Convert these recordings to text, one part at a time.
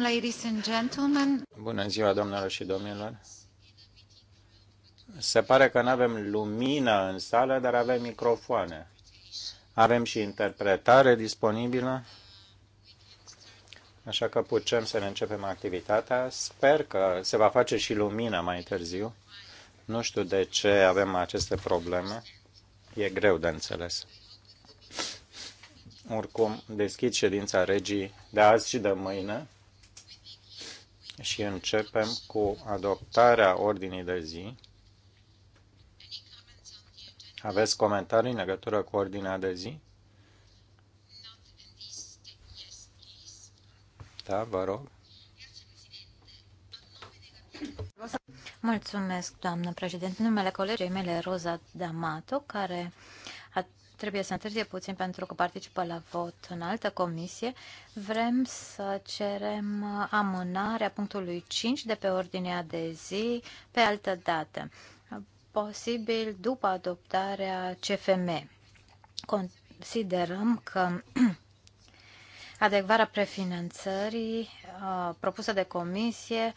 Ladies and gentlemen. Bună ziua, domnilor și domnilor. Se pare că nu avem lumină în sală, dar avem microfoane. Avem și interpretare disponibilă, așa că putem să ne începem activitatea. Sper că se va face și lumină mai târziu. Nu știu de ce avem aceste probleme. E greu de înțeles. Oricum, deschid ședința regii de azi și de mâine și începem cu adoptarea ordinii de zi. Aveți comentarii în legătură cu ordinea de zi? Da, vă rog. Mulțumesc, doamnă președinte. Numele colegei mele, Roza D'Amato, care uh, trebuie să întârzie puțin pentru că participă la vot în altă comisie, vrem să cerem amânarea punctului 5 de pe ordinea de zi pe altă dată, posibil după adoptarea CFM. Considerăm că adecvarea prefinanțării uh, propusă de comisie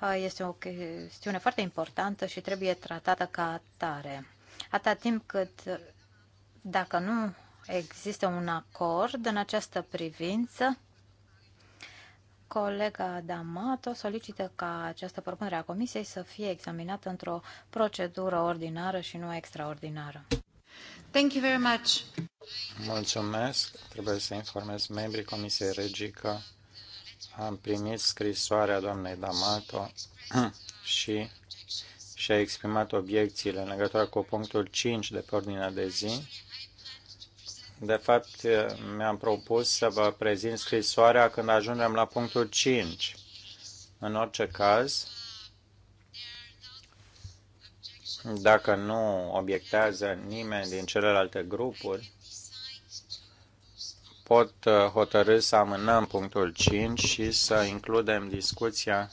uh, este o chestiune foarte importantă și trebuie tratată ca atare. Atâta timp cât dacă nu există un acord în această privință, colega D'Amato solicită ca această propunere a Comisiei să fie examinată într-o procedură ordinară și nu extraordinară. Thank you very much. Mulțumesc. Trebuie să informez membrii Comisiei Regii că am primit scrisoarea doamnei D'Amato și și-a exprimat obiecțiile în legătură cu punctul 5 de pe ordinea de zi de fapt, mi-am propus să vă prezint scrisoarea când ajungem la punctul 5. În orice caz, dacă nu obiectează nimeni din celelalte grupuri, pot uh, hotărâ să amânăm punctul 5 și să includem discuția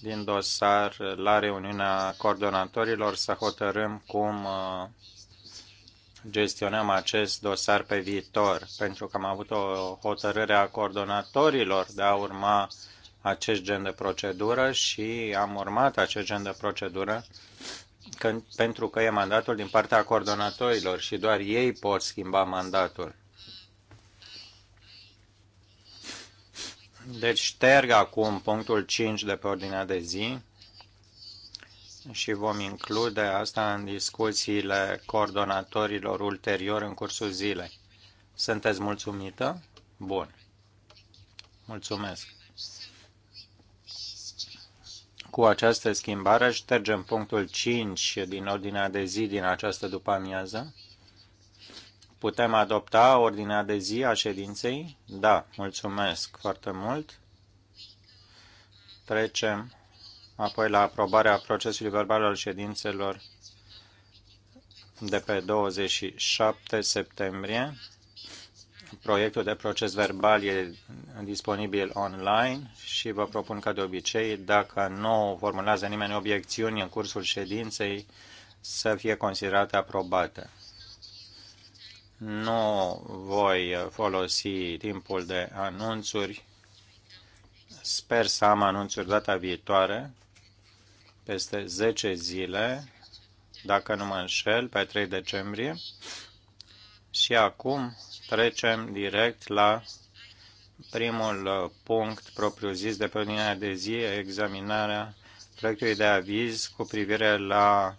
din dosar la reuniunea coordonatorilor să hotărâm cum uh, gestionăm acest dosar pe viitor, pentru că am avut o hotărâre a coordonatorilor de a urma acest gen de procedură și am urmat acest gen de procedură când, pentru că e mandatul din partea coordonatorilor și doar ei pot schimba mandatul. Deci șterg acum punctul 5 de pe ordinea de zi și vom include asta în discuțiile coordonatorilor ulterior în cursul zilei. Sunteți mulțumită? Bun. Mulțumesc. Cu această schimbare ștergem punctul 5 din ordinea de zi din această după-amiază. Putem adopta ordinea de zi a ședinței? Da, mulțumesc foarte mult. Trecem apoi la aprobarea procesului verbal al ședințelor de pe 27 septembrie. Proiectul de proces verbal e disponibil online și vă propun ca de obicei, dacă nu formulează nimeni obiecțiuni în cursul ședinței, să fie considerate aprobate. Nu voi folosi timpul de anunțuri. Sper să am anunțuri data viitoare peste 10 zile, dacă nu mă înșel, pe 3 decembrie. Și acum trecem direct la primul uh, punct propriu-zis de pe ordinea de zi, examinarea proiectului de aviz cu privire la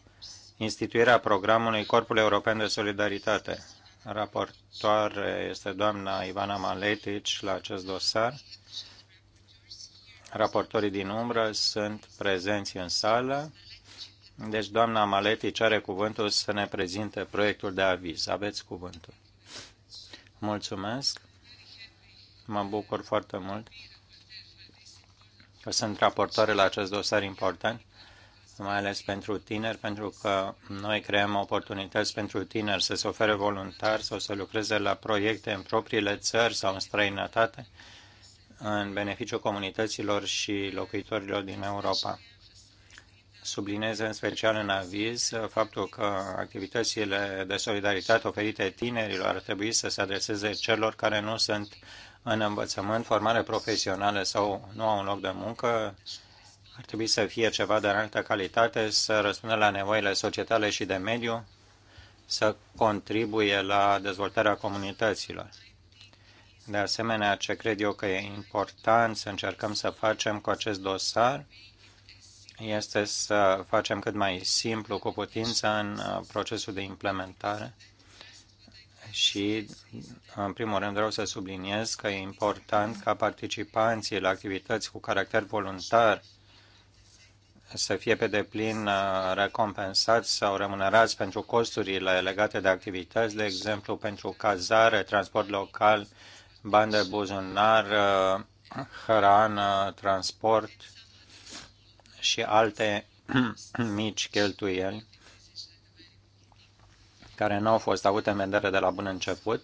instituirea programului Corpul European de Solidaritate. Raportoare este doamna Ivana Maletici la acest dosar. Raportorii din umbră sunt prezenți în sală. Deci, doamna Maleti cere cuvântul să ne prezinte proiectul de aviz. Aveți cuvântul. Mulțumesc. Mă bucur foarte mult că sunt raportoare la acest dosar important, mai ales pentru tineri, pentru că noi creăm oportunități pentru tineri să se ofere voluntar sau să lucreze la proiecte în propriile țări sau în străinătate în beneficiul comunităților și locuitorilor din Europa. Sublinez în special în aviz faptul că activitățile de solidaritate oferite tinerilor ar trebui să se adreseze celor care nu sunt în învățământ, formare profesională sau nu au un loc de muncă, ar trebui să fie ceva de înaltă calitate, să răspundă la nevoile societale și de mediu, să contribuie la dezvoltarea comunităților. De asemenea, ce cred eu că e important să încercăm să facem cu acest dosar este să facem cât mai simplu cu putință în uh, procesul de implementare și, în primul rând, vreau să subliniez că e important ca participanții la activități cu caracter voluntar să fie pe deplin uh, recompensați sau remunerați pentru costurile legate de activități, de exemplu pentru cazare, transport local, bani de buzunar, uh, hrană, transport și alte mici cheltuieli care nu au fost avute în vedere de la bun început,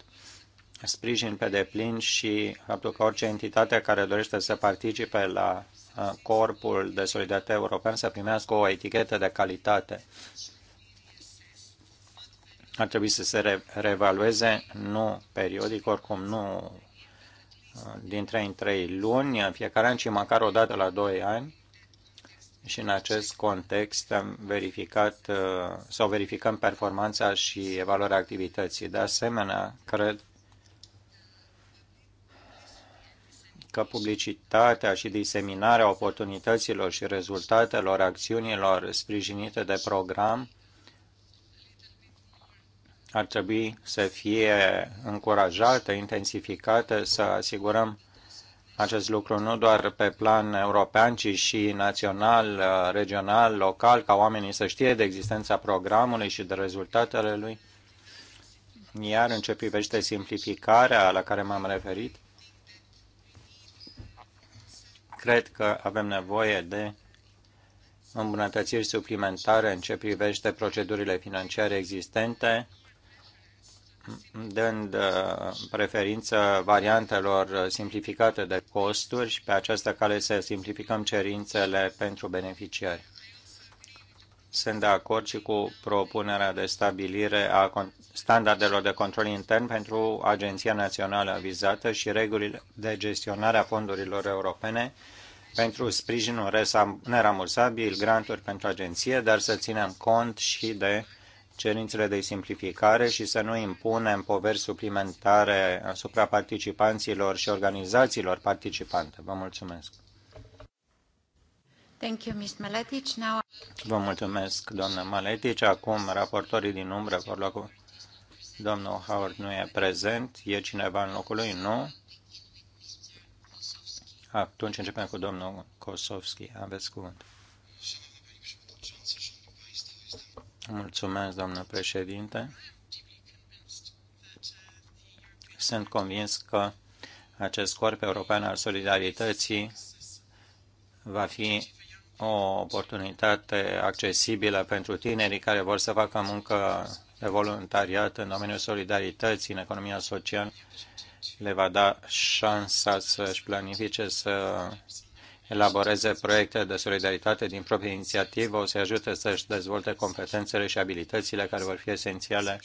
sprijin pe deplin și faptul că orice entitate care dorește să participe la uh, corpul de solidaritate european să primească o etichetă de calitate. Ar trebui să se re reevalueze, nu periodic, oricum nu din 3 în 3 luni, fiecare an, ci măcar o dată la 2 ani. Și în acest context am verificat uh, sau verificăm performanța și evaluarea activității. De asemenea, cred că publicitatea și diseminarea oportunităților și rezultatelor acțiunilor sprijinite de program ar trebui să fie încurajată, intensificată, să asigurăm acest lucru nu doar pe plan european, ci și național, uh, regional, local, ca oamenii să știe de existența programului și de rezultatele lui. Iar în ce privește simplificarea la care m-am referit, cred că avem nevoie de îmbunătățiri suplimentare în ce privește procedurile financiare existente, dând uh, preferință variantelor simplificate de costuri și pe această cale să simplificăm cerințele pentru beneficiari. Sunt de acord și cu propunerea de stabilire a standardelor de control intern pentru Agenția Națională vizată și regulile de gestionare a fondurilor europene pentru sprijinul neramursabil, granturi pentru agenție, dar să ținem cont și de cerințele de simplificare și să nu impunem poveri suplimentare asupra participanților și organizațiilor participante. Vă mulțumesc. Thank you, Ms. Maletic. Now... Vă mulțumesc, doamnă Maletic. Acum raportorii din umbră vor lua cu... Domnul Howard nu e prezent. E cineva în locul lui? Nu. Atunci începem cu domnul Kosovski. Aveți cuvântul. Mulțumesc, doamnă președinte. Sunt convins că acest corp european al solidarității va fi o oportunitate accesibilă pentru tinerii care vor să facă muncă de voluntariat în domeniul solidarității, în economia socială, le va da șansa să-și planifice, să elaboreze proiecte de solidaritate din proprie inițiativă, o să ajute să-și dezvolte competențele și abilitățile care vor fi esențiale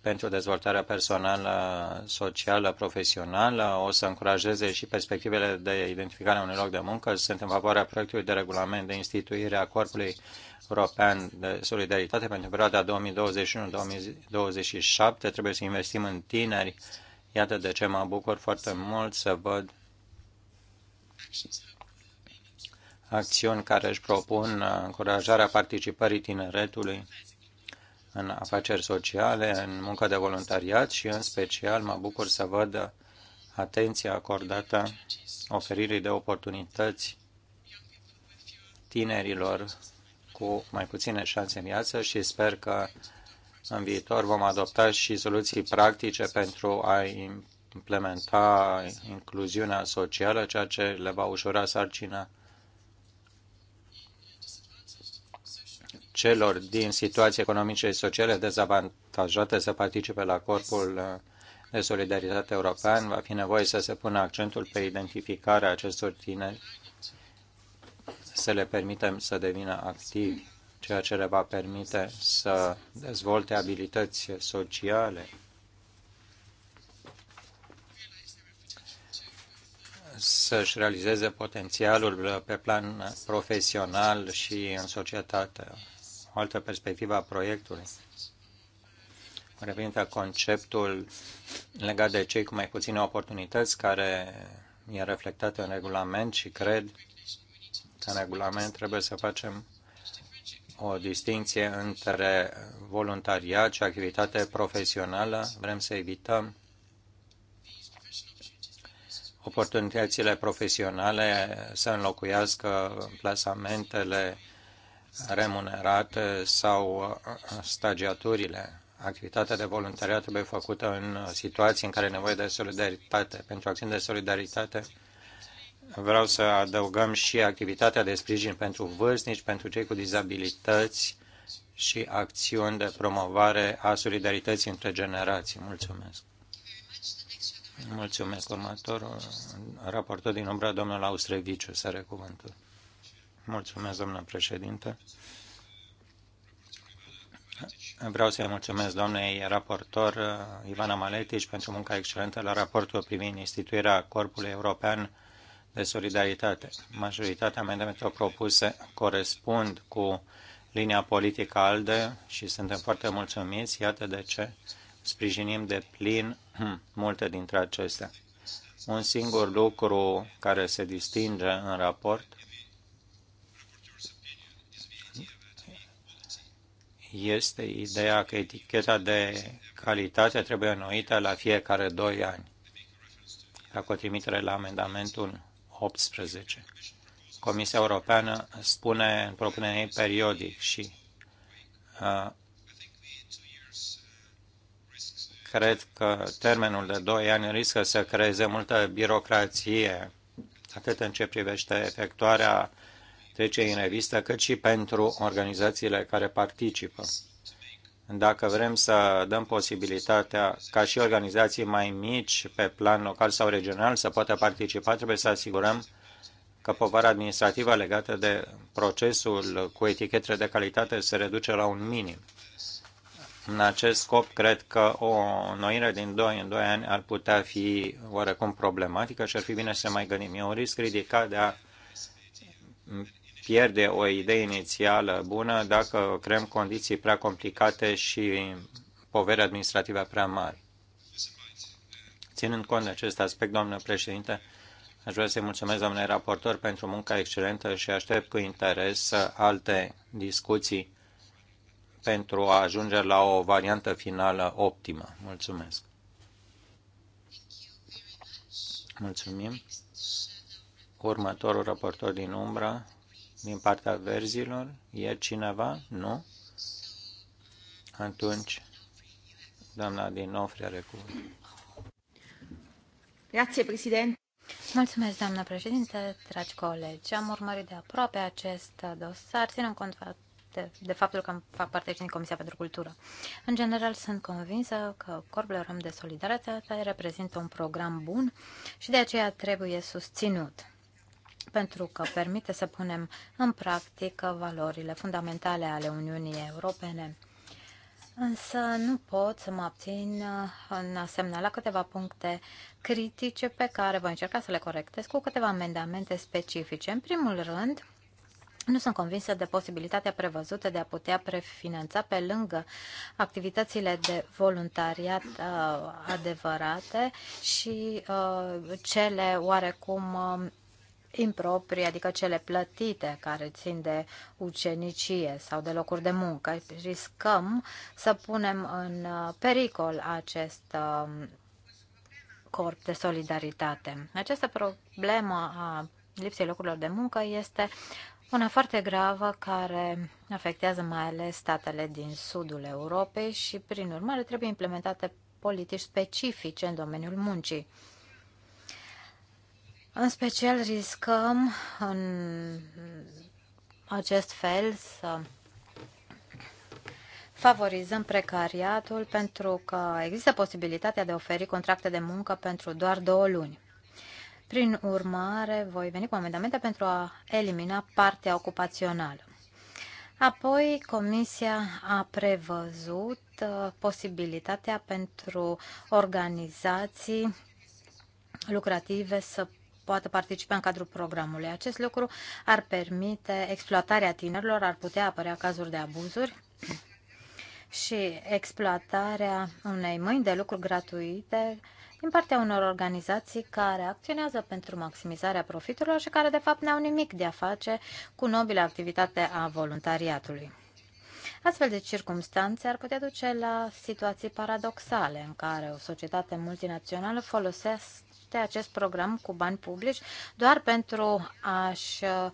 pentru dezvoltarea personală, socială, profesională, o să încurajeze și perspectivele de identificare a unui loc de muncă. Sunt în favoarea proiectului de regulament de instituire a Corpului European de Solidaritate pentru perioada 2021-2027. Trebuie să investim în tineri. Iată de ce mă bucur foarte mult să văd acțiuni care își propun uh, încurajarea participării tineretului în afaceri sociale, în muncă de voluntariat și în special mă bucur să văd atenția acordată oferirii de oportunități tinerilor cu mai puține șanse în viață și sper că în viitor vom adopta și soluții practice pentru a implementa incluziunea socială, ceea ce le va ușura sarcina celor din situații economice și sociale dezavantajate să participe la corpul de solidaritate european. Va fi nevoie să se pună accentul pe identificarea acestor tineri, să le permitem să devină activi, ceea ce le va permite să dezvolte abilități sociale să-și realizeze potențialul pe plan profesional și în societate. O altă perspectivă a proiectului la conceptul legat de cei cu mai puține oportunități care e reflectat în regulament și cred că în regulament trebuie să facem o distinție între voluntariat și activitate profesională. Vrem să evităm oportunitățile profesionale să înlocuiască plasamentele remunerate sau uh, stagiaturile. Activitatea de voluntariat trebuie făcută în situații în care e nevoie de solidaritate. Pentru acțiuni de solidaritate vreau să adăugăm și activitatea de sprijin pentru vârstnici, pentru cei cu dizabilități și acțiuni de promovare a solidarității între generații. Mulțumesc! Mulțumesc. Următorul raportor din umbra, domnul Austreviciu, să are cuvântul. Mulțumesc, domnule președinte. Vreau să-i mulțumesc doamnei raportor uh, Ivana Maletici pentru munca excelentă la raportul privind instituirea Corpului European de Solidaritate. Majoritatea amendamentelor propuse corespund cu linia politică ALDE și suntem foarte mulțumiți. Iată de ce sprijinim de plin hmm, multe dintre acestea. Un singur lucru care se distinge în raport este ideea că eticheta de calitate trebuie înnoită la fiecare doi ani. la cotrimitere la amendamentul 18. Comisia Europeană spune în propunerea ei periodic și uh, Cred că termenul de 2 ani riscă să creeze multă birocrație, atât în ce privește efectuarea trecerii în revistă, cât și pentru organizațiile care participă. Dacă vrem să dăm posibilitatea ca și organizații mai mici pe plan local sau regional să poată participa, trebuie să asigurăm că povara administrativă legată de procesul cu etichetele de calitate se reduce la un minim. În acest scop, cred că o noire din 2 în 2 ani ar putea fi oarecum problematică și ar fi bine să mai gândim. E un risc ridicat de a pierde o idee inițială bună dacă creăm condiții prea complicate și povere administrativă prea mari. Ținând cont de acest aspect, doamnă președinte, aș vrea să-i mulțumesc, domnule raportor, pentru munca excelentă și aștept cu interes alte discuții pentru a ajunge la o variantă finală optimă. Mulțumesc! Mulțumim! Următorul raportor din umbră, din partea verzilor, e cineva? Nu? Atunci, doamna din nou, are cuvânt. Grazie, Presidente. Mulțumesc, doamnă președinte, dragi colegi. Am urmărit de aproape acest dosar, ținând cont de, de faptul că fac parte și din Comisia pentru Cultură. În general, sunt convinsă că Corpul Rom de Solidaritate reprezintă un program bun și de aceea trebuie susținut pentru că permite să punem în practică valorile fundamentale ale Uniunii Europene. Însă nu pot să mă abțin uh, în a la câteva puncte critice pe care voi încerca să le corectez cu câteva amendamente specifice. În primul rând, nu sunt convinsă de posibilitatea prevăzută de a putea prefinanța pe lângă activitățile de voluntariat uh, adevărate și uh, cele oarecum uh, improprii, adică cele plătite care țin de ucenicie sau de locuri de muncă. Riscăm să punem în uh, pericol acest uh, corp de solidaritate. Această problemă a lipsei locurilor de muncă este una foarte gravă care afectează mai ales statele din sudul Europei și, prin urmare, trebuie implementate politici specifice în domeniul muncii. În special riscăm în acest fel să favorizăm precariatul pentru că există posibilitatea de a oferi contracte de muncă pentru doar două luni. Prin urmare, voi veni cu amendamente pentru a elimina partea ocupațională. Apoi, Comisia a prevăzut uh, posibilitatea pentru organizații lucrative să poată participa în cadrul programului. Acest lucru ar permite exploatarea tinerilor, ar putea apărea cazuri de abuzuri și exploatarea unei mâini de lucru gratuite din partea unor organizații care acționează pentru maximizarea profiturilor și care de fapt n-au nimic de a face cu nobile activitate a voluntariatului. Astfel de circumstanțe ar putea duce la situații paradoxale în care o societate multinațională folosește acest program cu bani publici doar pentru a-și uh,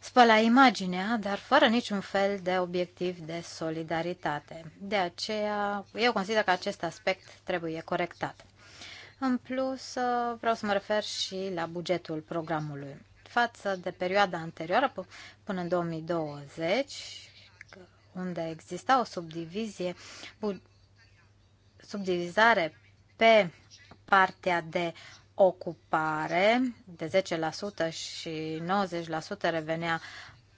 spăla imaginea, dar fără niciun fel de obiectiv de solidaritate. De aceea, eu consider că acest aspect trebuie corectat. În plus, uh, vreau să mă refer și la bugetul programului. Față de perioada anterioară, până în 2020, unde exista o subdivizie, subdivizare pe partea de ocupare de 10% și 90% revenea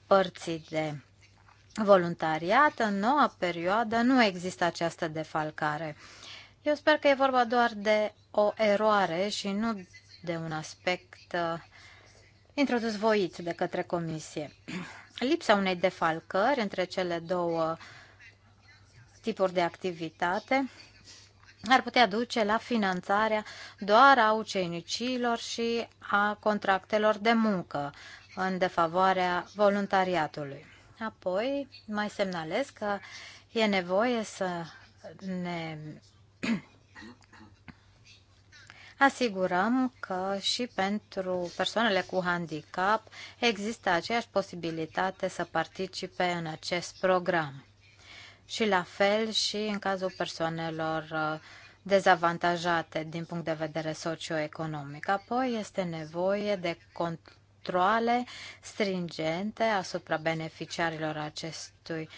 părții de voluntariat, în noua perioadă nu există această defalcare. Uh, eu sper că e vorba doar de o eroare și nu de un aspect uh, introdus voit de către comisie. Lipsa unei defalcări între cele două tipuri de activitate ar putea duce la finanțarea doar a ucenicilor și a contractelor de muncă în defavoarea voluntariatului. Apoi mai semnalez că e nevoie să ne asigurăm că și pentru persoanele cu handicap există aceeași posibilitate să participe în acest program. Și la fel și în cazul persoanelor uh, dezavantajate din punct de vedere socioeconomic. Apoi este nevoie de controle stringente asupra beneficiarilor acestui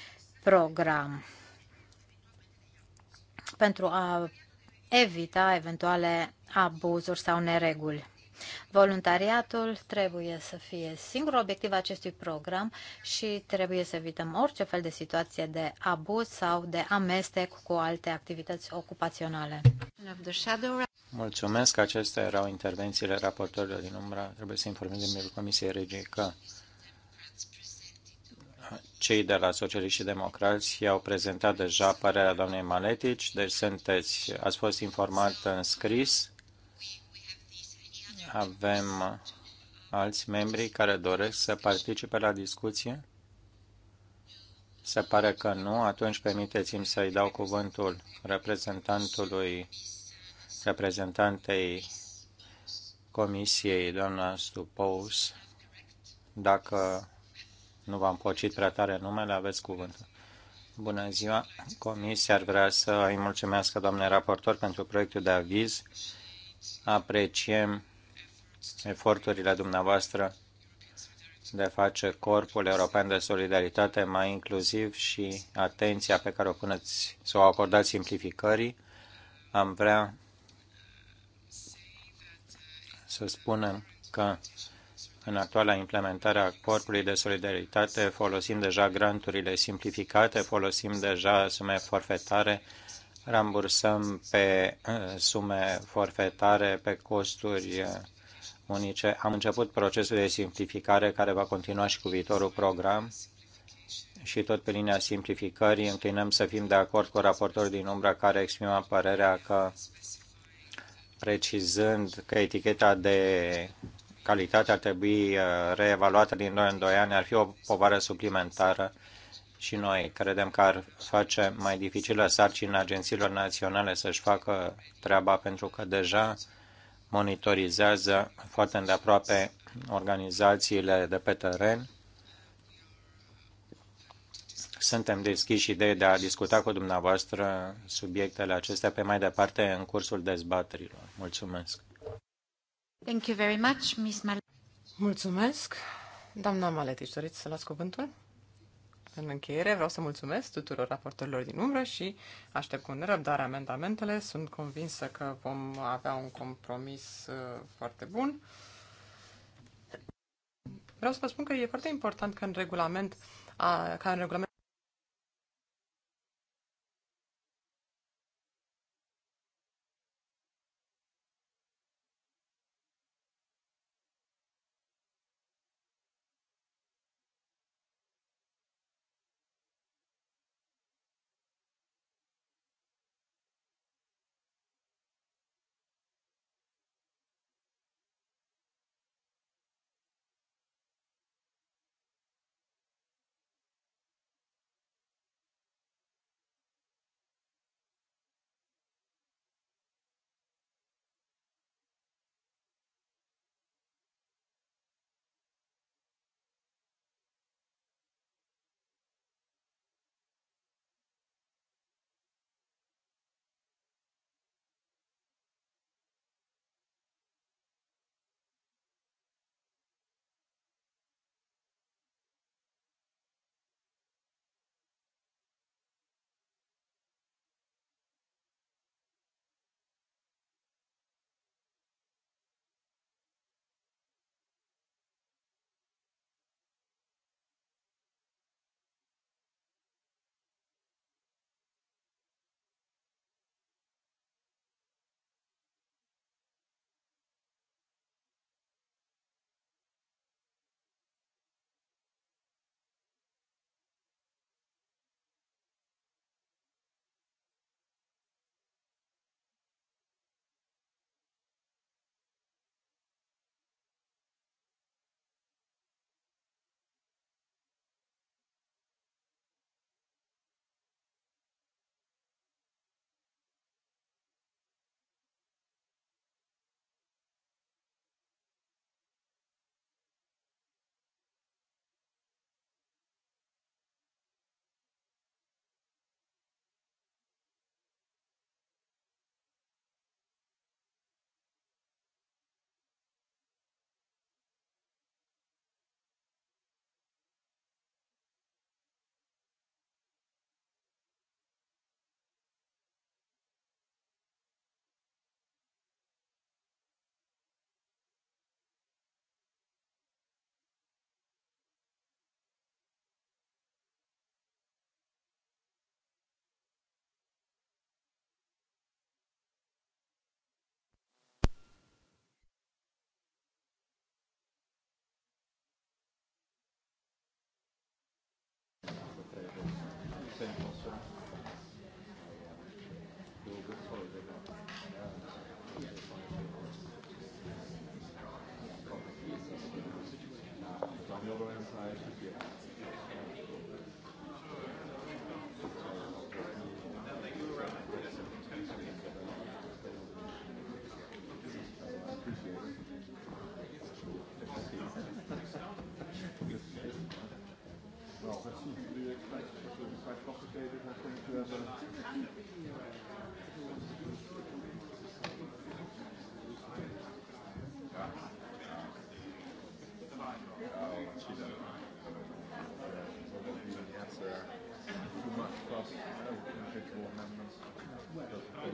program pentru a evita eventuale abuzuri sau nereguli. Voluntariatul trebuie să fie singurul obiectiv acestui program și trebuie să evităm orice fel de situație de abuz sau de amestec cu alte activități ocupaționale. Mulțumesc, acestea erau intervențiile raportorilor din umbra. Trebuie să informez membrii Comisiei Regii că cei de la Socialiști și Democrați i-au prezentat deja părerea doamnei Maletici, deci sunteți, ați fost informat în scris. Avem alți membri care doresc să participe la discuție? Se pare că nu, atunci permiteți-mi să-i dau cuvântul reprezentantului, reprezentantei Comisiei, doamna Stupous, dacă nu v-am pocit prea tare numele, aveți cuvântul. Bună ziua! Comisia ar vrea să îi mulțumesc, doamne raportor, pentru proiectul de aviz. Apreciem eforturile dumneavoastră de a face Corpul European de Solidaritate mai inclusiv și atenția pe care o puneți sau o acordați simplificării. Am vrea să spunem că în actuala implementare a Corpului de Solidaritate folosim deja granturile simplificate, folosim deja sume forfetare, rambursăm pe uh, sume forfetare, pe costuri uh, unice. Am început procesul de simplificare care va continua și cu viitorul program și tot pe linia simplificării înclinăm să fim de acord cu raportorul din umbra care exprimă părerea că precizând că eticheta de calitatea ar trebui uh, reevaluată din 2 în 2 ani, ar fi o povară suplimentară și noi credem că ar face mai dificilă sarcina agențiilor naționale să-și facă treaba pentru că deja monitorizează foarte îndeaproape organizațiile de pe teren. Suntem deschiși idei de a discuta cu dumneavoastră subiectele acestea pe mai departe în cursul dezbaterilor. Mulțumesc! Thank you very much, Ms. Mal- Mulțumesc. Doamna Maletici, doriți să luați cuvântul? În încheiere vreau să mulțumesc tuturor raportorilor din umbră și aștept cu nerăbdare amendamentele. Sunt convinsă că vom avea un compromis uh, foarte bun. Vreau să vă spun că e foarte important că în regulament, ca în regulament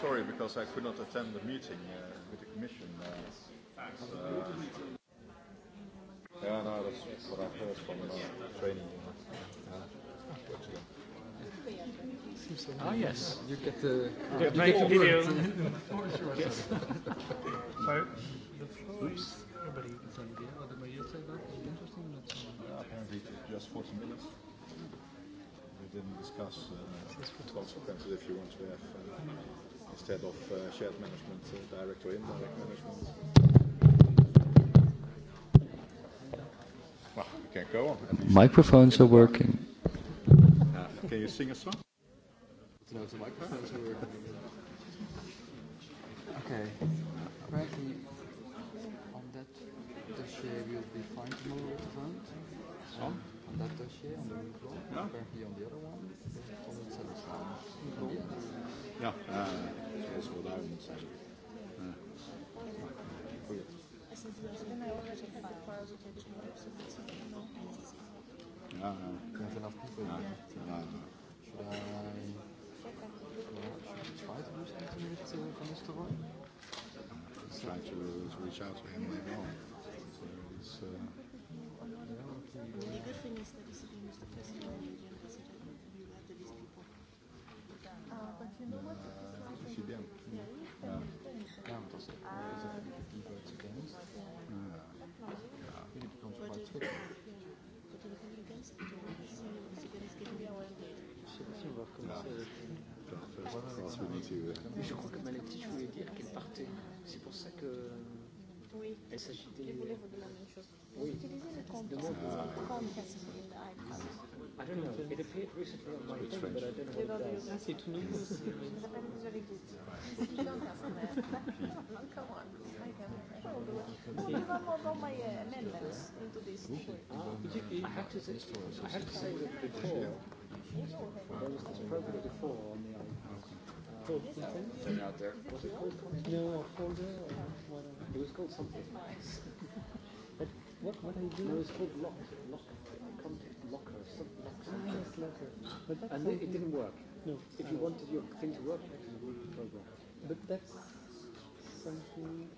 sorry because I could not attend the meeting uh, with the Commission. Uh, uh, yeah, no, that's what I heard from the training. Uh, Ah, yes. You get the, make video. yes. Oh, so, the floor Oops. is everybody. But you say that is interesting. uh, apparently, just 40 minutes. We didn't discuss uh, consequences if you want to have. Uh, instead of uh, shared management uh, direct or indirect management. Well, we can go on. Microphones are working. Uh, can you sing a song? No, the microphones are working. Okay. Apparently, on that, the share will be fine tomorrow, isn't it? Some? that dossier on the new floor, no. apparently on the other one, Donald Sanders found Yeah, uh, that's what I would say. Uh. Uh, not enough people. No, no, no. Should I, should I try to do something with uh, Van Nistelrooy? Try to reach out to him later on. So it's, uh, da, da, da. Je crois que Malakti, je voulais dire qu'elle partait. C'est pour ça que. Oui. Et ça, je voulais vous demander une chose. Vous oui. utilisez les Comcast, uh, Comcast in the iPad I don't know. It appeared recently on my phone, but I don't know what it does. Ah, c'est tout nouveau. Ça s'appelle Visuality. You don't have to know. Come on. I can. No, there are more of my uh, amendments into this. Ah, I have to say, I have to say that before, there was this program before on the iPad out there. Was it No, folder or whatever. It was called something. but what what are you doing? No, it was called lock lock locker something. Ah, yes, locker. But that's and something. it didn't work. No. If you wanted your thing to work, would program. But that's something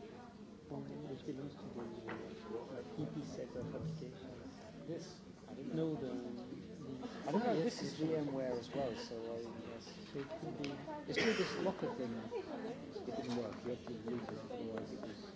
which belongs to the EP set of applications. Yes. I didn't know. No, the, the I don't know. This is VMware as well, so I guess so it could be, it's this locker thing. It didn't work, you have to leave it otherwise it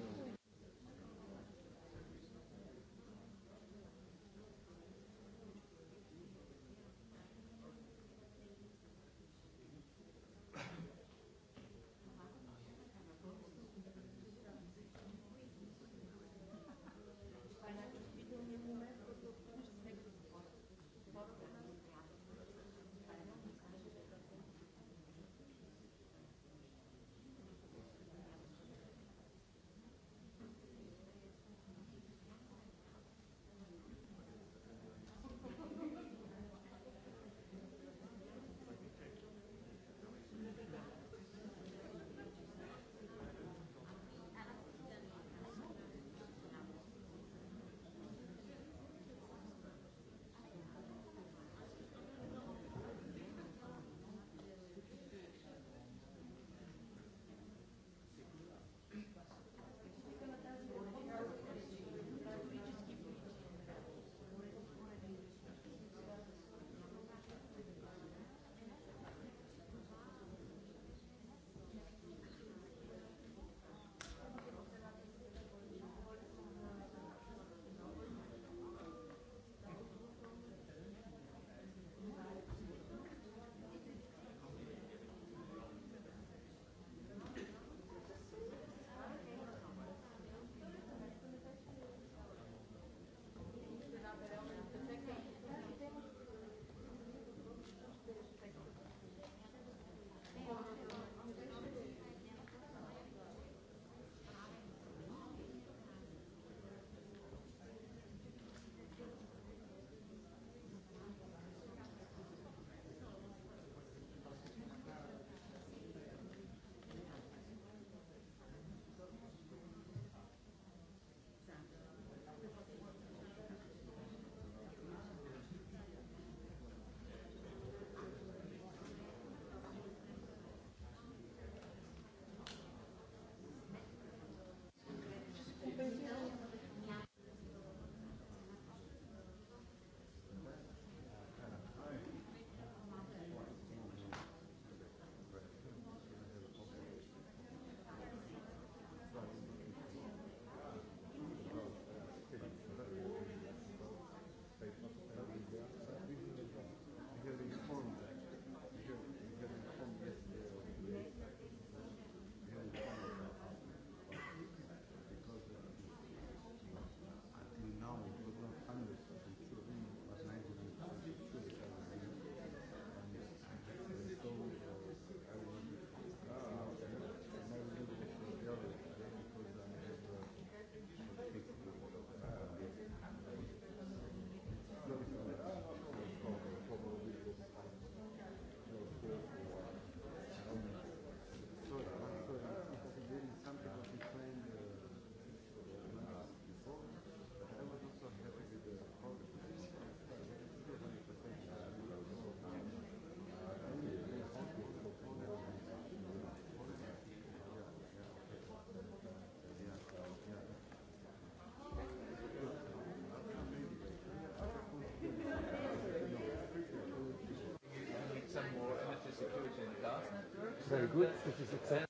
very good. This is success.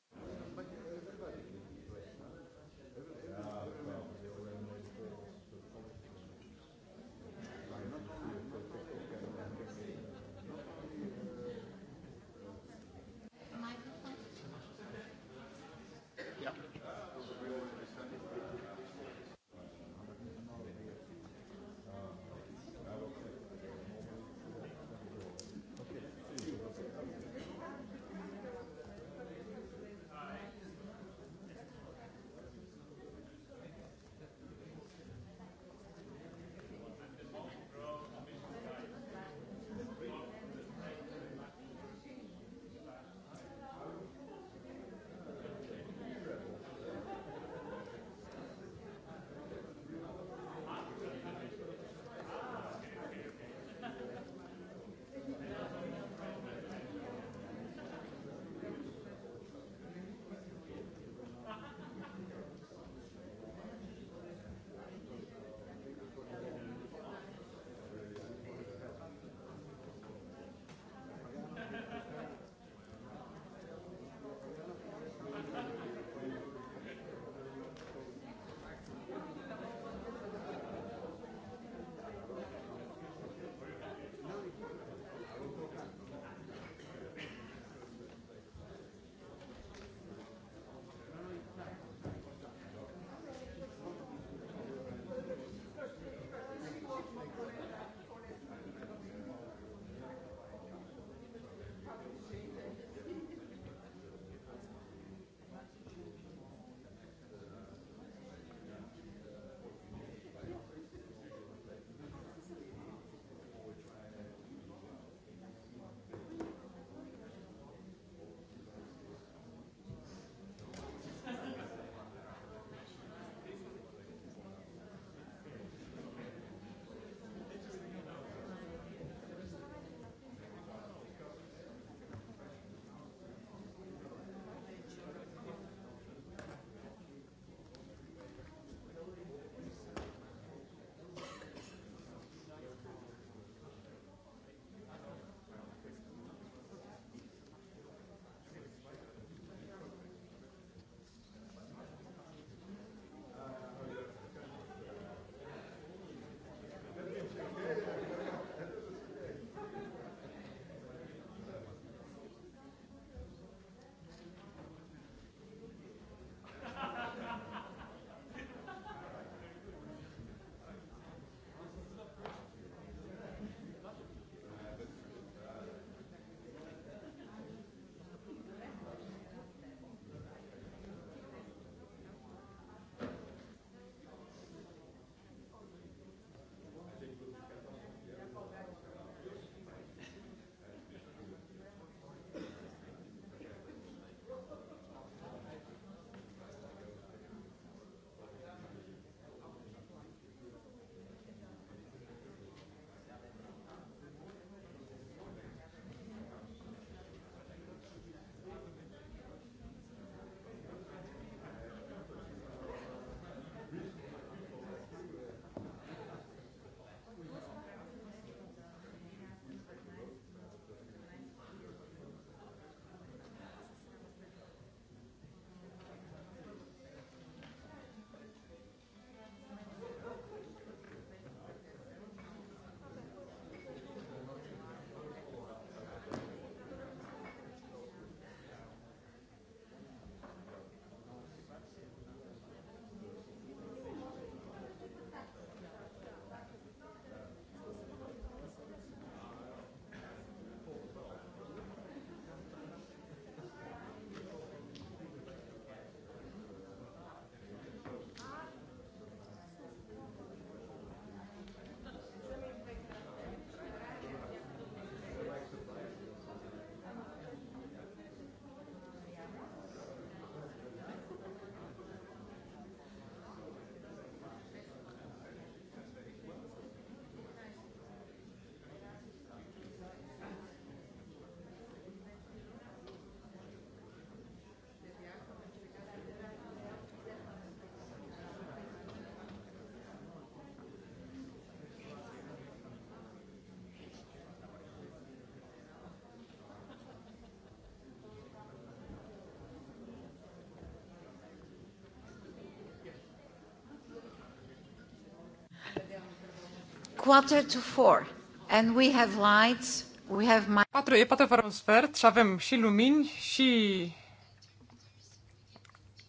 quarter to four and we have lights, we have my... 4, e 4 fără un sfert și avem și lumini și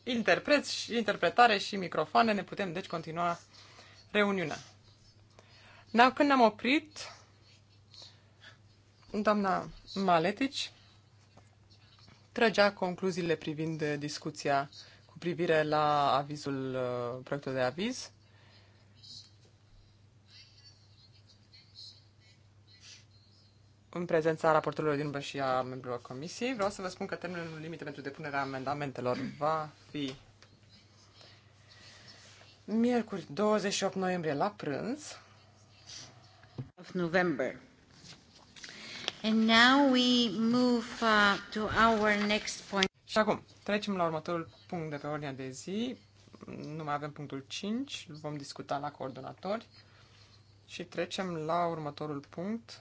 interpreți și interpretare și microfoane. Ne putem deci continua reuniunea. Now, da, când am oprit, doamna Maletici trăgea concluziile privind discuția cu privire la avizul, uh, proiectul de aviz în prezența raportorilor din și a membrilor comisiei, vreau să vă spun că termenul limite pentru depunerea amendamentelor va fi miercuri 28 noiembrie la prânz. Of November. And now we move uh, to our next point. Și acum, trecem la următorul punct de pe ordinea de zi. Nu mai avem punctul 5, vom discuta la coordonatori. Și trecem la următorul punct,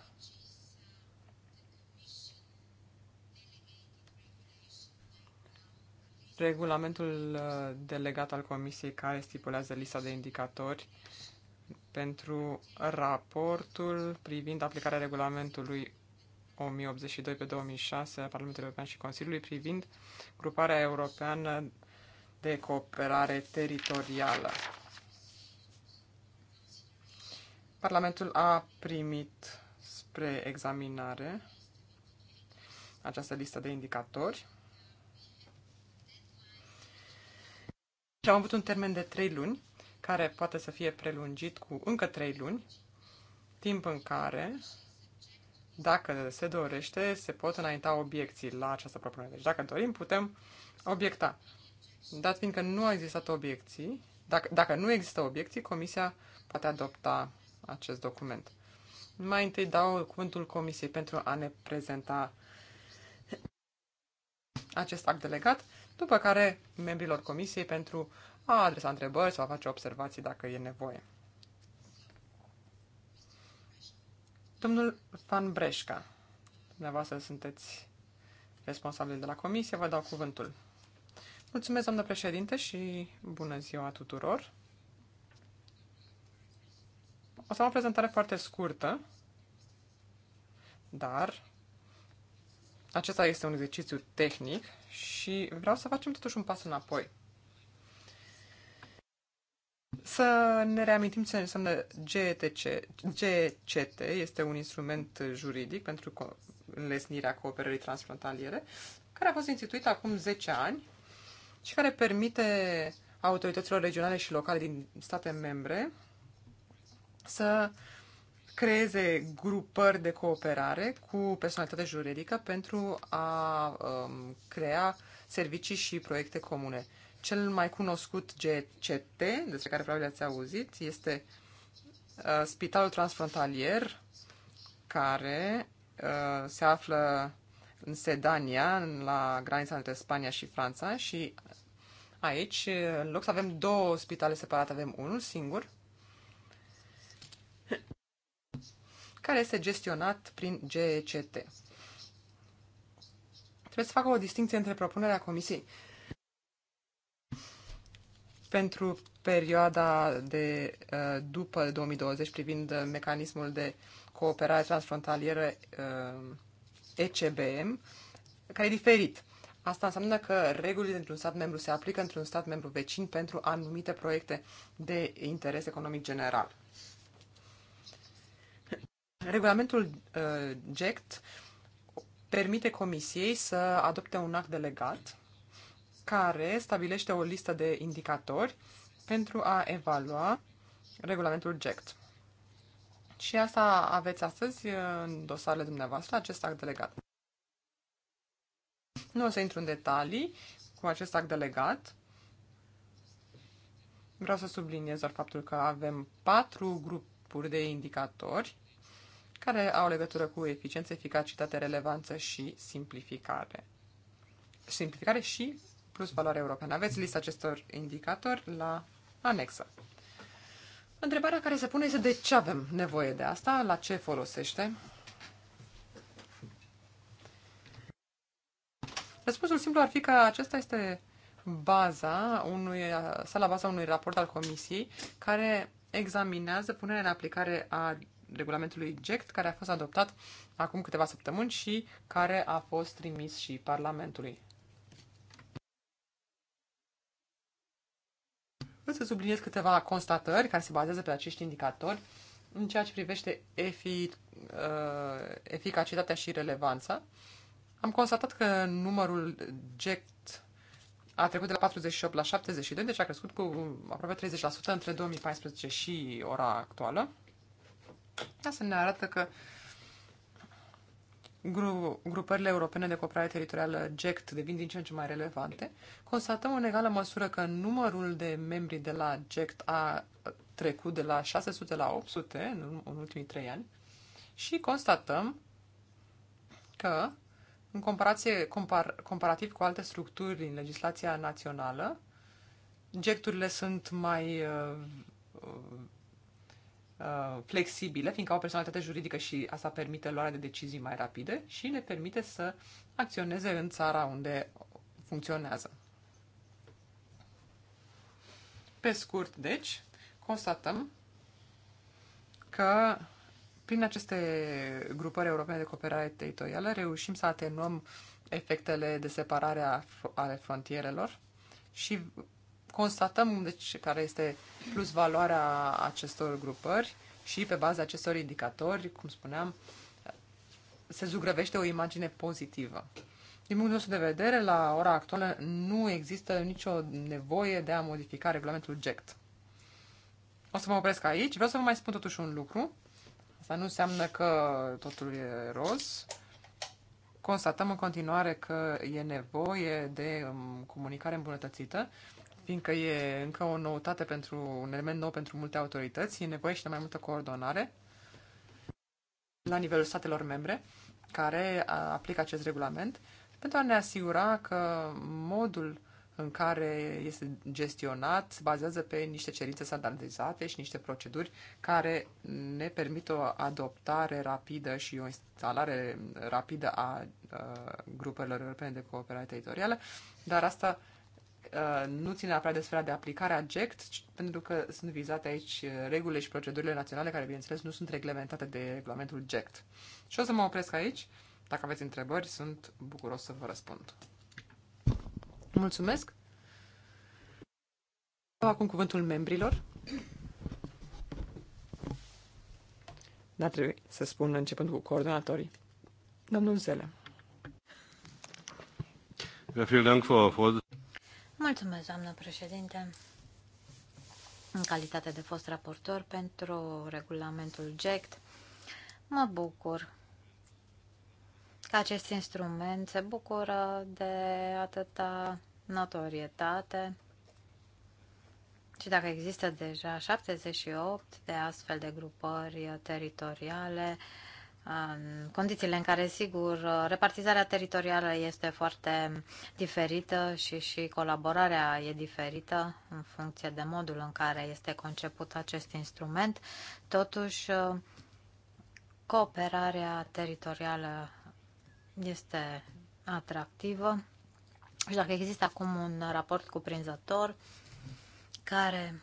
regulamentul uh, delegat al Comisiei care stipulează lista de indicatori pentru raportul privind aplicarea regulamentului 1082 pe 2006 a Parlamentului European și Consiliului privind gruparea europeană de cooperare teritorială. Parlamentul a primit spre examinare această listă de indicatori Și am avut un termen de trei luni, care poate să fie prelungit cu încă trei luni, timp în care, dacă se dorește, se pot înainta obiecții la această propunere. Deci dacă dorim, putem obiecta. Dat fiindcă nu au existat obiecții, dacă, dacă nu există obiecții, Comisia poate adopta acest document. Mai întâi dau cuvântul Comisiei pentru a ne prezenta acest act delegat după care membrilor comisiei pentru a adresa întrebări sau a face observații dacă e nevoie. Domnul Van Breșca, dumneavoastră sunteți responsabil de la comisie, vă dau cuvântul. Mulțumesc, doamnă președinte, și bună ziua tuturor! O să am o prezentare foarte scurtă, dar acesta este un exercițiu tehnic și vreau să facem totuși un pas înapoi. Să ne reamintim ce înseamnă GTC. GCT este un instrument juridic pentru înlesnirea cooperării transfrontaliere, care a fost instituit acum 10 ani și care permite autorităților regionale și locale din state membre să creeze grupări de cooperare cu personalitate juridică pentru a um, crea servicii și proiecte comune. Cel mai cunoscut GCT, despre care probabil ați auzit, este uh, Spitalul Transfrontalier, care uh, se află în Sedania, la granița între Spania și Franța și aici, în loc să avem două spitale separate, avem unul singur, care este gestionat prin GECT. Trebuie să fac o distinție între propunerea Comisiei pentru perioada de uh, după 2020 privind mecanismul de cooperare transfrontalieră uh, ECBM, care e diferit. Asta înseamnă că regulile dintr un stat membru se aplică într-un stat membru vecin pentru anumite proiecte de interes economic general. Regulamentul uh, GECT permite Comisiei să adopte un act delegat care stabilește o listă de indicatori pentru a evalua regulamentul GECT. Și asta aveți astăzi uh, în dosarele dumneavoastră, acest act delegat. Nu o să intru în detalii cu acest act delegat. Vreau să subliniez doar faptul că avem patru grupuri de indicatori care au legătură cu eficiență, eficacitate, relevanță și simplificare. Simplificare și plus valoare europeană. Aveți lista acestor indicatori la anexă. Întrebarea care se pune este de ce avem nevoie de asta, la ce folosește. Răspunsul simplu ar fi că acesta este baza unui, sta la baza unui raport al Comisiei care examinează punerea în aplicare a regulamentului GECT, care a fost adoptat acum câteva săptămâni și care a fost trimis și Parlamentului. Vreau să subliniez câteva constatări care se bazează pe acești indicatori în ceea ce privește efic- uh, eficacitatea și relevanța. Am constatat că numărul GECT a trecut de la 48 la 72, deci a crescut cu aproape 30% între 2014 și ora actuală. Asta ne arată că gru- grupările europene de cooperare teritorială GECT devin din ce în ce mai relevante, constatăm în egală măsură că numărul de membri de la GECT a trecut de la 600 la 800 în, în ultimii trei ani și constatăm că, în comparație, compar, comparativ cu alte structuri din legislația națională, gecturile sunt mai uh, uh Uh, flexibile, fiindcă au o personalitate juridică și asta permite luarea de decizii mai rapide și le permite să acționeze în țara unde funcționează. Pe scurt, deci, constatăm că prin aceste grupări europene de cooperare teritorială reușim să atenuăm efectele de separare ale frontierelor și constatăm deci, care este plus valoarea acestor grupări și pe baza acestor indicatori, cum spuneam, se zugrăvește o imagine pozitivă. Din punctul nostru de vedere, la ora actuală nu există nicio nevoie de a modifica regulamentul GECT. O să mă opresc aici. Vreau să vă mai spun totuși un lucru. Asta nu înseamnă că totul e roz. Constatăm în continuare că e nevoie de um, comunicare îmbunătățită fiindcă e încă o noutate pentru un element nou pentru multe autorități, e nevoie și de mai multă coordonare la nivelul statelor membre care aplică acest regulament pentru a ne asigura că modul în care este gestionat se bazează pe niște cerințe standardizate și niște proceduri care ne permit o adoptare rapidă și o instalare rapidă a, grupelor europene de cooperare teritorială, dar asta Uh, nu ține neapărat de sfera de aplicare a GECT, pentru că sunt vizate aici uh, regulile și procedurile naționale care, bineînțeles, nu sunt reglementate de regulamentul GECT. Și o să mă opresc aici. Dacă aveți întrebări, sunt bucuros să vă răspund. Mulțumesc! Acum cuvântul membrilor. n trebuie să spun începând cu coordonatorii. Domnul Zele. Mulțumesc, doamnă președinte. În calitate de fost raportor pentru regulamentul GECT, mă bucur că acest instrument se bucură de atâta notorietate și dacă există deja 78 de astfel de grupări teritoriale, uh, condițiile în care, sigur, repartizarea teritorială este foarte diferită și, și colaborarea e diferită în funcție de modul în care este conceput acest instrument, totuși cooperarea teritorială este atractivă și dacă există acum un raport cuprinzător care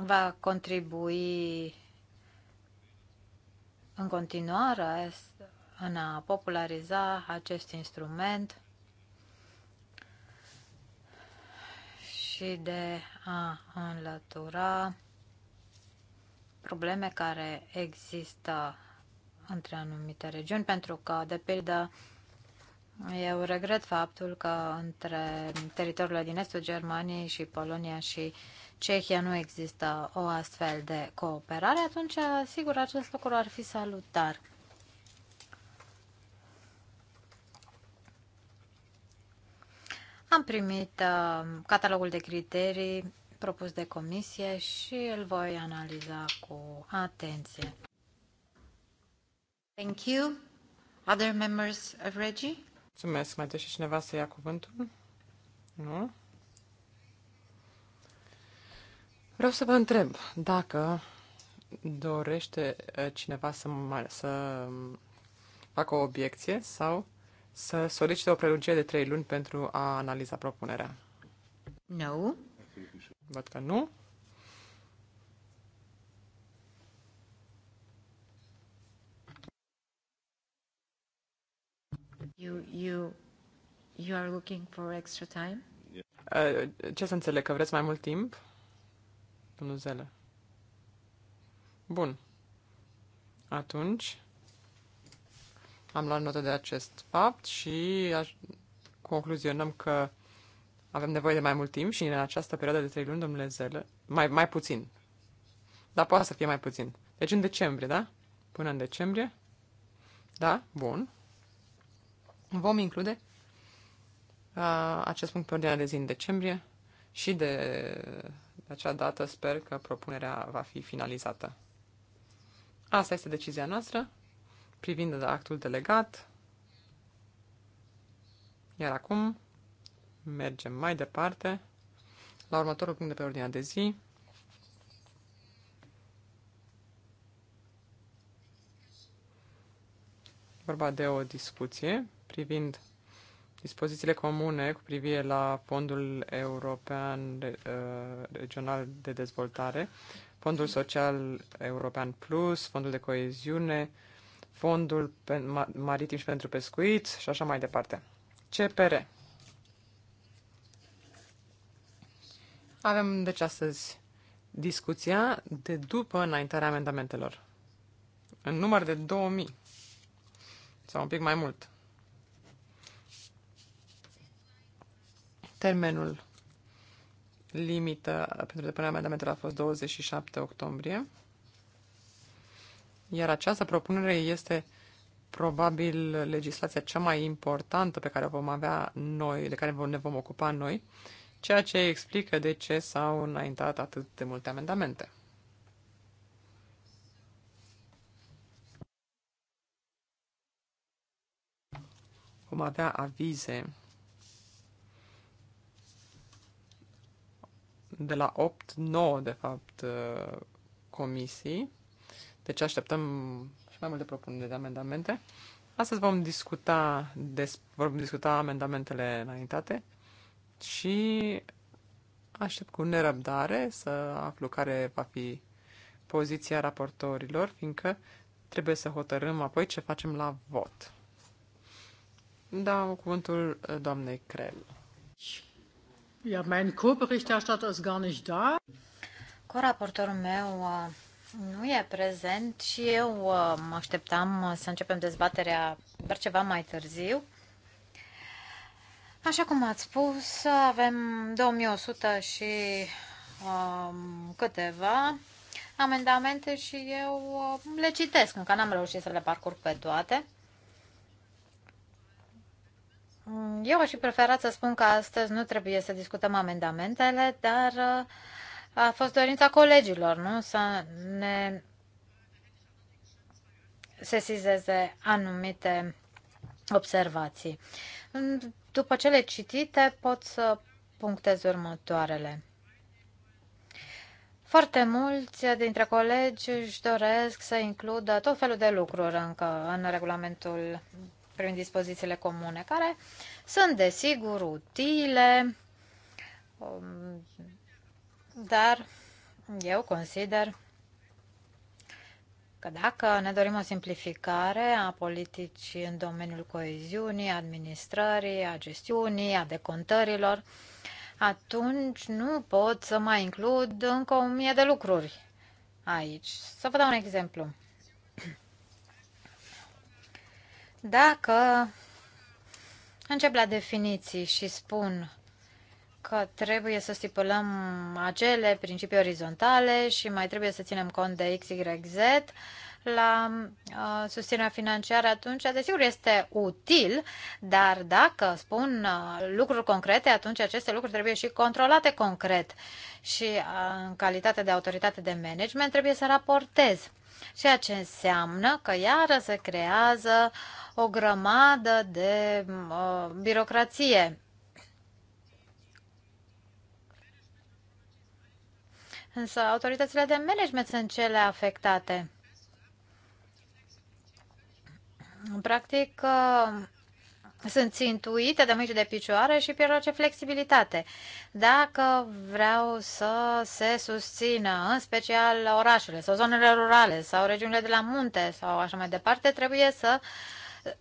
va contribui în continuare în a populariza acest instrument și de a înlătura probleme care există între anumite regiuni, pentru că, de pildă, eu regret faptul că între teritoriile din estul Germaniei și Polonia și Cehia nu există o astfel de cooperare, atunci, sigur, acest lucru ar fi salutar. Am primit uh, catalogul de criterii propus de comisie și îl voi analiza cu atenție. Thank you. Other members of Reggie? Mulțumesc. Mai și cineva să ia cuvântul? Nu? Vreau să vă întreb dacă dorește eh, cineva să, să facă o obiecție sau să solicite o prelungire de trei luni pentru a analiza propunerea. Nu. No. Văd că nu. You, you, you are looking for extra time? Uh, ce să înțeleg? Că vreți mai mult timp? Domnul Zele. Bun. Atunci, am luat notă de acest fapt și aș... concluzionăm că avem nevoie de mai mult timp și în această perioadă de trei luni, domnule Zele, mai, mai puțin. Dar poate să fie mai puțin. Deci în decembrie, da? Până în decembrie? Da? Bun. Vom include uh, acest punct pe ordinea de zi în decembrie și de, de acea dată sper că propunerea va fi finalizată. Asta este decizia noastră privind actul delegat. Iar acum mergem mai departe la următorul punct de pe ordinea de zi. vorba de o discuție privind dispozițiile comune cu privire la Fondul European uh, Regional de Dezvoltare, Fondul Social European Plus, Fondul de Coeziune, Fondul Maritim și pentru Pescuit și așa mai departe. CPR. Avem, deci, astăzi discuția de după înaintarea amendamentelor. În număr de 2000 sau un pic mai mult. Termenul limită pentru depunerea amendamentelor a fost 27 octombrie, iar această propunere este probabil legislația cea mai importantă pe care o vom avea noi, de care ne vom ocupa noi, ceea ce explică de ce s-au înaintat atât de multe amendamente. Vom avea avize de la 8-9, de fapt, uh, comisii. Deci așteptăm și mai multe propuneri de amendamente. Astăzi vom discuta, des, vom discuta amendamentele înaintate și aștept cu nerăbdare să aflu care va fi poziția raportorilor, fiindcă trebuie să hotărâm apoi ce facem la vot. Dau cuvântul uh, doamnei Crel. Ja, mein Co-Berichterstatter ist gar nicht da. Coraportorul meu uh, nu e prezent și eu uh, mă așteptam uh, să începem dezbaterea dar ceva mai târziu. Așa cum ați spus, avem 2100 și um, câteva amendamente și eu le citesc, încă n-am reușit să le parcurg pe toate. Mm, Eu aș fi preferat să spun că astăzi nu trebuie să discutăm amendamentele, dar uh, a fost dorința colegilor, nu? Să ne sesizeze anumite observații. Mm, după cele citite pot să punctez următoarele. Foarte mulți dintre colegi își doresc să includă tot felul de lucruri încă în regulamentul prin dispozițiile comune, care sunt, desigur, utile, um, dar eu consider că dacă ne dorim o simplificare a politicii în domeniul coeziunii, administrării, a gestiunii, a decontărilor, atunci nu pot să mai includ încă o mie de lucruri aici. Să vă dau un exemplu. Dacă încep la definiții și spun că trebuie să stipulăm acele principii orizontale și mai trebuie să ținem cont de XYZ la uh, susținerea financiară, atunci, desigur, este util, dar dacă spun uh, lucruri concrete, atunci aceste lucruri trebuie și controlate concret. Și uh, în calitate de autoritate de management trebuie să raportez Ceea ce înseamnă că iară se creează o grămadă de uh, birocrație. Însă autoritățile de management sunt cele afectate. Practic, uh, sunt țintuite de mici de picioare și pierd orice flexibilitate. Dacă vreau să se susțină, în special orașele sau zonele rurale sau regiunile de la munte sau așa mai departe, trebuie să uh,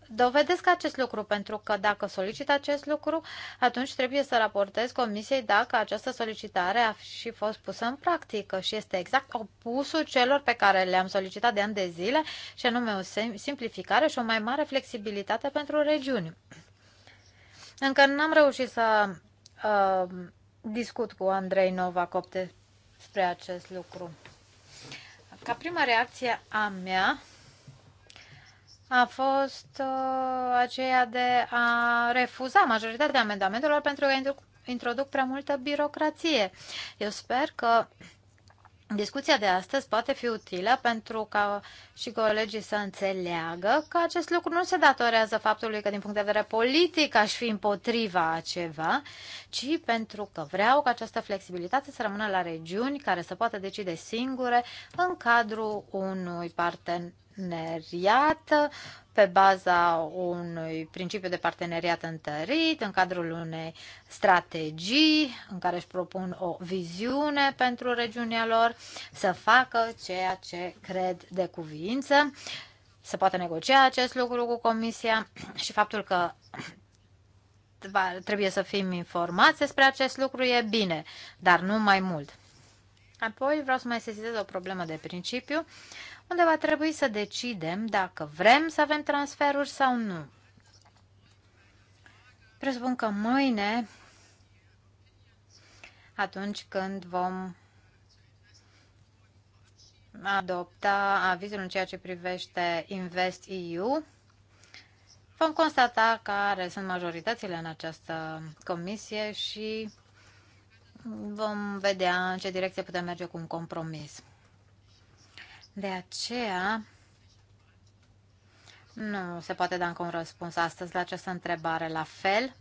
dovedesc acest lucru, pentru că dacă solicit acest lucru, atunci trebuie să raportez comisiei dacă această solicitare a și fost pusă în practică și este exact opusul celor pe care le-am solicitat de ani de zile, și anume o simplificare și o mai mare flexibilitate pentru regiuni. Încă n-am reușit să uh, discut cu Andrei Novacop despre acest lucru. Ca prima reacție a mea, a fost uh, aceea de a refuza majoritatea amendamentelor pentru că introduc prea multă birocrație. Eu sper că Discuția de astăzi poate fi utilă pentru ca și colegii să înțeleagă că acest lucru nu se datorează faptului că din punct de vedere politic aș fi împotriva a ceva, ci pentru că vreau ca această flexibilitate să rămână la regiuni care să poată decide singure în cadrul unui parten parteneriat pe baza unui principiu de parteneriat întărit în cadrul unei strategii în care își propun o viziune pentru regiunea lor, să facă ceea ce cred de cuvință, să poată negocia acest lucru cu Comisia și faptul că trebuie să fim informați despre acest lucru e bine, dar nu mai mult. Apoi vreau să mai sesizez o problemă de principiu. Uh, unde va trebui să decidem dacă vrem să avem transferuri sau nu. Presupun că mâine, atunci când vom adopta avizul în ceea ce privește Invest EU, vom constata care sunt majoritățile în această comisie și vom vedea în ce direcție putem merge cu un compromis. De aceea, nu se poate da încă un răspuns astăzi la această întrebare. La fel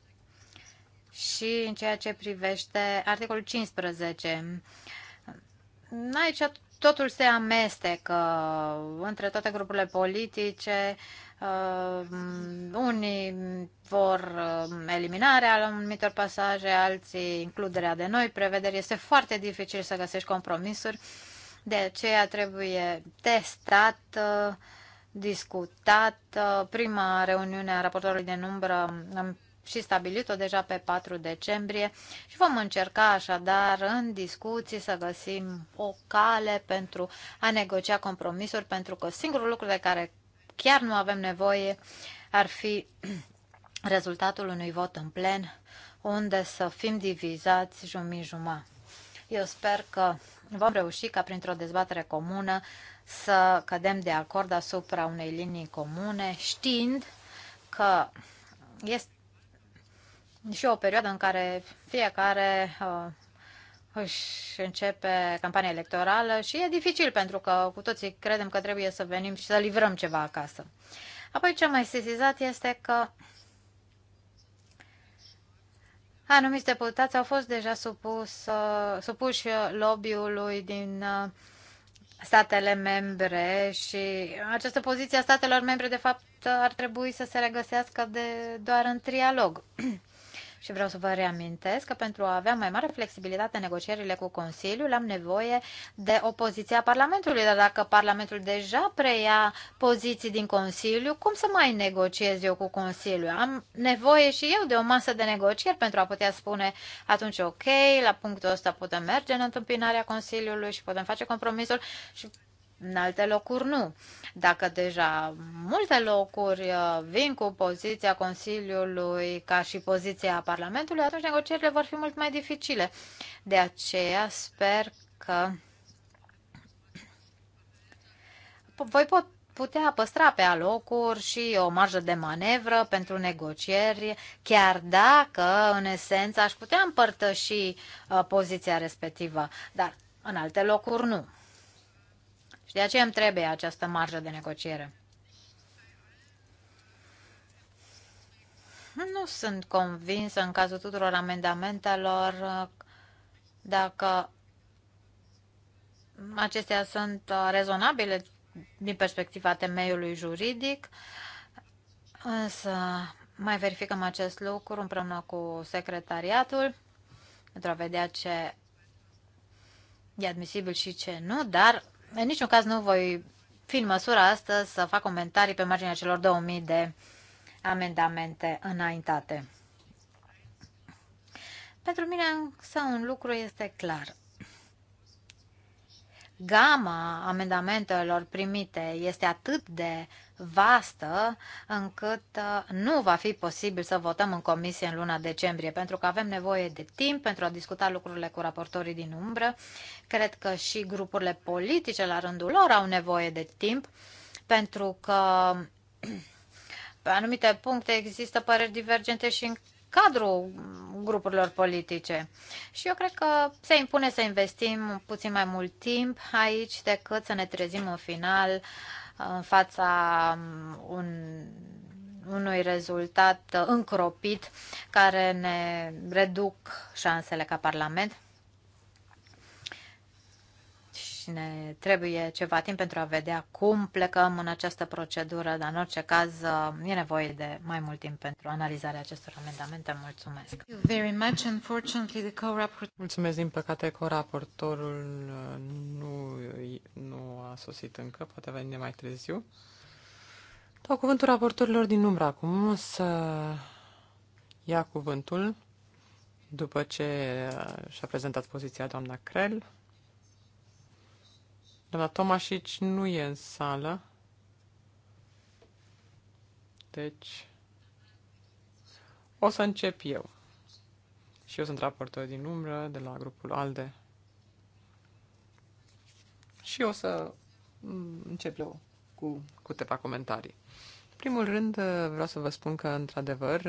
și în ceea ce privește articolul 15. Aici totul se amestecă între toate grupurile politice. Uh, unii vor uh, eliminarea anumitor pasaje, alții includerea de noi prevederi. Este foarte dificil să găsești compromisuri. Uh, de aceea trebuie testat, discutat. Prima reuniune a raportorului de numbră am și stabilit-o deja pe 4 decembrie și vom încerca așadar în discuții să găsim o cale pentru a negocia compromisuri, pentru că singurul lucru de care chiar nu avem nevoie ar fi rezultatul unui vot în plen unde să fim divizați jumii-juma. Eu sper că vom reuși ca printr-o dezbatere comună să cădem de acord asupra unei linii comune, știind că este și o perioadă în care fiecare uh, își începe campania electorală și e dificil pentru că cu toții credem că trebuie să venim și să livrăm ceva acasă. Apoi ce am mai sesizat este că anumiți deputați au fost deja supus, uh, supuși lobby-ului din uh, statele membre și această poziție a statelor membre, de fapt, ar trebui să se regăsească de, doar în trialog. Și vreau să vă reamintesc că pentru a avea mai mare flexibilitate în negocierile cu Consiliul am nevoie de o poziție a Parlamentului. Dar dacă Parlamentul deja preia poziții din Consiliu, cum să mai negociez eu cu Consiliul? Am nevoie și eu de o masă de negocieri pentru a putea spune atunci ok, la punctul ăsta putem merge în întâmpinarea Consiliului și putem face compromisul și în alte locuri nu. Dacă deja multe locuri uh, vin cu poziția Consiliului ca și poziția Parlamentului, atunci negocierile vor fi mult mai dificile. De aceea sper că voi pot putea păstra pe alocuri și o marjă de manevră pentru negocieri, chiar dacă, în esență, aș putea împărtăși uh, poziția respectivă, dar în alte locuri nu. Și de aceea îmi trebuie această marjă de negociere. Nu sunt convinsă în cazul tuturor amendamentelor dacă acestea sunt uh, rezonabile din perspectiva temeiului juridic, însă mai verificăm acest lucru împreună cu secretariatul pentru a vedea ce e admisibil și ce nu, dar în niciun caz nu voi fi în măsură astăzi să fac comentarii pe marginea celor 2000 de amendamente înaintate. Pentru mine însă un lucru este clar. Gama amendamentelor primite este atât de vastă încât uh, nu va fi posibil să votăm în comisie în luna decembrie, pentru că avem nevoie de timp pentru a discuta lucrurile cu raportorii din umbră. Cred că și grupurile politice la rândul lor au nevoie de timp, pentru că pe anumite puncte există păreri divergente și în cadrul grupurilor politice. Și eu cred că se impune să investim puțin mai mult timp aici decât să ne trezim în final în fața um, un, unui rezultat uh, încropit care ne reduc șansele ca Parlament și ne trebuie ceva timp pentru a vedea cum plecăm în această procedură, dar în orice caz uh, e nevoie de mai mult timp pentru analizarea acestor amendamente. Mulțumesc! Very much. Unfortunately, the Mulțumesc! Din păcate, co-raportorul uh, nu, nu a sosit încă, poate veni mai târziu. Dau cuvântul raportorilor din umbră acum să ia cuvântul după ce uh, și-a prezentat poziția doamna Crel. Doamna Tomașici nu e în sală. Deci, o să încep eu. Și eu sunt raportor din umbră de la grupul ALDE. Și o să mm, încep eu cu câteva comentarii. În primul rând, vreau să vă spun că, într-adevăr,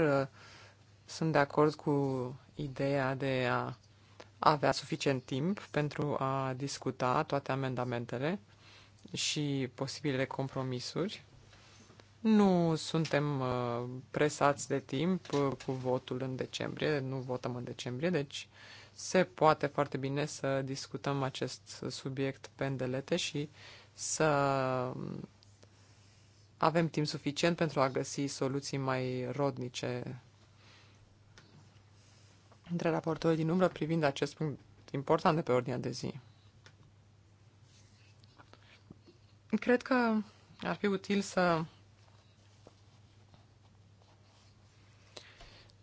sunt de acord cu ideea de a avea suficient timp pentru a discuta toate amendamentele și posibile compromisuri. Nu suntem uh, presați de timp uh, cu votul în decembrie, nu votăm în decembrie, deci se poate foarte bine să discutăm acest subiect pe îndelete și să um, avem timp suficient pentru a găsi soluții mai rodnice între raportorii din umbră privind acest punct important de pe ordinea de zi. Cred că ar fi util să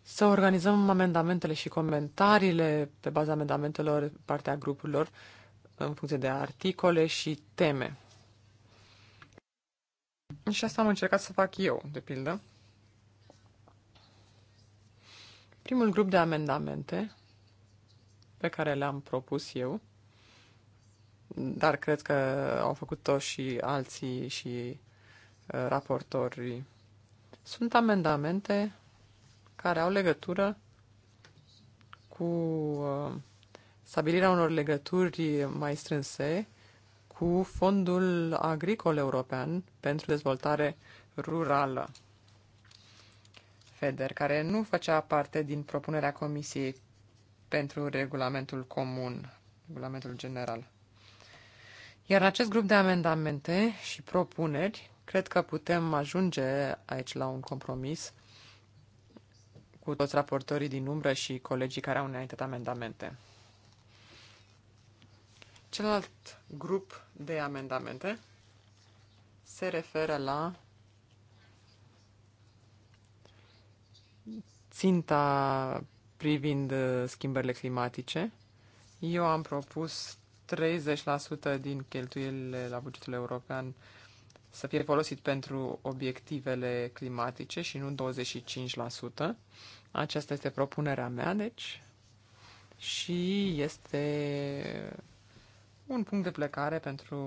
să organizăm amendamentele și comentariile pe baza amendamentelor partea grupurilor în funcție de articole și teme. Și asta am încercat să fac eu, de pildă. Primul grup de amendamente pe care le-am propus eu, dar cred că au făcut-o și alții și uh, raportorii, sunt amendamente care au legătură cu uh, stabilirea unor legături mai strânse cu Fondul Agricol European pentru Dezvoltare Rurală. FEDER, care nu făcea parte din propunerea Comisiei pentru regulamentul comun, regulamentul general. Iar în acest grup de amendamente și propuneri, cred că putem ajunge aici la un compromis cu toți raportorii din umbră și colegii care au înaintat amendamente. Celălalt grup de amendamente se referă la ținta privind uh, schimbările climatice. Eu am propus 30% din cheltuielile la bugetul european să fie folosit pentru obiectivele climatice și nu 25%. Aceasta este propunerea mea, deci, și este un punct de plecare pentru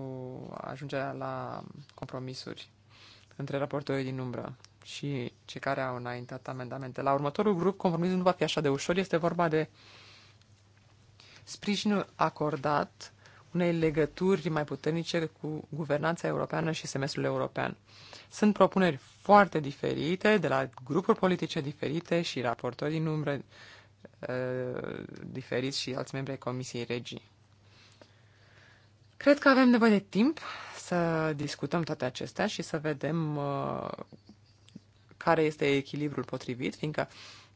ajungerea la compromisuri între raportorii din umbră și cei care au înaintat amendamente. La următorul grup, conformism nu va fi așa de ușor, este vorba de sprijinul acordat unei legături mai puternice cu guvernanța europeană și semestrul european. Sunt propuneri foarte diferite, de la grupuri politice diferite și raportori din umbră uh, diferiți și alți membri ai Comisiei Regii. Cred că avem nevoie de timp să discutăm toate acestea și să vedem uh, care este echilibrul potrivit, fiindcă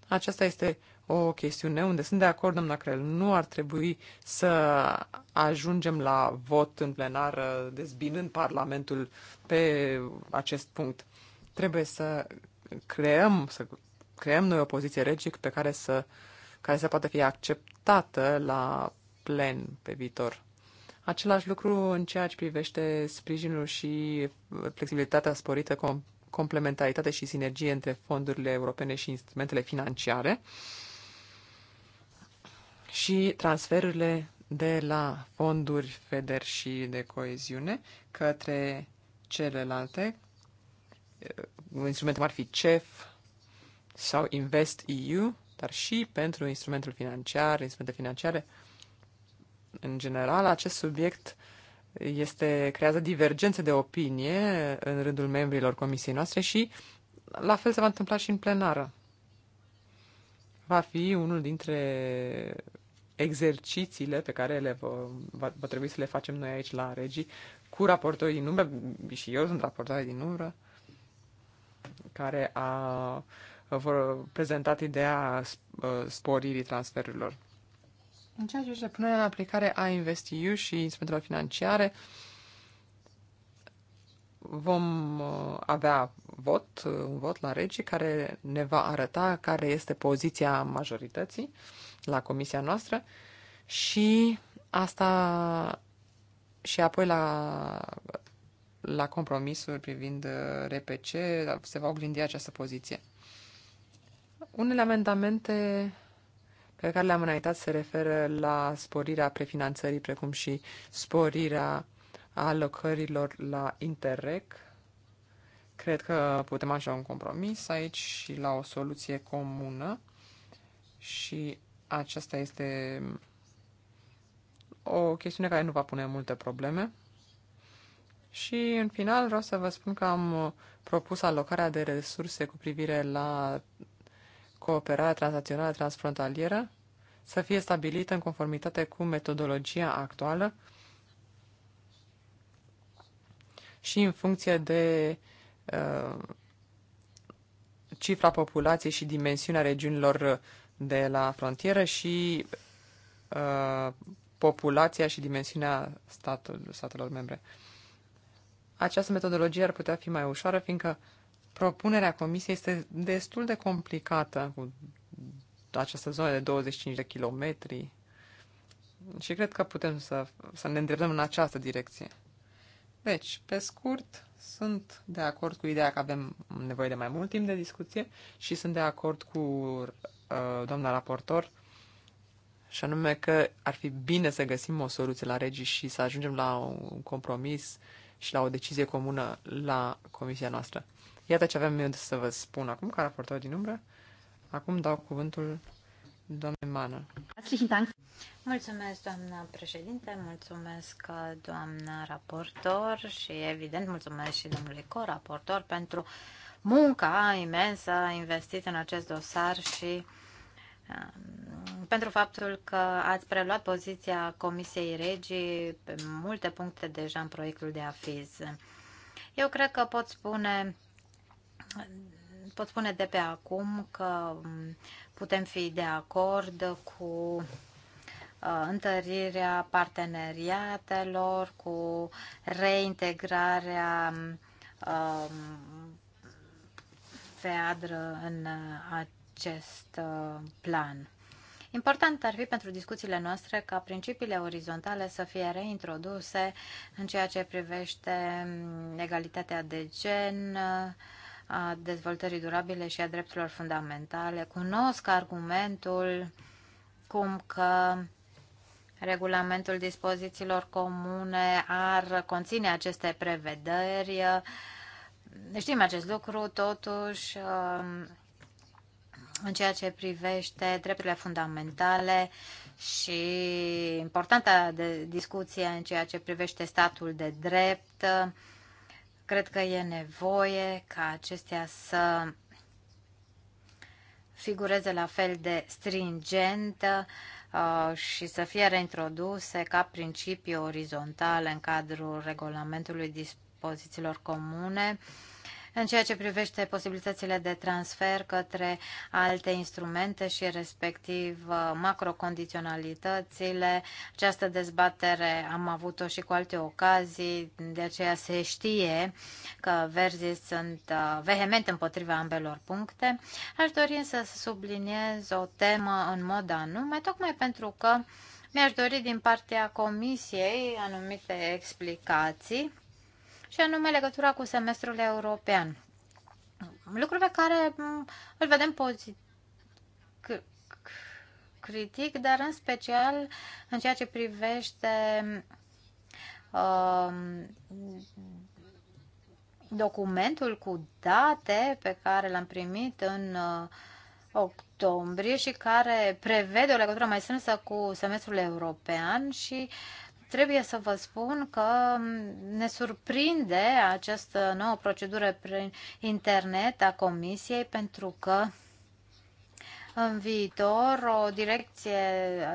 aceasta este o chestiune unde sunt de acord, doamna Crel, nu ar trebui să ajungem la vot în plenar dezbinând Parlamentul pe acest punct. Trebuie să creăm, să creăm noi o poziție regic pe care să, care să poată fi acceptată la plen pe viitor. Același lucru în ceea ce privește sprijinul și flexibilitatea sporită complementaritate și sinergie între fondurile europene și instrumentele financiare și transferurile de la fonduri FEDER și de coeziune către celelalte uh, instrumente ar fi CEF sau Invest EU, dar și pentru instrumentul financiar, instrumente financiare. În general, acest subiect este, creează divergențe de opinie în rândul membrilor comisiei noastre și la fel se va întâmpla și în plenară. Va fi unul dintre exercițiile pe care le va, va, va trebui să le facem noi aici la regii cu raportorii din umbră, și eu sunt raportorii din umbră, care a, vor prezentat ideea uh, sporirii transferurilor. În ceea ce privește punerea în aplicare a InvestEU și instrumentelor financiare, vom uh, avea vot, uh, un vot la regii care ne va arăta care este poziția majorității la comisia noastră și asta și apoi la, la compromisul privind uh, RPC se va oglindi această poziție. Unele amendamente pe care le-am înaintat se referă la sporirea prefinanțării, precum și sporirea alocărilor la Interreg. Cred că putem așa un compromis aici și la o soluție comună și aceasta este o chestiune care nu va pune multe probleme. Și în final vreau să vă spun că am propus alocarea de resurse cu privire la cooperarea transnațională transfrontalieră să fie stabilită în conformitate cu metodologia actuală și în funcție de uh, cifra populației și dimensiunea regiunilor de la frontieră și uh, populația și dimensiunea statul, statelor membre. Această metodologie ar putea fi mai ușoară, fiindcă uh, Propunerea comisiei este destul de complicată cu această zonă de 25 de kilometri și cred că putem să, să ne îndreptăm în această direcție. Deci, pe scurt, sunt de acord cu ideea că avem nevoie de mai mult timp de discuție și sunt de acord cu uh, doamna raportor și anume că ar fi bine să găsim o soluție la regii și să ajungem la un compromis și la o decizie comună la comisia noastră. Iată ce aveam eu să vă spun acum, ca raportor din umbră. Acum dau cuvântul doamnei Mană. Mulțumesc, doamna președinte, mulțumesc, doamna raportor și, evident, mulțumesc și domnului co-raportor pentru munca imensă investită în acest dosar și um, pentru faptul că ați preluat poziția Comisiei Regii pe multe puncte deja în proiectul de afiz. Eu cred că pot spune pot spune de pe acum că putem fi de acord cu uh, întărirea parteneriatelor, cu reintegrarea FEADRă um, în acest uh, plan. Important ar fi pentru discuțiile noastre ca principiile orizontale să fie reintroduse în ceea ce privește um, egalitatea de gen, a dezvoltării durabile și a drepturilor fundamentale. Cunosc argumentul cum că regulamentul dispozițiilor comune ar conține aceste prevederi. Știm acest lucru, totuși, în ceea ce privește drepturile fundamentale și importanta de discuție în ceea ce privește statul de drept, Cred că e nevoie ca acestea să figureze la fel de stringent uh, și să fie reintroduse ca principiu orizontal în cadrul regulamentului dispozițiilor comune în ceea ce privește posibilitățile de transfer către alte instrumente și respectiv uh, macrocondiționalitățile, această dezbatere am avut-o și cu alte ocazii, de aceea se știe că verzii sunt uh, vehement împotriva ambelor puncte. Aș dori să subliniez o temă în mod anume, tocmai pentru că mi-aș dori din partea Comisiei anumite explicații și anume legătura cu semestrul european. lucruri pe care îl vedem pozitiv critic, dar în special în ceea ce privește uh, documentul cu date pe care l-am primit în uh, octombrie și care prevede o legătură mai strânsă cu semestrul european și trebuie să vă spun că ne surprinde această nouă procedură prin internet a Comisiei pentru că în viitor o direcție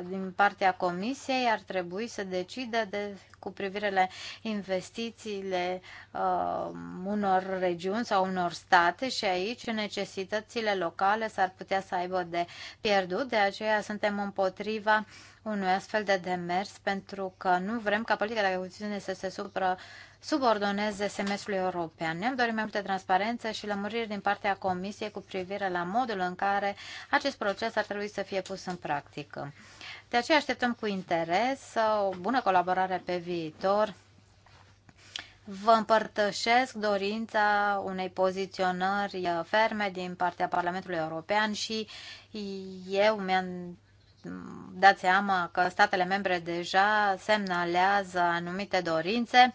din partea Comisiei ar trebui să decide de, cu privire la investițiile uh, unor regiuni sau unor state și aici necesitățile locale s-ar putea să aibă de pierdut, de aceea suntem împotriva uh, unui astfel de demers pentru că nu vrem ca politica de acuziune să se supra, subordoneze semestrului european. Ne-am dorit mai multă transparență și lămuriri din partea Comisiei cu privire la modul în care acest proces ar trebui să fie pus în practică. De aceea așteptăm cu interes o bună colaborare pe viitor Vă împărtășesc dorința unei poziționări ferme din partea Parlamentului European și eu mi-am dați seama că statele membre deja semnalează anumite dorințe,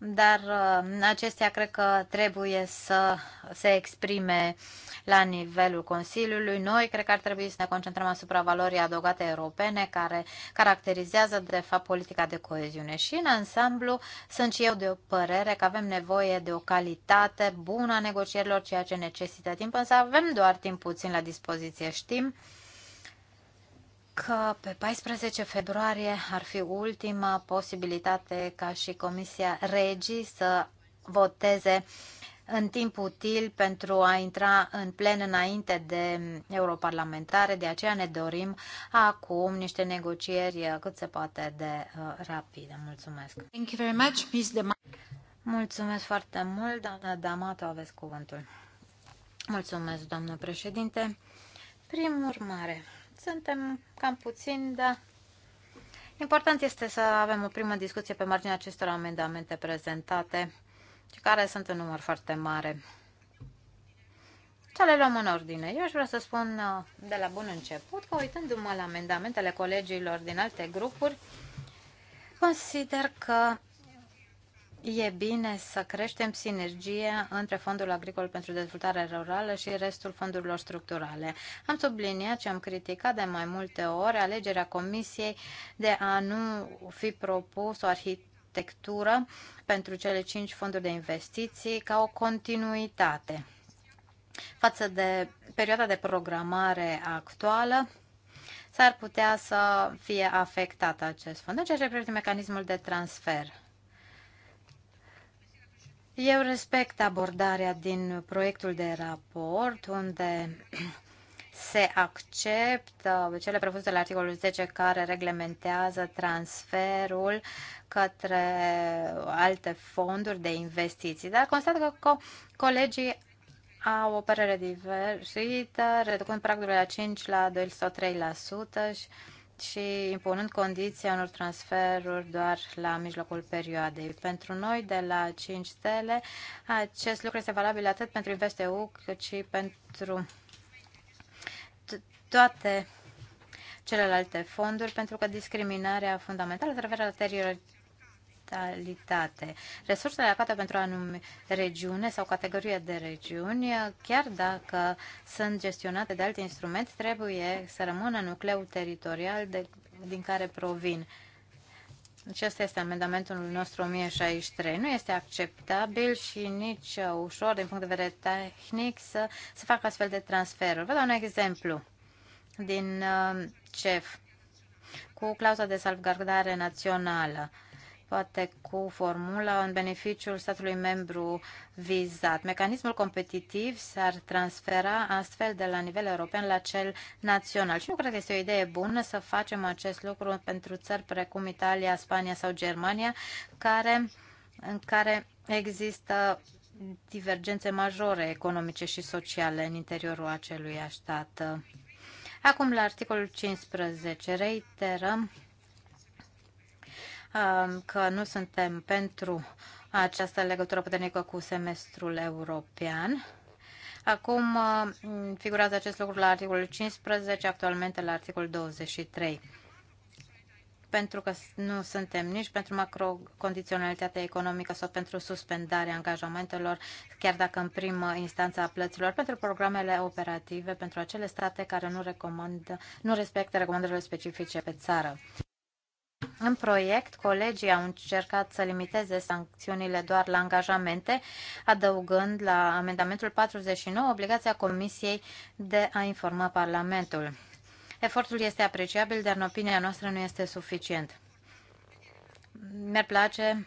dar uh, acestea cred că trebuie să se exprime la nivelul Consiliului. Noi cred că ar trebui să ne concentrăm asupra valorii adăugate europene care caracterizează de fapt politica de coeziune și în ansamblu sunt și eu de o părere că avem nevoie de o calitate bună a negocierilor, ceea ce necesită timp, însă avem doar timp puțin la dispoziție, știm că pe 14 februarie ar fi ultima posibilitate ca și Comisia Regi să voteze în timp util pentru a intra în plen înainte de europarlamentare. De aceea ne dorim acum niște negocieri cât se poate de uh, rapide. Mulțumesc! Thank you very much, Ms. Mulțumesc foarte mult, doamna Damato, aveți cuvântul. Mulțumesc, doamnă președinte. Prin urmare, suntem cam puțin, da. important este să avem o primă discuție pe marginea acestor amendamente prezentate, care sunt un număr foarte mare. Să le luăm în ordine. Eu aș vrea să spun uh, de la bun început că uitându-mă la amendamentele colegilor din alte grupuri, consider că E bine să creștem sinergia între Fondul Agricol pentru Dezvoltare Rurală și restul fondurilor structurale. Am subliniat și am criticat de mai multe ori alegerea Comisiei de a nu fi propus o arhitectură pentru cele cinci fonduri de investiții ca o continuitate față de perioada de programare actuală s-ar putea să fie afectat acest fond. În ceea ce privește mecanismul de transfer, eu respect abordarea din proiectul de raport, unde se acceptă cele prevăzute la articolul 10 care reglementează transferul către alte fonduri de investiții. Dar constat că co colegii au o părere diversită, reducând pragul de la 5 la 203% și și impunând condiția unor transferuri doar la mijlocul perioadei. Pentru noi, de la 5 stele, acest lucru este valabil atât pentru InvestEU, cât și pentru toate celelalte fonduri, pentru că discriminarea fundamentală se referă la mentalitate. Resursele alocate pentru anume regiune sau categorie de regiuni, chiar dacă sunt gestionate de alte instrumente, trebuie să rămână nucleul teritorial de, din care provin. Acesta deci este amendamentul nostru 1063. Nu este acceptabil și nici ușor, din punct de vedere tehnic, să se facă astfel de transferuri. Vă dau un exemplu din uh, CEF cu clauza de salvgardare națională poate cu formulă în beneficiul statului membru vizat. Mecanismul competitiv s-ar transfera astfel de la nivel european la cel național. Și nu cred că este o idee bună să facem acest lucru pentru țări precum Italia, Spania sau Germania, care, în care există divergențe majore economice și sociale în interiorul acelui stat. Acum la articolul 15 reiterăm Um, că nu suntem pentru această legătură puternică cu semestrul european. Acum um, figurează acest lucru la articolul 15, actualmente la articolul 23 pentru că nu suntem nici pentru macrocondiționalitatea economică sau pentru suspendarea angajamentelor, chiar dacă în primă instanță a plăților, pentru programele operative, pentru acele state care nu, recomandă, nu respectă recomandările specifice pe țară. În proiect, colegii au încercat să limiteze sancțiunile doar la angajamente, adăugând la amendamentul 49 obligația Comisiei de a informa Parlamentul. Efortul este apreciabil, dar în opinia noastră nu este suficient. Mi-ar place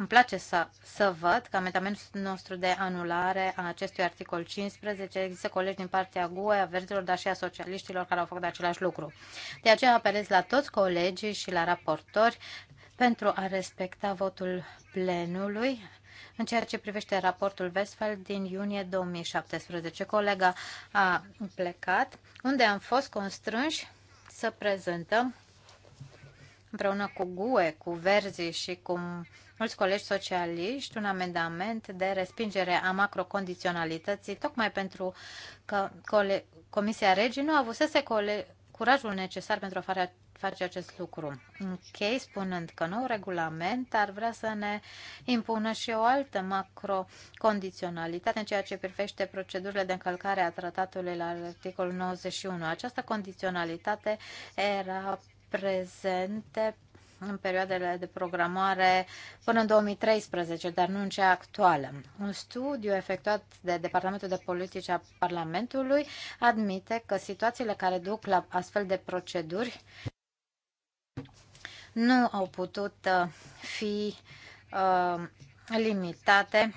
îmi place să, să văd că amendamentul nostru de anulare a acestui articol 15 există colegi din partea GUE, a verzilor, dar și a socialiștilor care au făcut același lucru. De aceea apelez la toți colegii și la raportori pentru a respecta votul plenului în ceea ce privește raportul Westfeld din iunie 2017. Colega a plecat, unde am fost constrânși să prezentăm împreună cu GUE, cu Verzi și cu mulți colegi socialiști, un amendament de respingere a macrocondiționalității, tocmai pentru că Comisia Regii nu avusese curajul necesar pentru a face face acest lucru. Închei spunând că nou regulament ar vrea să ne impună și o altă macrocondiționalitate în ceea ce privește procedurile de încălcare a tratatului la articolul 91. Această condiționalitate era prezente în perioadele de programare până în 2013, dar nu în cea actuală. Un studiu efectuat de Departamentul de Politici a Parlamentului admite că situațiile care duc la astfel de proceduri nu au putut uh, fi uh, limitate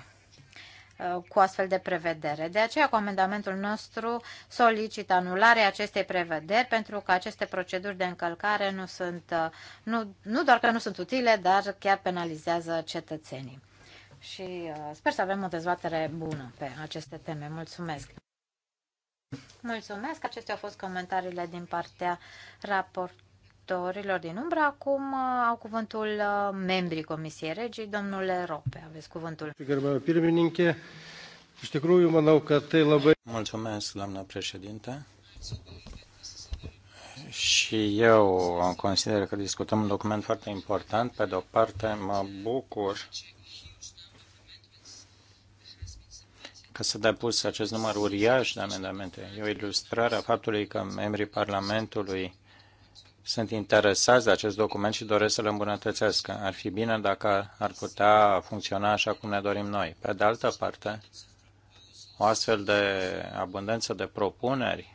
Uh, cu astfel de prevedere. De aceea, cu amendamentul nostru, solicit anularea acestei prevederi pentru că aceste proceduri de încălcare nu sunt, uh, nu, nu doar că nu sunt utile, dar chiar penalizează cetățenii. Și uh, sper să avem o dezbatere bună pe aceste teme. Mulțumesc! Mulțumesc! Acestea au fost comentariile din partea raportului raportorilor din umbră. Acum uh, au cuvântul uh, membrii Comisiei Regii, domnule Rope. Aveți cuvântul. Mulțumesc, doamna președinte. Și eu consider că discutăm un document foarte important. Pe de o parte, mă bucur că s-a depus acest număr uriaș de amendamente. E o ilustrare a faptului că membrii Parlamentului sunt interesați de acest document și doresc să-l îmbunătățească. Ar fi bine dacă ar putea funcționa așa cum ne dorim noi. Pe de altă parte, o astfel de abundență de propuneri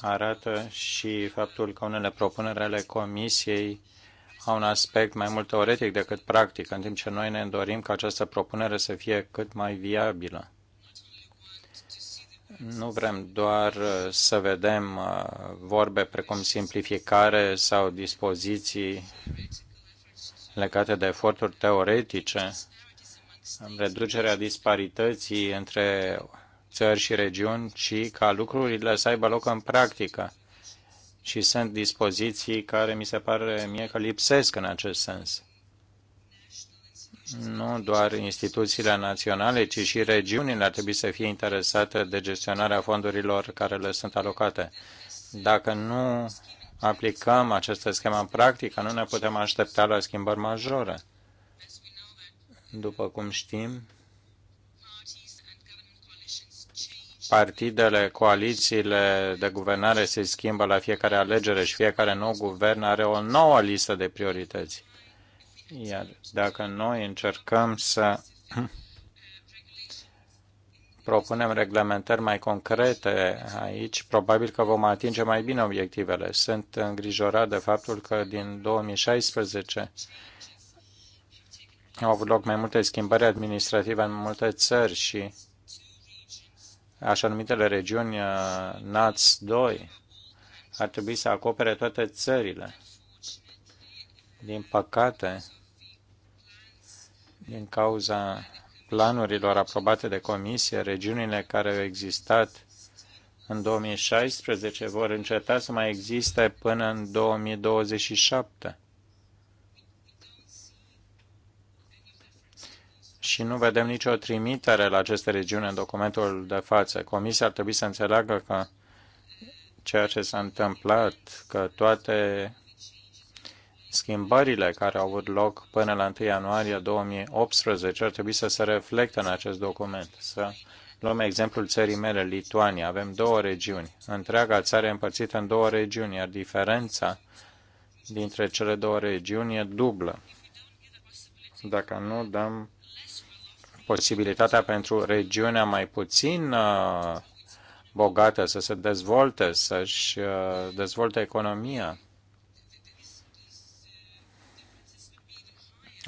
arată și faptul că unele propuneri ale Comisiei au un aspect mai mult teoretic decât practic, în timp ce noi ne dorim ca această propunere să fie cât mai viabilă. Nu vrem doar uh, să vedem uh, vorbe precum simplificare sau dispoziții legate de eforturi teoretice, reducerea disparității între țări și regiuni, ci ca lucrurile să aibă loc în practică. Și sunt dispoziții care mi se pare mie că lipsesc în acest sens. Nu doar instituțiile naționale, ci și regiunile ar trebui să fie interesate de gestionarea fondurilor care le sunt alocate. Dacă nu aplicăm această schemă în practică, nu ne putem aștepta la schimbări majore. După cum știm, partidele, coalițiile de guvernare se schimbă la fiecare alegere și fiecare nou guvern are o nouă listă de priorități. Iar dacă noi încercăm să propunem reglementări mai concrete aici, probabil că vom atinge mai bine obiectivele. Sunt îngrijorat de faptul că din 2016 au avut loc mai multe schimbări administrative în multe țări și așa numitele regiuni uh, NATS 2 ar trebui să acopere toate țările. Din păcate, din cauza planurilor aprobate de comisie, regiunile care au existat în 2016 vor înceta să mai existe până în 2027. Și nu vedem nicio trimitere la aceste regiuni în documentul de față. Comisia ar trebui să înțeleagă că ceea ce s-a întâmplat, că toate Schimbările care au avut loc până la 1 ianuarie 2018 ar trebui să se reflecte în acest document. Să luăm exemplul țării mele, Lituania. Avem două regiuni. Întreaga țară e împărțită în două regiuni, iar diferența dintre cele două regiuni e dublă. Dacă nu dăm posibilitatea pentru regiunea mai puțin uh, bogată să se dezvolte, să-și uh, dezvolte economia,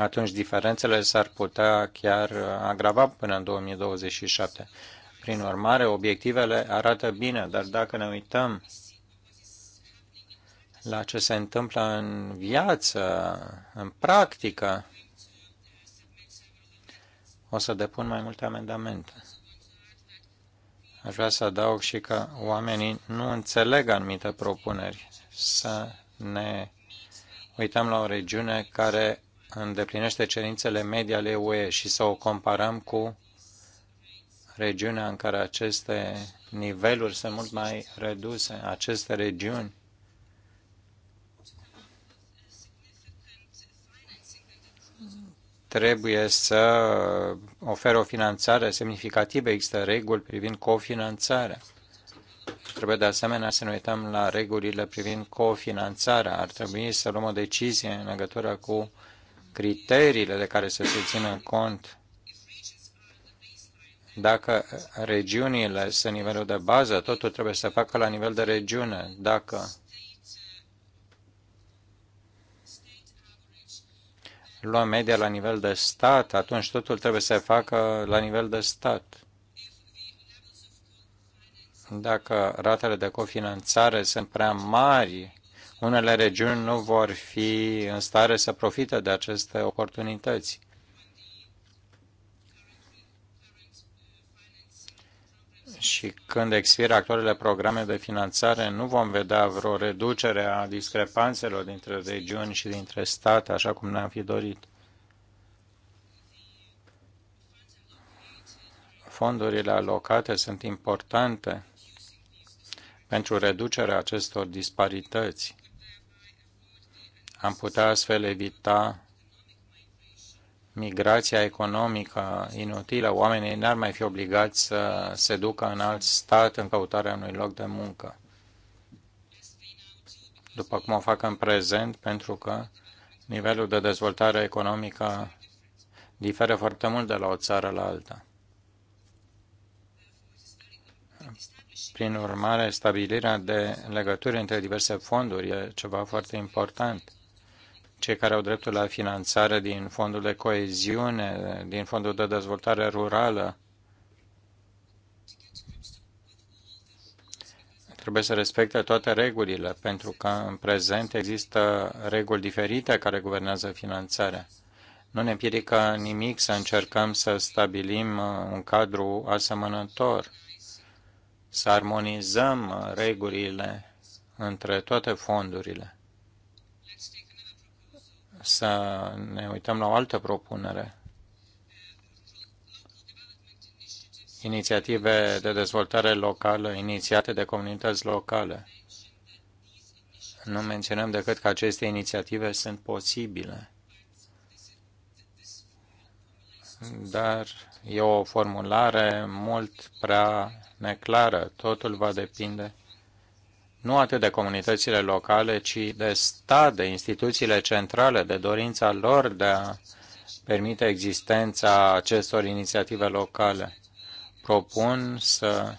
atunci diferențele s-ar putea chiar uh, agrava până în 2027. Prin urmare, obiectivele arată bine, dar dacă ne uităm la ce se întâmplă în viață, în practică, o să depun mai multe amendamente. Aș vrea să adaug și că oamenii nu înțeleg anumite propuneri. Să ne uităm la o regiune care îndeplinește cerințele medii ale UE și să o comparăm cu regiunea în care aceste niveluri sunt mult mai reduse, aceste regiuni trebuie să oferă o finanțare semnificativă. Există reguli privind cofinanțarea. Trebuie de asemenea să ne uităm la regulile privind cofinanțarea. Ar trebui să luăm o decizie în legătură cu criteriile de care să se țină cont dacă regiunile sunt nivelul de bază, totul trebuie să facă la nivel de regiune. Dacă luăm media la nivel de stat, atunci totul trebuie să facă la nivel de stat. Dacă ratele de cofinanțare sunt prea mari, unele regiuni nu vor fi în stare să profite de aceste oportunități. și când expiră actualele programe de finanțare, nu vom vedea vreo reducere a discrepanțelor dintre regiuni și dintre state, așa cum ne-am fi dorit. Fondurile alocate sunt importante pentru reducerea acestor disparități. Am putea astfel evita migrația economică inutilă. Oamenii n-ar mai fi obligați să se ducă în alt stat în căutarea unui loc de muncă. După cum o fac în prezent, pentru că nivelul de dezvoltare economică diferă foarte mult de la o țară la alta. Prin urmare, stabilirea de legături între diverse fonduri e ceva foarte important cei care au dreptul la finanțare din fondul de coeziune, din fondul de dezvoltare rurală, trebuie să respecte toate regulile, pentru că în prezent există reguli diferite care guvernează finanțarea. Nu ne împiedică nimic să încercăm să stabilim un cadru asemănător, să armonizăm regulile între toate fondurile să ne uităm la o altă propunere. Inițiative de dezvoltare locală inițiate de comunități locale. Nu menționăm decât că aceste inițiative sunt posibile. Dar e o formulare mult prea neclară. Totul va depinde nu atât de comunitățile locale, ci de stat, de instituțiile centrale, de dorința lor de a permite existența acestor inițiative locale. Propun să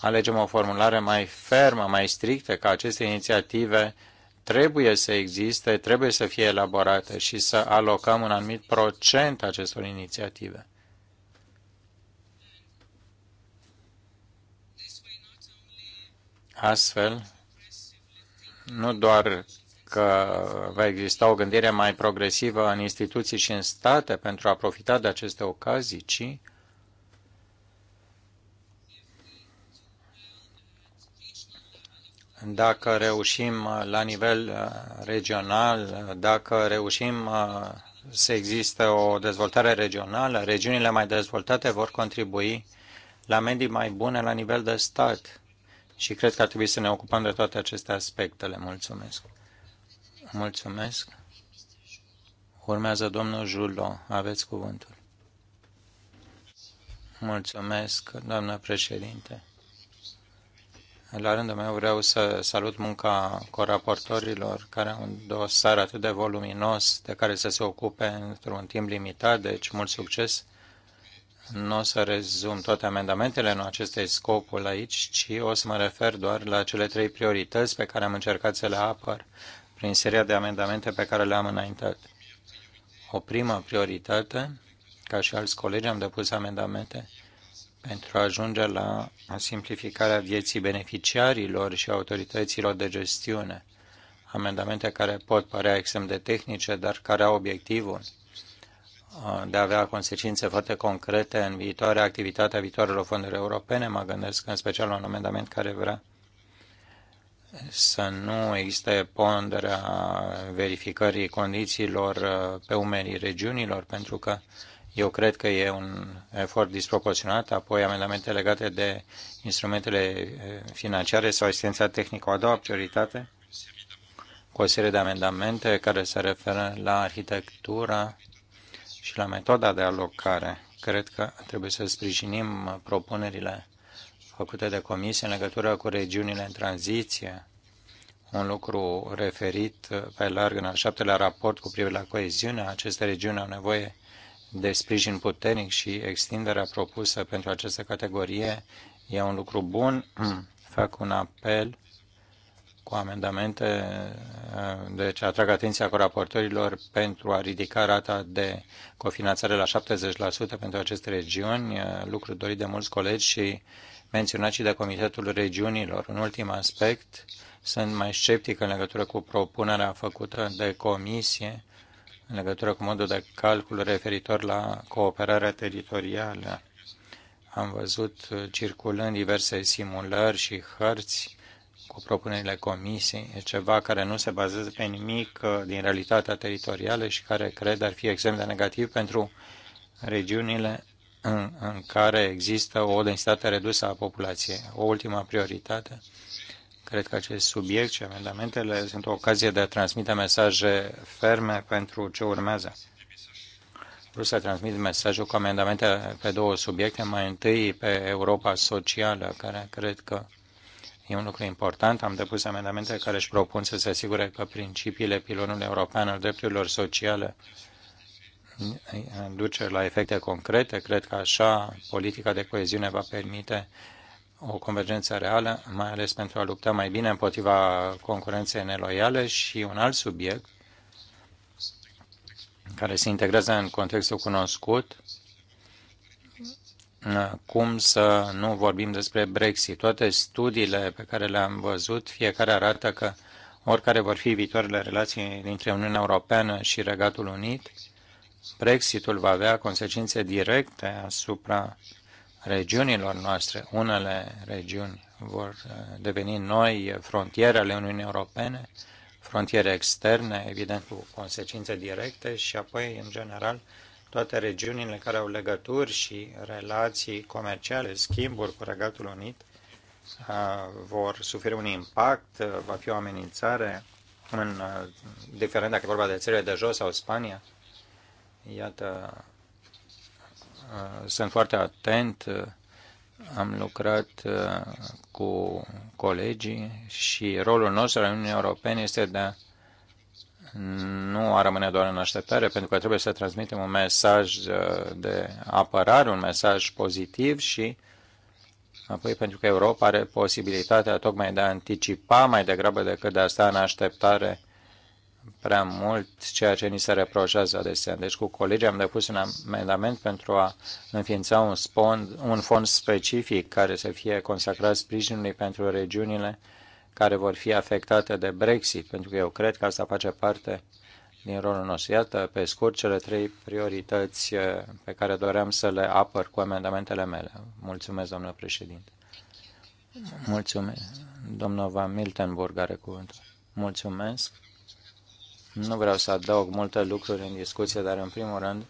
alegem o formulare mai fermă, mai strictă, că aceste inițiative trebuie să existe, trebuie să fie elaborate și să alocăm un anumit procent acestor inițiative. Astfel, nu doar că va exista o gândire mai progresivă în instituții și în state pentru a profita de aceste ocazii, ci dacă reușim la nivel uh, regional, dacă reușim uh, să existe o dezvoltare regională, regiunile mai dezvoltate vor contribui la medii mai bune la nivel de stat și cred că ar trebui să ne ocupăm de toate aceste aspectele. Mulțumesc. Mulțumesc. Urmează domnul Julo. Aveți cuvântul. Mulțumesc, doamnă președinte. La rândul meu vreau să salut munca coraportorilor, care au un dosar atât de voluminos de care să se ocupe într-un timp limitat, deci mult succes. Nu o să rezum toate amendamentele, nu acesta e scopul aici, ci o să mă refer doar la cele trei priorități pe care am încercat să le apăr prin seria de amendamente pe care le-am înaintat. O primă prioritate, ca și alți colegi am depus amendamente pentru a ajunge la simplificarea vieții beneficiarilor și autorităților de gestiune. Amendamente care pot părea extrem de tehnice, dar care au obiectivul de a avea consecințe foarte concrete în viitoarea activitatea viitoarelor fonduri europene. Mă gândesc în special la un amendament care vrea să nu existe ponderea verificării condițiilor uh, pe umerii regiunilor, pentru că eu cred că e un efort disproporționat. Apoi amendamente legate de instrumentele uh, financiare sau asistența tehnică. O a doua prioritate cu o serie de amendamente care se referă la arhitectura și la metoda de alocare. Cred că trebuie să sprijinim propunerile făcute de comisie în legătură cu regiunile în tranziție, un lucru referit pe larg în al șaptelea raport cu privire la coeziune. Aceste regiuni au nevoie de sprijin puternic și extinderea propusă pentru această categorie e un lucru bun. Fac un apel cu amendamente, eh, deci atrag atenția cu raportorilor pentru a ridica rata de cofinanțare la 70% pentru aceste regiuni, eh, lucru dorit de mulți colegi și menționat și de Comitetul Regiunilor. Un ultim aspect, sunt mai sceptic în legătură cu propunerea făcută de comisie în legătură cu modul de calcul referitor la cooperarea teritorială. Am văzut eh, circulând diverse simulări și hărți cu propunerile comisiei, e ceva care nu se bazează pe nimic uh, din realitatea teritorială și care cred ar fi exemplu de negativ pentru regiunile în, în care există o densitate redusă a populației. O ultimă prioritate. Cred că acest subiect și amendamentele sunt o ocazie de a transmite mesaje ferme pentru ce urmează. Vreau să transmit mesajul cu amendamente pe două subiecte. Mai întâi pe Europa socială, care cred că E un lucru important. Am depus amendamente care își propun să se asigure că principiile pilonului european al drepturilor sociale duce la efecte concrete. Cred că așa politica de coeziune va permite o convergență reală, mai ales pentru a lupta mai bine împotriva concurenței neloiale și un alt subiect care se integrează în contextul cunoscut, cum să nu vorbim despre Brexit. Toate studiile pe care le-am văzut, fiecare arată că oricare vor fi viitoarele relații dintre Uniunea Europeană și Regatul Unit, Brexitul va avea consecințe directe asupra regiunilor noastre. Unele regiuni vor uh, deveni noi frontiere ale Uniunii Europene, frontiere externe, evident, cu consecințe directe și apoi, în general, toate regiunile care au legături și relații comerciale, schimburi cu Regatul Unit, uh, vor suferi un impact, uh, va fi o amenințare, în, uh, diferent dacă e vorba de țările de jos sau Spania. Iată, sunt foarte atent, am lucrat cu colegii și rolul nostru în Uniunii Europene este de a nu a rămâne doar în așteptare, pentru că trebuie să transmitem un mesaj uh, de apărare, un mesaj pozitiv și apoi pentru că Europa are posibilitatea tocmai de a anticipa mai degrabă decât de a sta în așteptare prea mult ceea ce ni se reproșează adesea. Deci cu colegii am depus un amendament pentru a înființa un, spond, un fond specific care să fie consacrat sprijinului pentru regiunile uh, care vor fi afectate de Brexit, pentru că eu cred că asta face parte din rolul nostru. Iată, pe scurt, cele trei priorități eh, pe care doream să le apăr cu amendamentele mele. Mulțumesc, domnule președinte. Mulțumesc. Domnul Van Miltenburg are cuvântul. Mulțumesc. Nu vreau să adaug multe lucruri în discuție, dar în primul rând,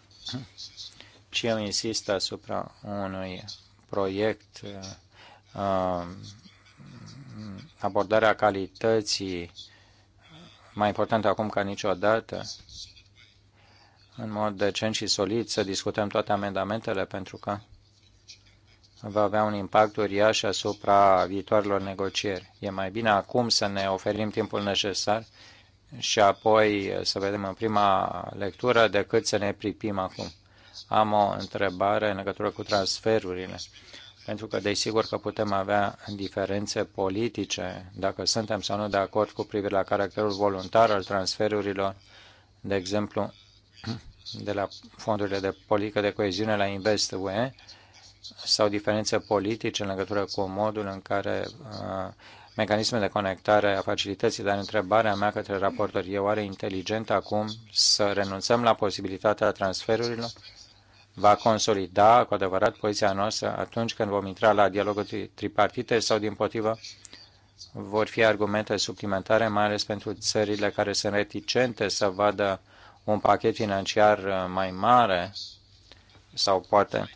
ci eu insist asupra unui proiect uh, abordarea calității mai importantă acum ca niciodată, în mod decent și solid, să discutăm toate amendamentele, pentru că va avea un impact uriaș asupra viitoarelor negocieri. E mai bine acum să ne oferim timpul necesar și apoi să vedem în prima lectură decât să ne pripim acum. Am o întrebare în legătură cu transferurile pentru că desigur că putem avea diferențe politice dacă suntem sau nu de acord cu privire la caracterul voluntar al transferurilor, de exemplu, de la fondurile de politică de coeziune la InvestUE sau diferențe politice în legătură cu modul în care uh, mecanisme de conectare a facilității, dar întrebarea mea către raportor e oare inteligent acum să renunțăm la posibilitatea transferurilor? va consolida cu adevărat poziția noastră atunci când vom intra la dialogul tripartite sau, din potrivă, vor fi argumente suplimentare, mai ales pentru țările care sunt reticente să vadă un pachet financiar uh, mai mare sau poate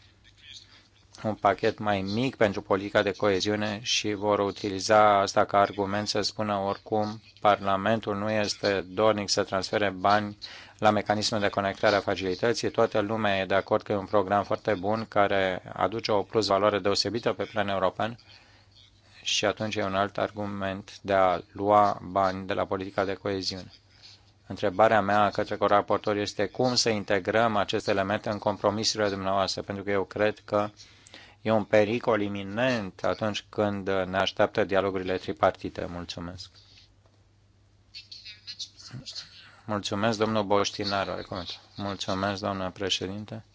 un pachet mai mic pentru politica de coeziune și vor utiliza asta ca argument să spună oricum Parlamentul nu este dornic să transfere bani la mecanismul de conectare a facilității. Toată lumea e de acord că e un program foarte bun care aduce o plus valoare deosebită pe plan european și atunci e un alt argument de a lua bani de la politica de coeziune. Întrebarea mea către coraportor este cum să integrăm acest element în compromisurile dumneavoastră, pentru că eu cred că E un pericol iminent atunci când ne așteaptă dialogurile tripartite. Mulțumesc. Mulțumesc, domnul Boștinaru. Mulțumesc, doamna președinte.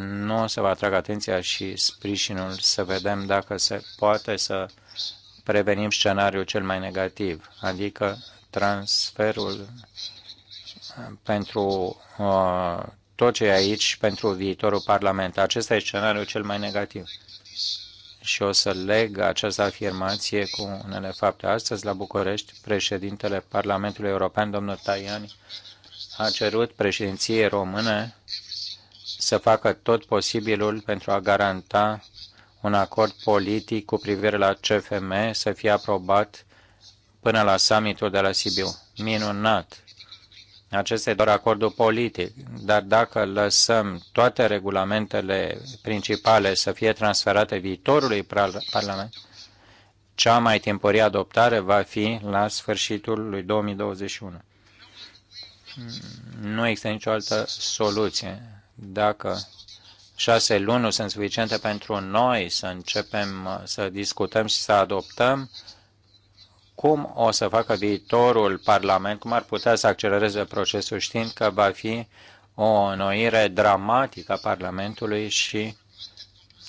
nu o să vă atrag atenția și sprijinul să vedem dacă se poate să prevenim scenariul cel mai negativ, adică transferul pentru uh, tot ce e aici pentru viitorul Parlament. Acesta e scenariul cel mai negativ. Și o să leg această afirmație cu unele fapte. Astăzi, la București, președintele Parlamentului European, domnul Tajani, a cerut președinției române să facă tot posibilul pentru a garanta un acord politic cu privire la CFM să fie aprobat până la summitul de la Sibiu. Minunat! Acesta e doar acordul politic, dar dacă lăsăm toate regulamentele principale să fie transferate viitorului Parlament, cea mai timpurie adoptare va fi la sfârșitul lui 2021. Nu există nicio altă soluție. Dacă șase luni nu sunt suficiente pentru noi să începem să discutăm și să adoptăm, cum o să facă viitorul Parlament, cum ar putea să accelereze procesul, știind că va fi o noire dramatică a Parlamentului și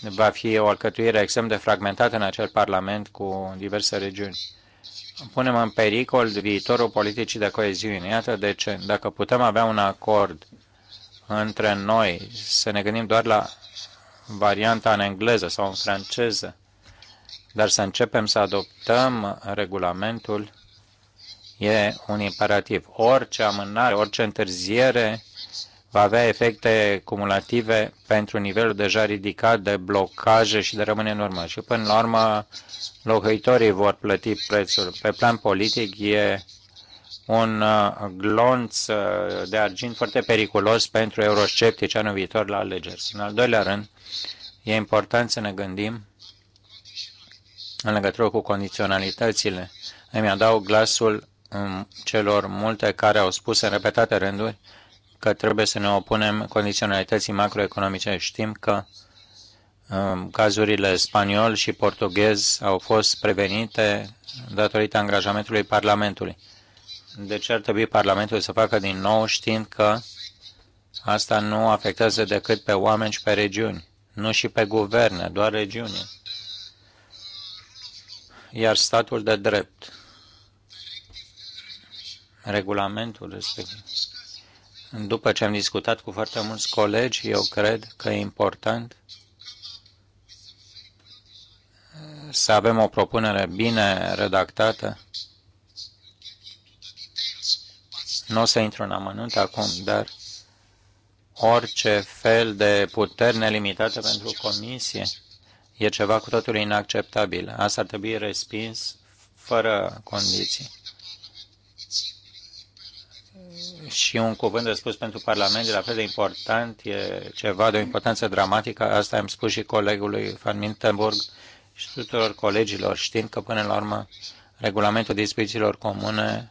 va fi o alcătuire extrem de fragmentată în acel Parlament cu diverse regiuni. Punem în pericol viitorul politicii de coeziune. Iată de ce. Dacă putem avea un acord între noi, să ne gândim doar la varianta în engleză sau în franceză, dar să începem să adoptăm regulamentul e un imperativ. Orice amânare, orice întârziere va avea efecte cumulative pentru nivelul deja ridicat de blocaje și de rămâne în urmă. Și până la urmă, locuitorii vor plăti prețul. Pe plan politic e un uh, glonț uh, de argint foarte periculos pentru eurosceptici anul viitor la alegeri. În al doilea rând, e important să ne gândim în legătură cu condiționalitățile. Îmi adaug glasul um, celor multe care au spus în repetate rânduri că trebuie să ne opunem condiționalității macroeconomice. Știm că um, cazurile spaniol și portughez au fost prevenite datorită angajamentului Parlamentului. Deci ar trebui Parlamentul să facă din nou știind că asta nu afectează decât pe oameni și pe regiuni, nu și pe guverne, doar regiuni iar statul de drept. Regulamentul respectiv. După ce am discutat cu foarte mulți colegi, eu cred că e important să avem o propunere bine redactată. Nu o să intru în amănunt acum, dar orice fel de puteri nelimitate pentru comisie E ceva cu totul inacceptabil. Asta ar trebui respins fără condiții. Și un cuvânt de spus pentru Parlament, la fel de important, e ceva de o importanță dramatică. Asta am spus și colegului Van Mintenburg și tuturor colegilor, știind că până la urmă regulamentul dispozițiilor comune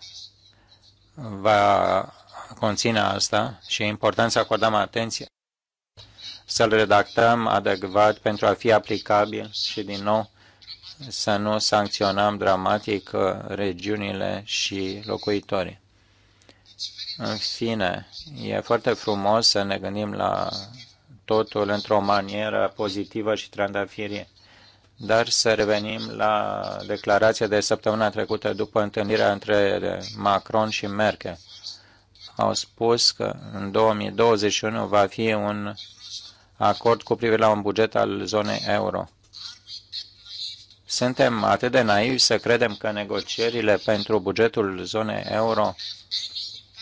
va conține asta și e important să acordăm atenție să-l redactăm adecvat pentru a fi aplicabil și, din nou, să nu sancționăm dramatic uh, regiunile și locuitorii. În fine, e foarte frumos să ne gândim la totul într-o manieră pozitivă și trandafirie. Dar să revenim la declarația de săptămâna trecută după întâlnirea între Macron și Merkel. Au spus că în 2021 va fi un acord cu privire la un buget al zonei euro. Suntem atât de naivi să credem că negocierile pentru bugetul zonei euro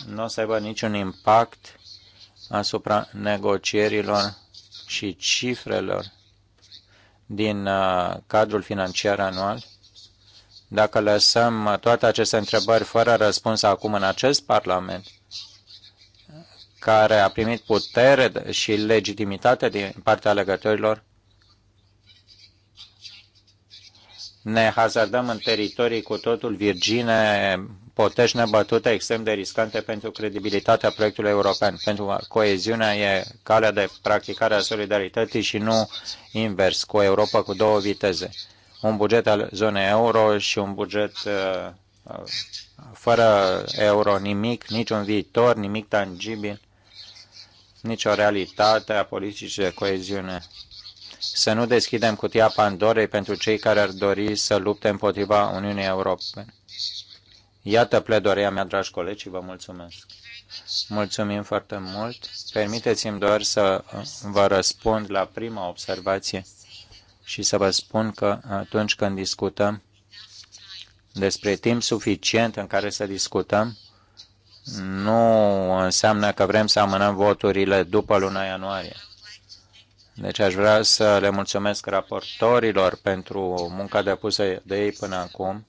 nu o să aibă niciun impact asupra negocierilor și cifrelor din uh, cadrul financiar anual? Dacă lăsăm toate aceste întrebări fără răspuns acum în acest Parlament, care a primit putere și legitimitate din partea alegătorilor, ne hazardăm în teritorii cu totul virgine, potești nebătute, extrem de riscante pentru credibilitatea proiectului european, pentru că coeziunea e calea de practicare a solidarității și nu invers, cu Europa cu două viteze. Un buget al zonei euro și un buget uh, uh, fără euro, nimic, niciun viitor, nimic tangibil nicio realitate a politicii de coeziune. Să nu deschidem cutia Pandorei pentru cei care ar dori să lupte împotriva Uniunii Europene. Iată pledoria mea, dragi colegi, și vă mulțumesc. Mulțumim foarte mult. Permiteți-mi doar să vă răspund la prima observație și să vă spun că atunci când discutăm despre timp suficient în care să discutăm, nu înseamnă că vrem să amânăm voturile după luna ianuarie. Deci aș vrea să le mulțumesc raportorilor pentru munca depusă de ei până acum.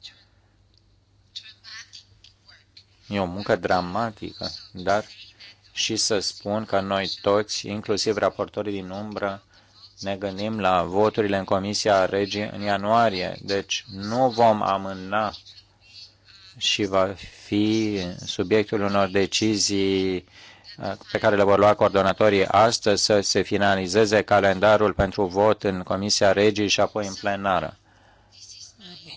E o muncă dramatică, dar și să spun că noi toți, inclusiv raportorii din umbră, ne gândim la voturile în Comisia Regii în ianuarie. Deci nu vom amâna și va fi subiectul unor decizii uh, pe care le vor lua coordonatorii astăzi să se finalizeze calendarul pentru vot în Comisia Regii și apoi în plenară.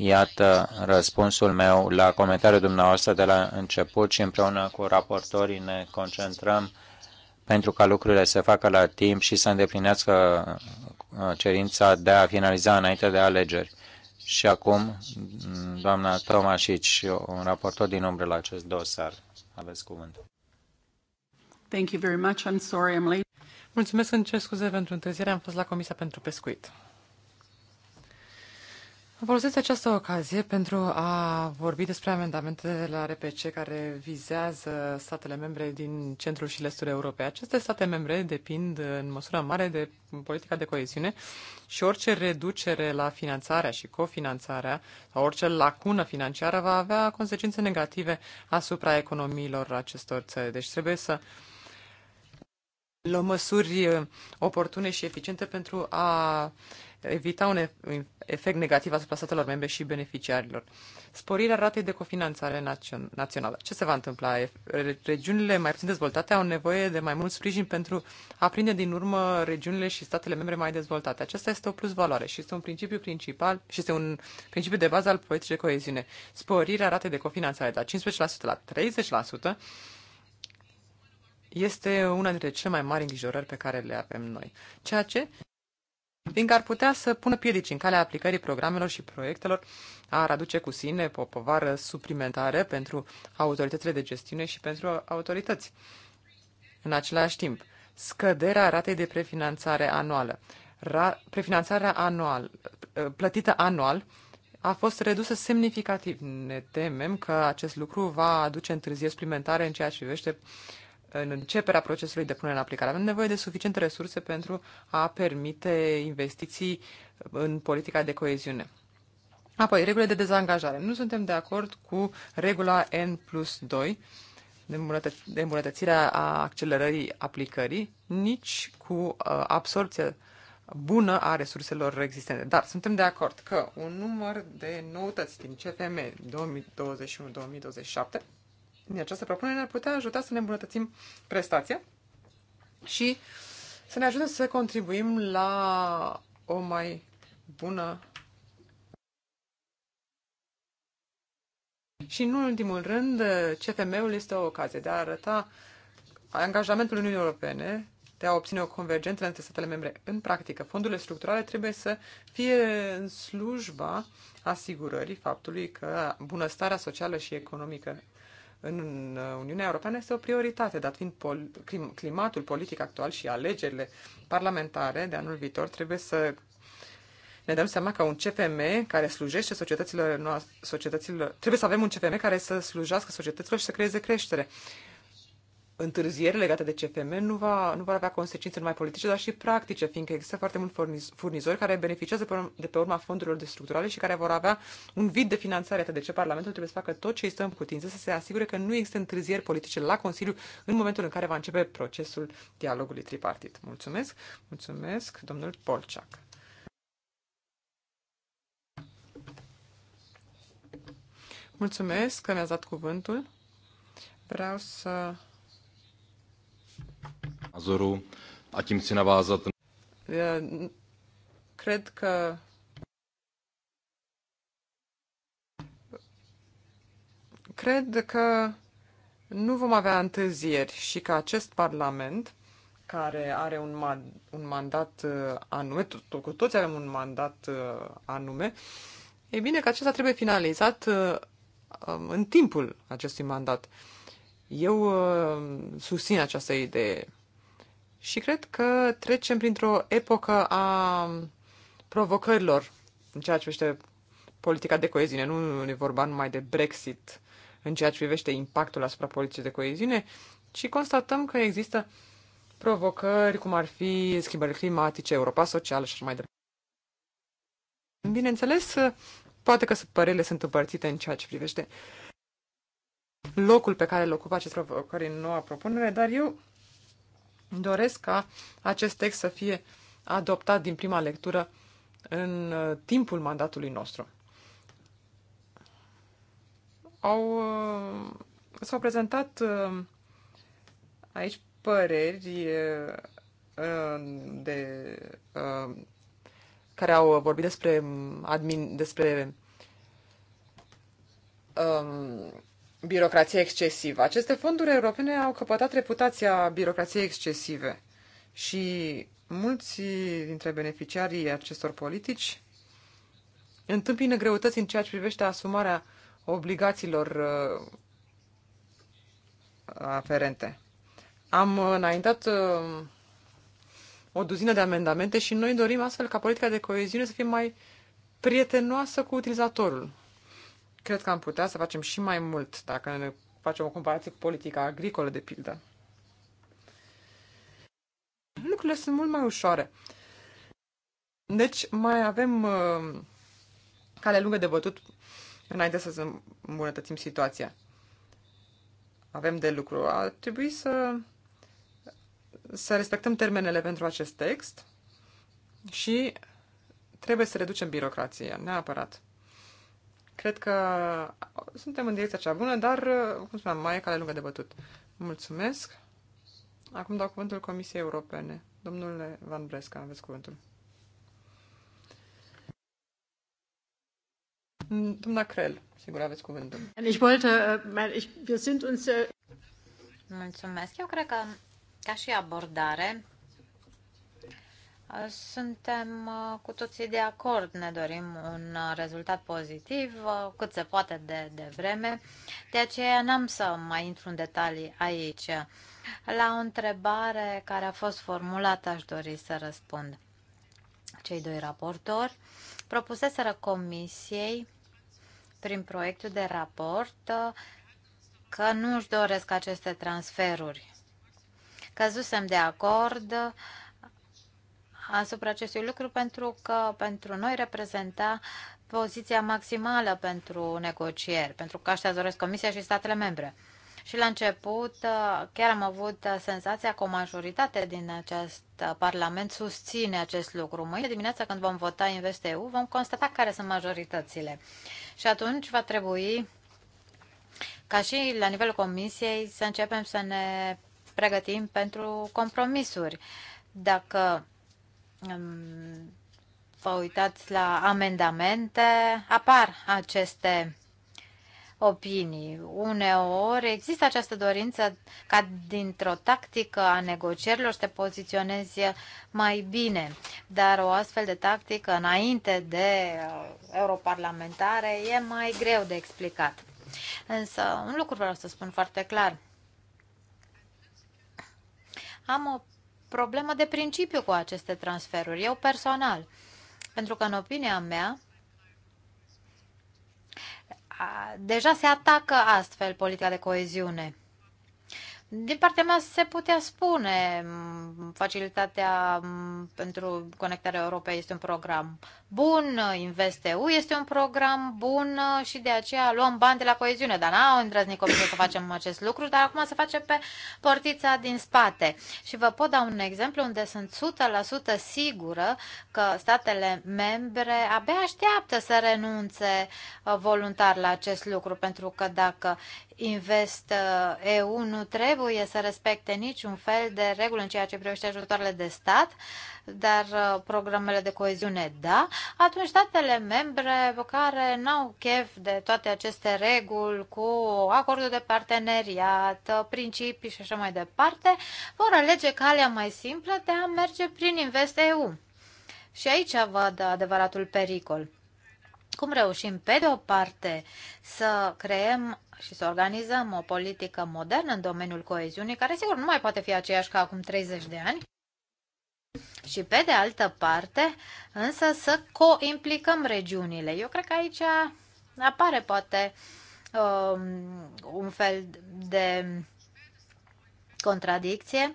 Iată răspunsul meu la comentariul dumneavoastră de la început și împreună cu raportorii ne concentrăm pentru ca lucrurile să facă la timp și să îndeplinească uh, cerința de a finaliza înainte de alegeri. Și acum, doamna Tomașic, un raportor din umbră la acest dosar. Aveți cuvânt. Thank you very much. I'm sorry I'm late. Mulțumesc, îmi cer scuze pentru întârziere, am fost la Comisia pentru Pescuit. Folosesc această ocazie pentru a vorbi despre amendamentele de la RPC care vizează statele membre din centrul și lestul Europei. Aceste state membre depind în măsură mare de politica de coeziune și orice reducere la finanțarea și cofinanțarea sau orice lacună financiară va avea consecințe negative asupra economiilor acestor țări. Deci trebuie să luăm măsuri oportune și eficiente pentru a evita un efect negativ asupra statelor membre și beneficiarilor. Sporirea ratei de cofinanțare națională. Ce se va întâmpla? Regiunile mai puțin dezvoltate au nevoie de mai mult sprijin pentru a prinde din urmă regiunile și statele membre mai dezvoltate. Acesta este o plus valoare și este un principiu principal și este un principiu de bază al politicii de coeziune. Sporirea ratei de cofinanțare de la 15% la 30% este una dintre cele mai mari îngrijorări pe care le avem noi. Ceea ce fiindcă ar putea să pună piedici în calea aplicării programelor și proiectelor, ar aduce cu sine o povară suplimentară pentru autoritățile de gestiune și pentru autorități. În același timp, scăderea ratei de prefinanțare anuală. Ra- prefinanțarea anual, plătită anual a fost redusă semnificativ. Ne temem că acest lucru va aduce întârzieri suplimentare în ceea ce privește în începerea procesului de punere în aplicare. Avem nevoie de suficiente resurse pentru a permite investiții în politica de coeziune. Apoi, regulile de dezangajare. Nu suntem de acord cu regula N plus 2 de îmbunătățirea a accelerării aplicării, nici cu uh, absorpția bună a resurselor existente. Dar suntem de acord că un număr de noutăți din CFM 2021-2027 din această propunere ar putea ajuta să ne îmbunătățim prestația și să ne ajute să contribuim la o mai bună Și nu în ultimul rând, CFM-ul este o ocazie de a arăta angajamentul Uniunii Europene de a obține o convergență între statele membre. În practică, fondurile structurale trebuie să fie în slujba asigurării faptului că bunăstarea socială și economică în uh, Uniunea Europeană este o prioritate, dat fiind pol- clim- climatul politic actual și alegerile parlamentare de anul viitor, trebuie să ne dăm seama că un CFM care slujește societăților noastre, societăților, trebuie să avem un CFM care să slujească societăților și să creeze creștere întârzieri legate de CFM nu, va, nu va avea consecințe numai politice, dar și practice, fiindcă există foarte mulți furnizori care beneficiază de pe urma fondurilor de structurale și care vor avea un vid de finanțare. Atât de ce Parlamentul trebuie să facă tot ce este în putință să se asigure că nu există întârzieri politice la Consiliu în momentul în care va începe procesul dialogului tripartit. Mulțumesc! Mulțumesc, domnul Polciac! Mulțumesc că mi-ați dat cuvântul. Vreau să názoru a tím chci navázat. Cred că cred că nu vom avea întârzieri și că acest Parlament, care are un, ma- un mandat uh, anume, cu toți avem un mandat uh, anume, e bine că acesta trebuie finalizat uh, um, în timpul acestui mandat. Eu susțin această idee și cred că trecem printr-o epocă a provocărilor în ceea ce privește politica de coeziune. Nu e vorba numai de Brexit în ceea ce privește impactul asupra politicii de coeziune, ci constatăm că există provocări cum ar fi schimbările climatice, Europa socială și așa mai departe. Bineînțeles, poate că părerile sunt împărțite în ceea ce privește locul pe care îl ocupă acest provocări în noua propunere, dar eu doresc ca acest text să fie adoptat din prima lectură în uh, timpul mandatului nostru. Au, uh, s-au prezentat uh, aici păreri de, care au vorbit despre, admin, despre um, birocrație excesivă. Aceste fonduri europene au căpătat reputația birocrației excesive și mulți dintre beneficiarii acestor politici întâmpină greutăți în ceea ce privește asumarea obligațiilor uh, aferente. Am înaintat uh, o duzină de amendamente și noi dorim astfel ca politica de coeziune să fie mai prietenoasă cu utilizatorul. Cred că am putea să facem și mai mult dacă ne facem o comparație cu politica agricolă, de pildă. Lucrurile sunt mult mai ușoare. Deci mai avem uh, cale lungă de bătut înainte să îmbunătățim situația. Avem de lucru. Ar trebui să, să respectăm termenele pentru acest text și trebuie să reducem birocrația, neapărat. Cred că suntem în direcția cea bună, dar, uh, cum spuneam, mai e cale lungă de bătut. Mulțumesc. Acum dau cuvântul Comisiei Europene. Domnule Van Bresca, aveți cuvântul. Mm, doamna Crel, sigur aveți cuvântul. Ich wollte, äh, wir sind uns... Äh, Mulțumesc. Eu cred că, ca și abordare, suntem uh, cu toții de acord, ne dorim un uh, rezultat pozitiv uh, cât se poate de, de vreme, de aceea n-am să mai intru în detalii aici. La o întrebare care a fost formulată aș dori să răspund. Cei doi raportori propuseseră comisiei prin proiectul de raport că nu își doresc aceste transferuri. Căzusem de acord uh, asupra acestui lucru pentru că pentru noi reprezenta poziția maximală pentru negocieri, pentru că aștia doresc Comisia și statele membre. Și la început chiar am avut senzația că o majoritate din acest Parlament susține acest lucru. Mâine dimineața când vom vota InvestEU vom constata care sunt majoritățile. Și atunci va trebui ca și la nivelul Comisiei să începem să ne pregătim pentru compromisuri. Dacă vă uitați la amendamente, apar aceste opinii. Uneori există această dorință ca dintr-o tactică a negocierilor să te poziționezi mai bine, dar o astfel de tactică înainte de uh, europarlamentare e mai greu de explicat. Însă, un lucru vreau să spun foarte clar. Am o problemă de principiu cu aceste transferuri, eu personal. Pentru că, în opinia mea, deja se atacă astfel politica de coeziune. Din partea mea se putea spune, facilitatea pentru conectarea Europei este un program bun, InvestEU este un program bun și de aceea luăm bani de la coeziune, dar n-au îndrăznit copii să facem acest lucru, dar acum se face pe portița din spate. Și vă pot da un exemplu unde sunt 100% sigură că statele membre abia așteaptă să renunțe uh, voluntar la acest lucru, pentru că dacă Invest uh, EU nu trebuie să respecte niciun fel de reguli în ceea ce privește ajutoarele de stat, dar uh, programele de coeziune da, atunci statele membre care n-au chef de toate aceste reguli cu acordul de parteneriat, uh, principii și așa mai departe, vor alege calea mai simplă de a merge prin Invest EU. Și aici văd adevăratul pericol cum reușim, pe de o parte, să creăm și să organizăm o politică modernă în domeniul coeziunii, care sigur nu mai poate fi aceeași ca acum 30 de ani, și pe de altă parte, însă să coimplicăm regiunile. Eu cred că aici apare poate um, un fel de contradicție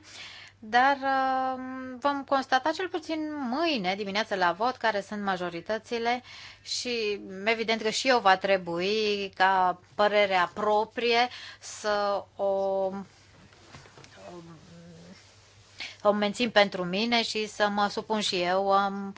dar uh, vom constata cel puțin mâine dimineață la vot care sunt majoritățile și evident că și eu va trebui ca părerea proprie să o, um, o, mențin pentru mine și să mă supun și eu um,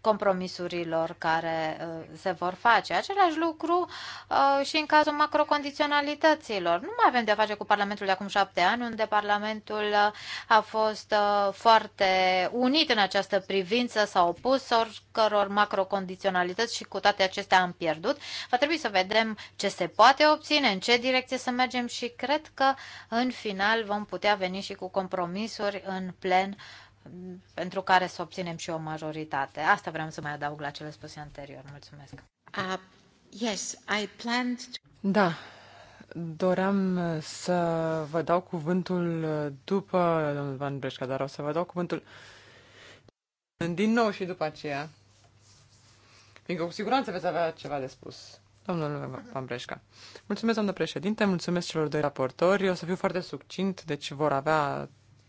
compromisurilor care uh, se vor face. Același lucru uh, și în cazul macrocondiționalităților. Nu mai avem de-a face cu Parlamentul de acum șapte ani, unde Parlamentul uh, a fost foarte unit în această privință, s-a opus oricăror macrocondiționalități și cu toate acestea am pierdut. Va trebui să vedem ce se poate obține, în ce direcție să mergem și cred că în final vom putea veni și cu compromisuri în plen pentru care să obținem și o majoritate. Asta vreau să mai adaug la cele spuse anterior. Mulțumesc. Uh, yes, I planned to... Da, doream uh, să vă dau cuvântul uh, după domnul Van Breșca, dar o să vă dau cuvântul din nou și după aceea. Fiindcă cu siguranță veți avea ceva de spus. Domnul Van Breșca. Mulțumesc, doamnă președinte, mulțumesc celor doi raportori. o să fiu foarte succint, deci vor avea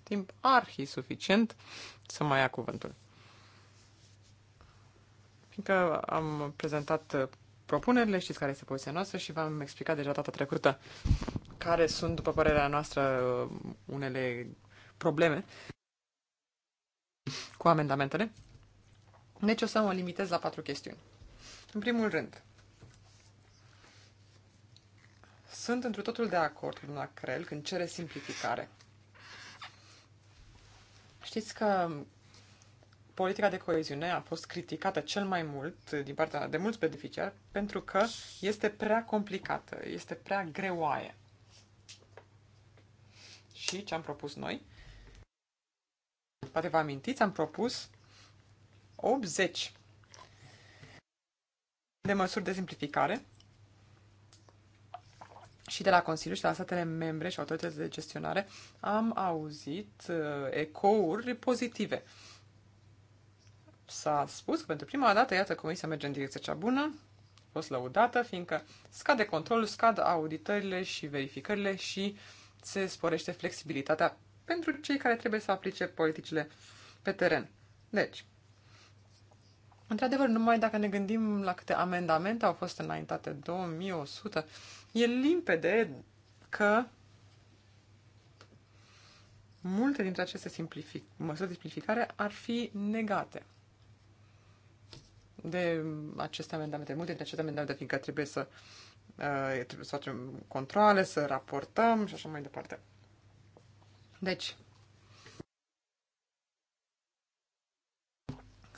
timp arhi suficient să mai ia cuvântul. Fiindcă am prezentat uh, propunerile, știți care este poziția noastră și v-am explicat deja data trecută care sunt, după părerea noastră, uh, unele probleme cu amendamentele. Deci o să mă limitez la patru chestiuni. În primul rând, sunt într totul de acord cu doamna Crel când cere simplificare. Știți că politica de coeziune a fost criticată cel mai mult din partea de mulți beneficiari pentru că este prea complicată, este prea greoaie. Și ce am propus noi? Poate vă amintiți, am propus 80 de măsuri de simplificare și de la Consiliu și de la statele membre și autoritățile de gestionare am auzit uh, ecouri pozitive. S-a spus că pentru prima dată, iată, Comisia merge în direcția cea bună, a fost lăudată, fiindcă scade controlul, scad auditările și verificările și se sporește flexibilitatea pentru cei care trebuie să aplice politicile pe teren. Deci, într-adevăr, numai dacă ne gândim la câte amendamente au fost înaintate, 2100, E limpede că multe dintre aceste simplific, măsuri de simplificare ar fi negate de aceste amendamente, multe dintre aceste amendamente, fiindcă trebuie să, uh, trebuie să facem controle, să raportăm și așa mai departe. Deci,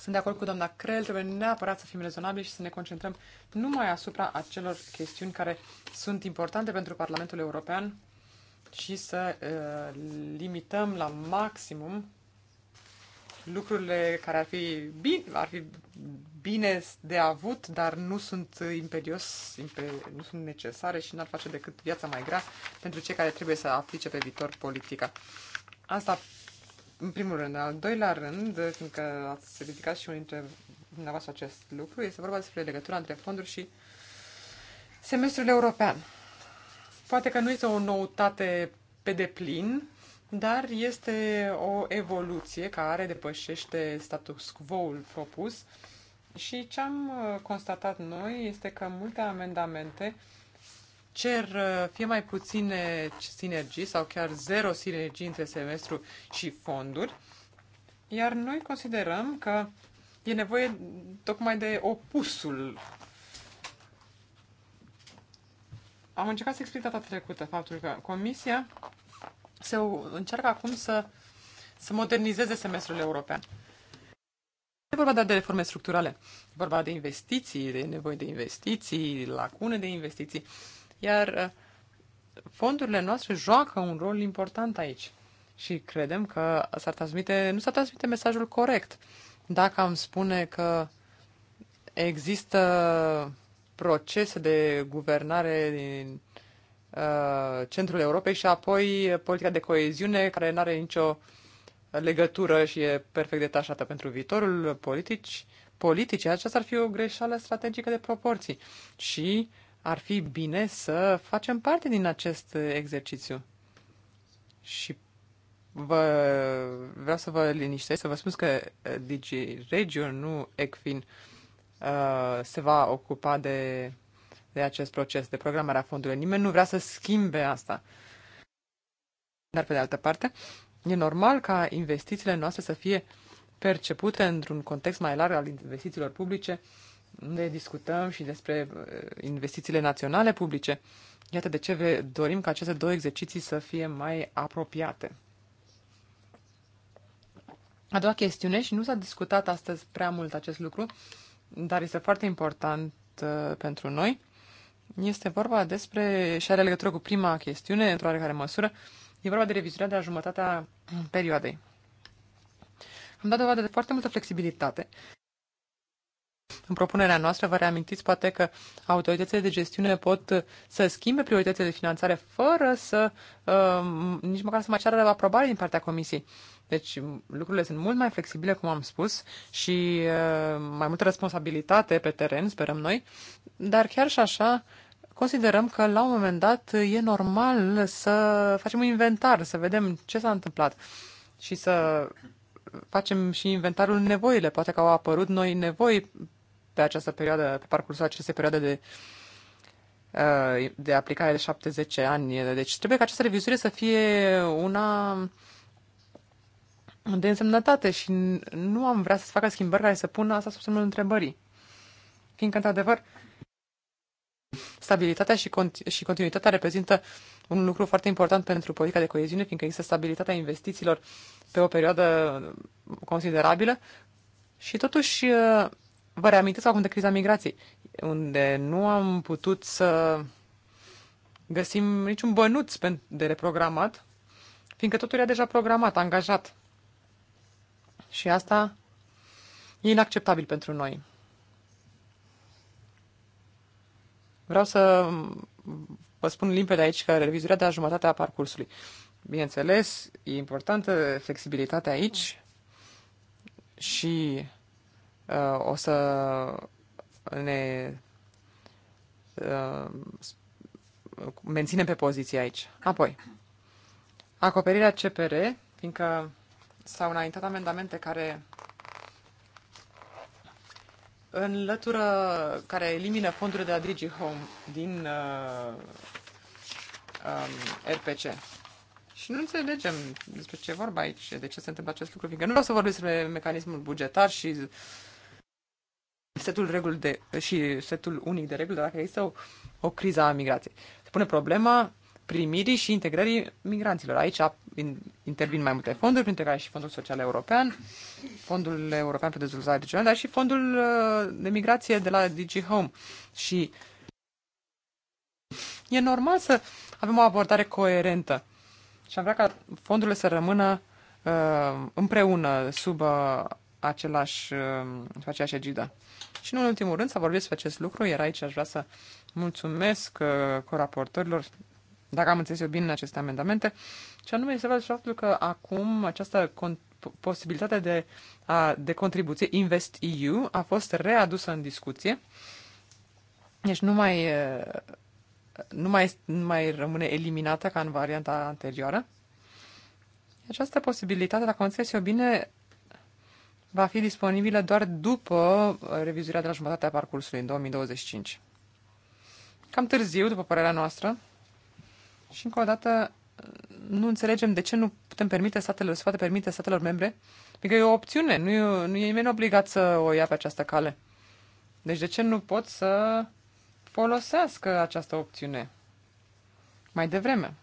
Sunt de acord cu doamna Crel, trebuie neapărat să fim rezonabili și să ne concentrăm numai asupra acelor chestiuni care sunt importante pentru Parlamentul European și să uh, limităm la maximum lucrurile care ar fi, bine, ar fi bine de avut, dar nu sunt imperios, imper, nu sunt necesare și n-ar face decât viața mai grea pentru cei care trebuie să aplice pe viitor politica. Asta în primul rând. Al doilea rând, fiindcă ați ridicat și unul dintre dumneavoastră acest lucru, este vorba despre legătura între fonduri și semestrul european. Poate că nu este o noutate pe deplin, dar este o evoluție care depășește status quo-ul propus și ce am uh, constatat noi este că multe amendamente uh, cer uh, fie mai puține sinergii sau chiar zero sinergii între semestru și fonduri, iar noi considerăm că e nevoie tocmai de opusul. Am încercat să explic data trecută faptul că Comisia se încearcă acum să, să modernizeze semestrul european. E vorba de reforme structurale, e vorba de investiții, de nevoie de investiții, lacune de investiții. Iar uh, fondurile noastre joacă un rol important aici. Și credem că s-ar transmite, nu s-ar transmite mesajul corect. Dacă am spune că există procese de guvernare din uh, centrul Europei și apoi politica de coeziune care nu are nicio legătură și e perfect detașată pentru viitorul politici, politice. Aceasta ar fi o greșeală strategică de proporții. Și ar fi bine să facem parte din acest exercițiu. Și vă, vreau să vă liniștesc, să vă spun că eh, Digi Regio, nu ECFIN, eh, se va ocupa de, de acest proces de programare a fondurilor. Nimeni nu vrea să schimbe asta. Dar, pe de altă parte, e normal ca investițiile noastre să fie percepute într-un context mai larg al investițiilor publice uh, unde discutăm și despre uh, investițiile naționale publice. Iată de ce dorim ca aceste două exerciții să fie mai apropiate. A doua chestiune, și nu s-a discutat astăzi prea mult acest lucru, dar este foarte important uh, pentru noi, este vorba despre, și are legătură cu prima chestiune, într-o oarecare măsură, e vorba de revizuirea de la jumătatea perioadei. Am dat dovadă de foarte multă flexibilitate în propunerea noastră, vă reamintiți poate că autoritățile de gestiune pot să schimbe prioritățile de finanțare fără să uh, nici măcar să mai ceară aprobare din partea comisiei. Deci lucrurile sunt mult mai flexibile, cum am spus, și uh, mai multă responsabilitate pe teren, sperăm noi, dar chiar și așa considerăm că la un moment dat e normal să facem un inventar, să vedem ce s-a întâmplat și să facem și inventarul nevoile. Poate că au apărut noi nevoi pe această perioadă, pe parcursul acestei perioade de uh, de aplicare de 70 ani. Deci trebuie ca această revizuire să fie una de însemnătate și nu am vrea să se facă schimbări care să pună asta sub semnul întrebării. Fiindcă, într-adevăr, stabilitatea și, cont- și continuitatea reprezintă un lucru foarte important pentru politica de coeziune, fiindcă există stabilitatea investițiilor pe o perioadă considerabilă și totuși uh, Vă reamintesc acum de criza migrației, unde nu am putut să găsim niciun bănuț de reprogramat, fiindcă totul era deja programat, angajat. Și asta e inacceptabil pentru noi. Vreau să vă spun limpede aici că revizuirea de la jumătate a parcursului. Bineînțeles, e importantă flexibilitatea aici și Uh, o să ne uh, menținem pe poziție aici. Apoi, acoperirea CPR, fiindcă s-au înaintat amendamente care înlătură, care elimină fondurile de la home din uh, um, RPC. Și nu înțelegem despre ce vorba aici, de ce se întâmplă acest lucru, fiindcă nu vreau să vorbesc despre mecanismul bugetar și setul reguli de, și setul unic de reguli dacă există o, o criză a migrației. Se pune problema primirii și integrării migranților. Aici intervin mai multe fonduri, printre care și Fondul Social European, Fondul European pentru Dezvoltare Regională, dar și Fondul uh, de Migrație de la DG Home. Și e normal să avem o abordare coerentă și am vrea ca fondurile să rămână uh, împreună sub uh, același, sub um, aceeași egidă. Și nu în ultimul rând să vorbit pe acest lucru, iar aici aș vrea să mulțumesc uh, coraportorilor, dacă am înțeles eu bine aceste amendamente, și anume este vorba faptul că acum această posibilitate de, a, de contribuție Invest EU a fost readusă în discuție. Deci nu mai, uh, nu mai, nu mai rămâne eliminată ca în varianta anterioară. Această posibilitate, dacă am înțeles eu bine, va fi disponibilă doar după uh, revizuirea de la jumătatea parcursului, în 2025. Cam târziu, după părerea noastră, și încă o dată uh, nu înțelegem de ce nu putem permite statelor, se poate permite statelor membre, pentru că e o opțiune, nu e, nu e nimeni obligat să o ia pe această cale. Deci de ce nu pot să folosească această opțiune mai devreme?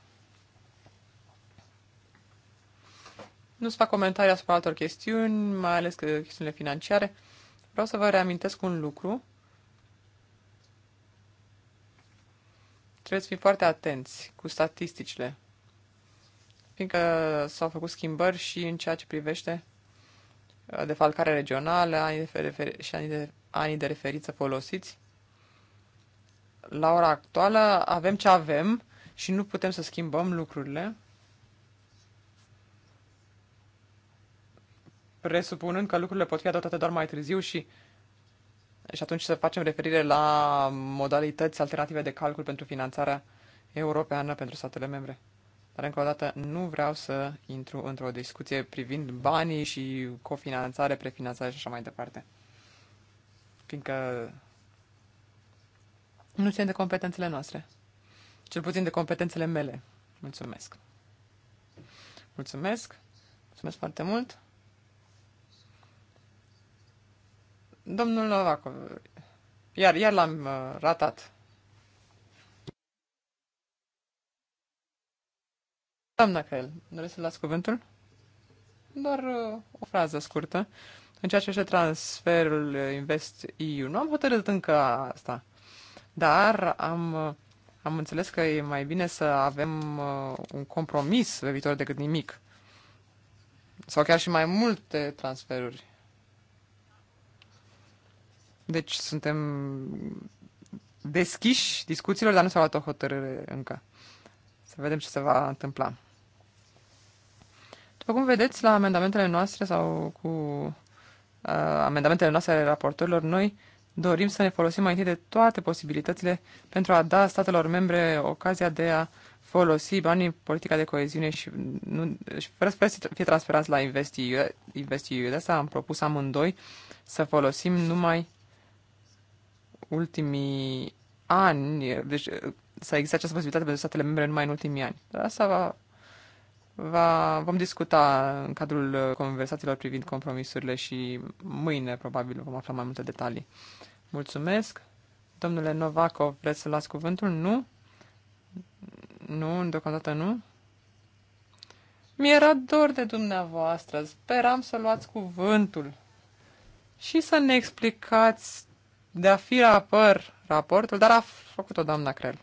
Nu-ți fac comentarii asupra altor chestiuni, mai ales că chestiunile financiare. Vreau să vă reamintesc un lucru. Trebuie să fim foarte atenți cu statisticile, fiindcă s-au făcut schimbări și în ceea ce privește uh, defalcarea regională, anii de și anii de, anii de referință folosiți. La ora actuală avem ce avem și nu putem să schimbăm lucrurile. presupunând că lucrurile pot fi adoptate doar mai târziu și și atunci să facem referire la modalități alternative de calcul pentru finanțarea europeană pentru statele membre. Dar încă o dată nu vreau să intru într-o discuție privind banii și cofinanțare, prefinanțare și așa mai departe. Fiindcă nu țin de competențele noastre. Cel puțin de competențele mele. Mulțumesc. Mulțumesc. Mulțumesc foarte mult. Domnul Novakov, iar, iar l-am uh, ratat. Doamna Creel, doresc să las cuvântul? Doar uh, o frază scurtă. În ceea ce este transferul Invest EU, nu am hotărât încă asta, dar am, uh, am înțeles că e mai bine să avem uh, un compromis pe viitor decât nimic. Sau chiar și mai multe transferuri deci suntem deschiși discuțiilor, dar nu s-a luat o hotărâre încă. Să vedem ce se va întâmpla. După cum vedeți, la amendamentele noastre sau cu uh, amendamentele noastre ale raportorilor, noi dorim să ne folosim mai întâi de toate posibilitățile pentru a da statelor membre ocazia de a folosi banii în politica de coeziune și, nu, și fără, să fie transferați la InvestEU. Invest de asta am propus amândoi să folosim numai ultimii ani, deci uh, să existe această posibilitate pentru statele membre numai în ultimii ani. Dar asta va, va, vom discuta în cadrul uh, conversațiilor privind compromisurile și mâine probabil vom afla mai multe detalii. Mulțumesc. Domnule Novakov, vreți să las cuvântul? Nu? Nu, deocamdată nu. Mi-era dor de dumneavoastră. Speram să luați cuvântul și să ne explicați de a fi rapăr raportul, dar a făcut-o doamna Crel.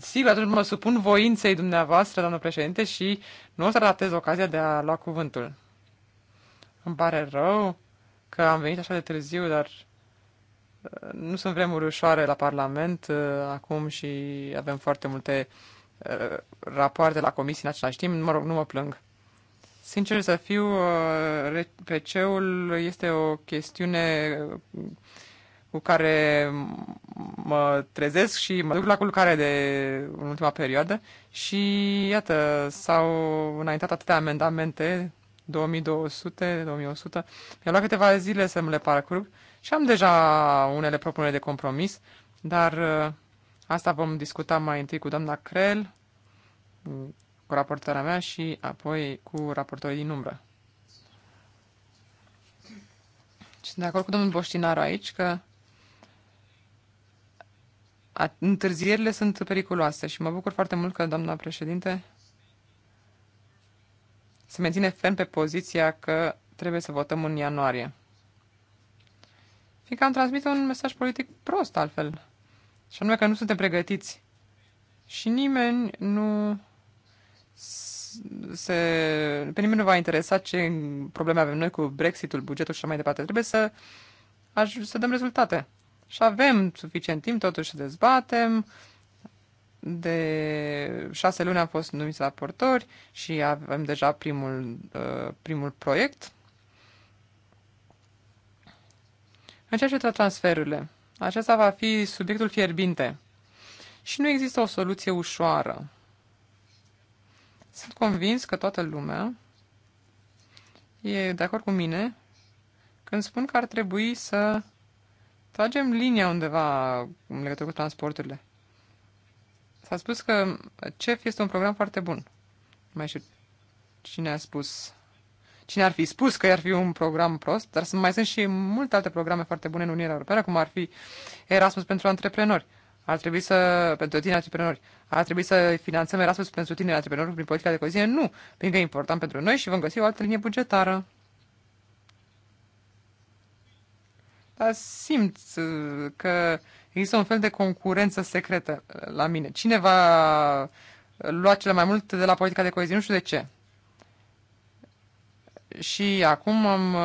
Sigur, atunci mă supun voinței dumneavoastră, doamnă președinte, și nu o să ratez ocazia de a lua cuvântul. Îmi pare rău că am venit așa de târziu, dar uh, nu sunt vremuri ușoare la Parlament uh, acum și avem foarte multe uh, rapoarte la comisii în același timp. Mă rog, nu mă plâng. Sincer să fiu, PC-ul uh, este o chestiune uh, cu care mă trezesc și mă duc la culcare de în ultima perioadă și iată, s-au înaintat atâtea amendamente, 2200, 2100. Mi-a luat câteva zile să mi le parcurg și am deja unele propuneri de compromis, dar uh, asta vom discuta mai întâi cu doamna Crel, cu raportarea mea și apoi cu raportorii din umbră. Sunt de acord cu domnul Boștinaru aici că întârzierile sunt periculoase și mă bucur foarte mult că doamna președinte se menține ferm pe poziția că trebuie să votăm în ianuarie. Fiindcă am transmis un mesaj politic prost altfel, și anume că nu suntem pregătiți. Și nimeni nu se, pe nimeni nu va interesa ce probleme avem noi cu Brexitul, bugetul și așa mai departe. Trebuie să, aj- să dăm rezultate. Și avem suficient timp, totuși, să dezbatem. De șase luni am fost numiți raportori și avem deja primul, uh, primul proiect. În ceea ce transferurile, acesta va fi subiectul fierbinte. Și nu există o soluție ușoară. Sunt convins că toată lumea e de acord cu mine când spun că ar trebui să tragem linia undeva în legătură cu transporturile. S-a spus că CEF este un program foarte bun. Nu mai știu cine a spus. Cine ar fi spus că ar fi un program prost, dar mai sunt și multe alte programe foarte bune în Uniunea Europeană, cum ar fi Erasmus pentru antreprenori. Ar trebui să, pentru tine antreprenori, ar trebui să finanțăm Erasmus pentru tine antreprenori prin politica de coziune? Nu, pentru că e important pentru noi și vom găsi o altă linie bugetară. Dar simt uh, că există un fel de concurență secretă uh, la mine. Cine va uh, lua cele mai mult de la politica de coeziune? Nu știu de ce. Și acum am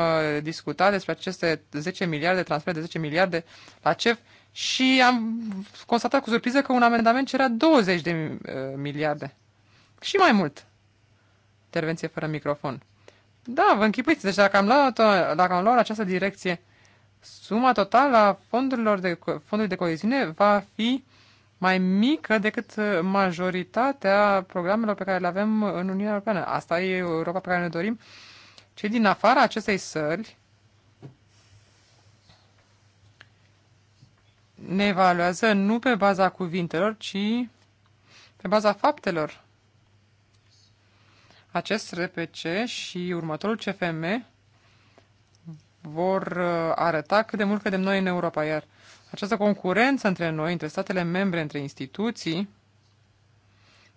discutat despre aceste 10 miliarde, transfer de 10 miliarde la CEF și am constatat cu surpriză că un amendament cerea 20 de eh, miliarde. Și mai mult. Intervenție fără microfon. Da, vă închipuiți, deci dacă am luat, dacă am luat această direcție, suma totală a fondurilor de, fondului de coeziune va fi mai mică decât eh, majoritatea programelor pe care le avem în Uniunea Europeană. Asta e Europa pe care ne dorim. Cei din afara acestei sări ne evaluează nu pe baza cuvintelor, ci pe baza faptelor. Acest RPC și următorul CFM vor uh, arăta cât de mult credem noi în Europa, iar această concurență între noi, între statele membre, între instituții,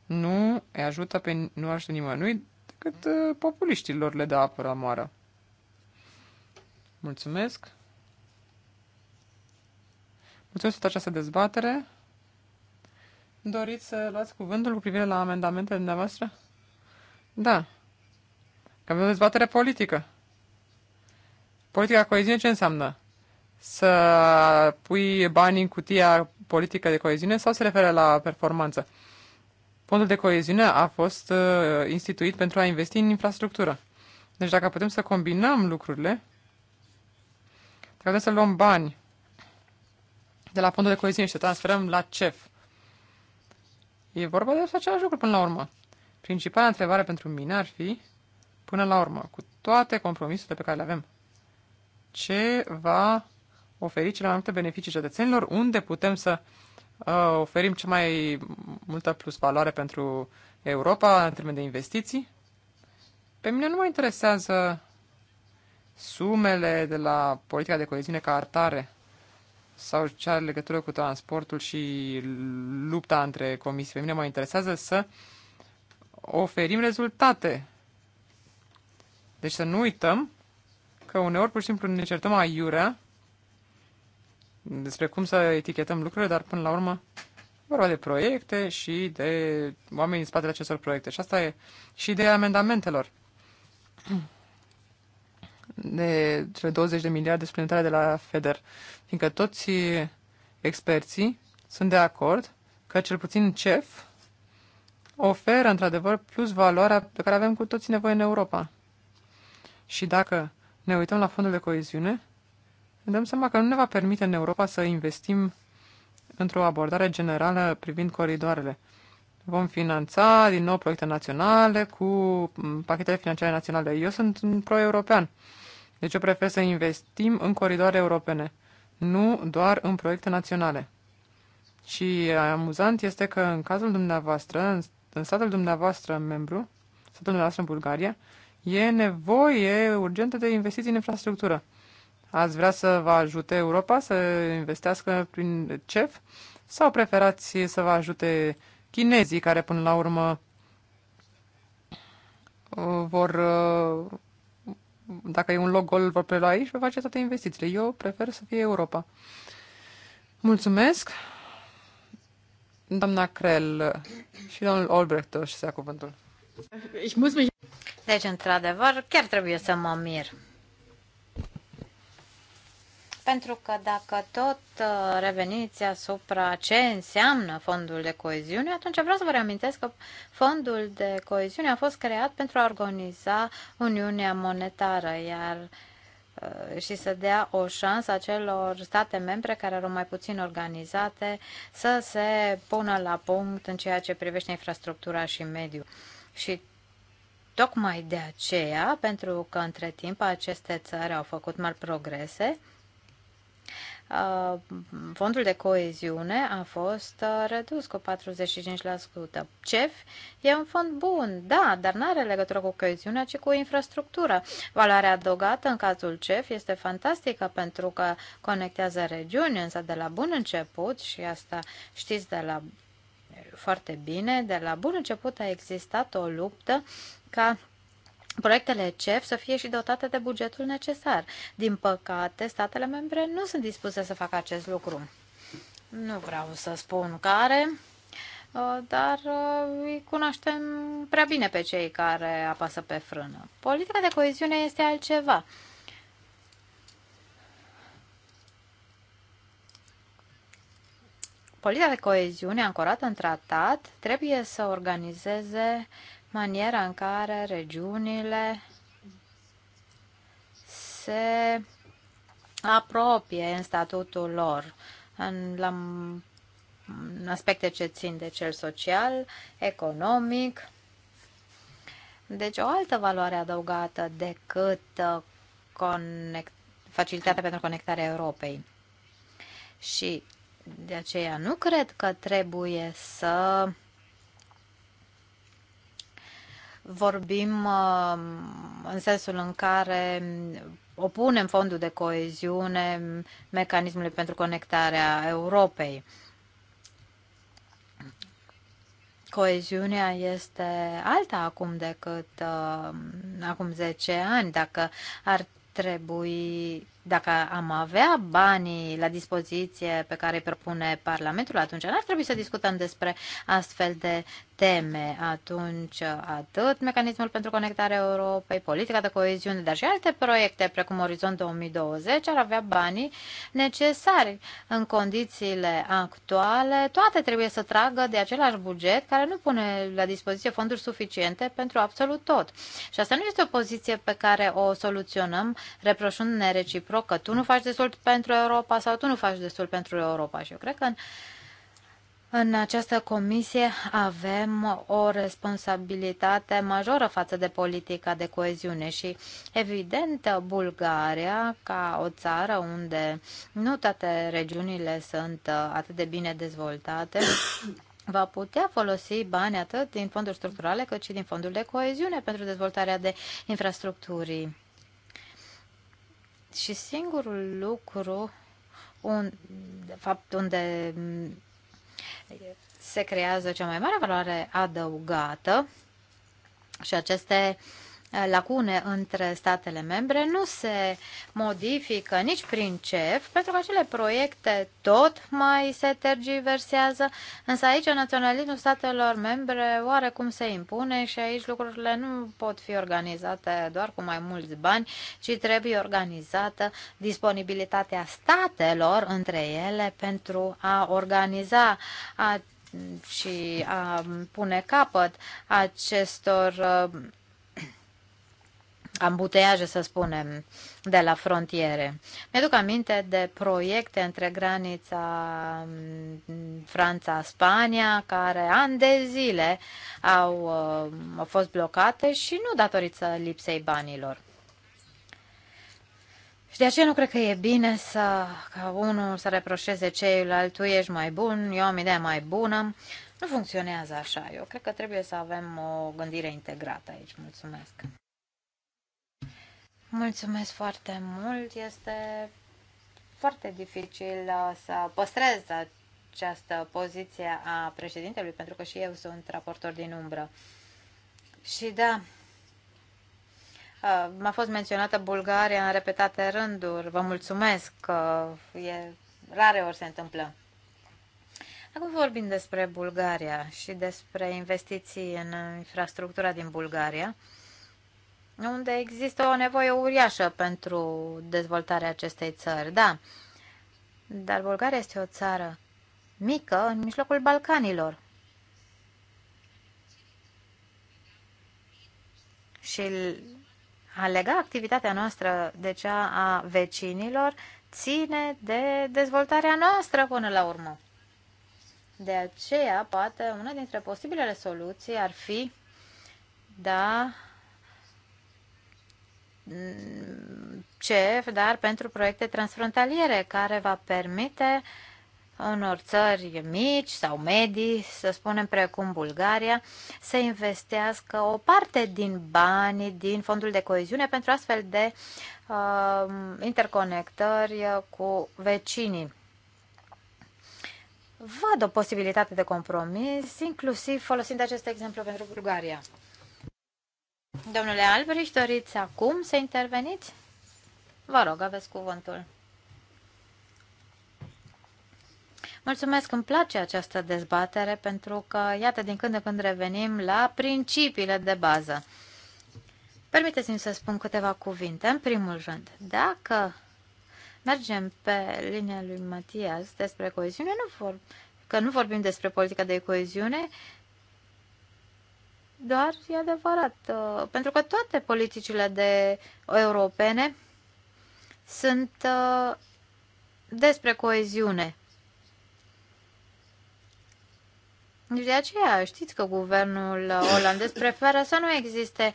nu îi ajută pe nu ajută nimănui decât uh, populiștilor le dă apă la moară. Mulțumesc! Mulțumesc pentru această dezbatere. Doriți să luați cuvântul cu privire la amendamentele dumneavoastră? Da. Că avem o dezbatere politică. Politica coeziune ce înseamnă? Să pui bani în cutia politică de coeziune sau se referă la performanță? Fondul de coeziune a fost uh, instituit pentru a investi în infrastructură. Deci dacă putem să combinăm lucrurile, dacă putem să luăm bani de la fondul de coeziune și să transferăm la CEF. E vorba de același lucru până la urmă. Principala întrebare pentru mine ar fi, până la urmă, cu toate compromisurile pe care le avem, ce va oferi cele mai multe beneficii cetățenilor, unde putem să uh, oferim cea mai multă plus valoare pentru Europa în termen de investiții. Pe mine nu mă interesează sumele de la politica de coeziune ca artare sau ce are legătură cu transportul și lupta între comisii. Pe mine mă interesează să oferim rezultate. Deci să nu uităm că uneori pur și simplu ne certăm aiurea despre cum să etichetăm lucrurile, dar până la urmă vorba de proiecte și de oamenii în spatele acestor proiecte. Și asta e și ideea amendamentelor de cele 20 de miliarde suplimentare de la FEDER, fiindcă toți experții sunt de acord că cel puțin CEF oferă într-adevăr plus valoarea pe care avem cu toții nevoie în Europa. Și dacă ne uităm la fondul de coeziune, ne dăm seama că nu ne va permite în Europa să investim într-o abordare generală privind coridoarele. Vom finanța din nou proiecte naționale cu mm, pachetele financiare naționale. Eu sunt un pro-european deci eu prefer să investim în coridoare europene, nu doar în proiecte naționale. Și amuzant este că în cazul dumneavoastră, în, statul dumneavoastră membru, statul dumneavoastră în Bulgaria, e nevoie urgentă de investiții în infrastructură. Ați vrea să vă ajute Europa să investească prin CEF sau preferați să vă ajute chinezii care până la urmă vor dacă e un loc gol, vor prelua aici, vă face toate investițiile. Eu prefer să fie Europa. Mulțumesc. Doamna Crel și domnul Olbrecht își să ia cuvântul. Deci, într-adevăr, chiar trebuie să mă mir. Pentru că dacă tot uh, reveniți asupra ce înseamnă fondul de coeziune, atunci vreau să vă reamintesc că fondul de coeziune a fost creat pentru a organiza Uniunea Monetară, iar uh, și să dea o șansă acelor state membre care erau mai puțin organizate să se pună la punct în ceea ce privește infrastructura și mediul. Și tocmai de aceea, pentru că între timp aceste țări au făcut mari progrese, Uh, fondul de coeziune a fost uh, redus cu 45%. CEF e un fond bun, da, dar nu are legătură cu coeziunea, ci cu infrastructura. Valoarea adăugată în cazul CEF este fantastică pentru că conectează regiuni, însă de la bun început, și asta știți de la foarte bine, de la bun început a existat o luptă ca proiectele CEF să fie și dotate de bugetul necesar. Din păcate, statele membre nu sunt dispuse să facă acest lucru. Nu vreau să spun care, uh, dar uh, îi cunoaștem prea bine pe cei care apasă pe frână. Politica de coeziune este altceva. Politica de coeziune ancorată în tratat trebuie să organizeze uh, maniera în care regiunile se apropie în statutul lor, în, la, în aspecte ce țin de cel social, economic. Deci o altă valoare adăugată decât uh, conect, facilitatea pentru conectarea Europei. Și de aceea nu cred că trebuie să vorbim uh, în sensul în care opunem fondul de coeziune mecanismului pentru conectarea Europei. Coeziunea este alta acum decât uh, acum 10 ani. Dacă ar trebui, dacă am avea banii la dispoziție pe care îi propune Parlamentul, atunci n-ar trebui să discutăm despre astfel de teme atunci atât mecanismul pentru conectarea Europei, politica de coeziune, dar și alte proiecte precum Orizont 2020 ar avea banii necesari în condițiile actuale. Toate trebuie să tragă de același buget care nu pune la dispoziție fonduri suficiente pentru absolut tot. Și asta nu este o poziție pe care o soluționăm reproșând nereciproc că tu nu faci destul pentru Europa sau tu nu faci destul pentru Europa. Și eu cred că în în această comisie avem o responsabilitate majoră față de politica de coeziune și, evident, Bulgaria, ca o țară unde nu toate regiunile sunt atât de bine dezvoltate, va putea folosi bani atât din fonduri structurale cât și din fondul de coeziune pentru dezvoltarea de infrastructurii. Și singurul lucru un, de fapt, unde se creează cea mai mare valoare adăugată și aceste lacune între statele membre, nu se modifică nici prin CEF, pentru că acele proiecte tot mai se tergiversează, însă aici naționalismul statelor membre oarecum se impune și aici lucrurile nu pot fi organizate doar cu mai mulți bani, ci trebuie organizată disponibilitatea statelor între ele pentru a organiza a, și a pune capăt acestor uh, ambuteiaje, să spunem, de la frontiere. Mi-aduc aminte de proiecte între granița mm, Franța-Spania, care ani de zile au, uh, au fost blocate și nu datorită lipsei banilor. Și de aceea nu cred că e bine să, ca unul să reproșeze ceilalți, tu ești mai bun, eu am ideea mai bună. Nu funcționează așa. Eu cred că trebuie să avem o gândire integrată aici. Mulțumesc! Mulțumesc foarte mult. Este foarte dificil uh, să păstrez această poziție a președintelui, pentru că și eu sunt raportor din umbră. Și da, uh, m-a fost menționată Bulgaria în repetate rânduri. Vă mulțumesc că e rare ori se întâmplă. Acum vorbim despre Bulgaria și despre investiții în infrastructura din Bulgaria unde există o nevoie uriașă pentru dezvoltarea acestei țări, da. Dar Bulgaria este o țară mică în mijlocul Balcanilor. Și a lega activitatea noastră de cea a vecinilor ține de dezvoltarea noastră până la urmă. De aceea, poate, una dintre posibilele soluții ar fi da CEF, dar pentru proiecte transfrontaliere, care va permite unor țări mici sau medii, să spunem precum Bulgaria, să investească o parte din banii din fondul de coeziune pentru astfel de uh, interconectări cu vecinii. Văd o posibilitate de compromis, inclusiv folosind acest exemplu pentru Bulgaria. Domnule Albrecht, doriți acum să interveniți? Vă rog, aveți cuvântul. Mulțumesc, îmi place această dezbatere pentru că, iată, din când în când revenim la principiile de bază. Permiteți-mi să spun câteva cuvinte. În primul rând, dacă mergem pe linia lui Matias despre coeziune, nu vor, că nu vorbim despre politica de coeziune, dar e adevărat, uh, pentru că toate politicile de europene sunt uh, despre coeziune. Deci de aceea știți că guvernul olandez preferă să nu existe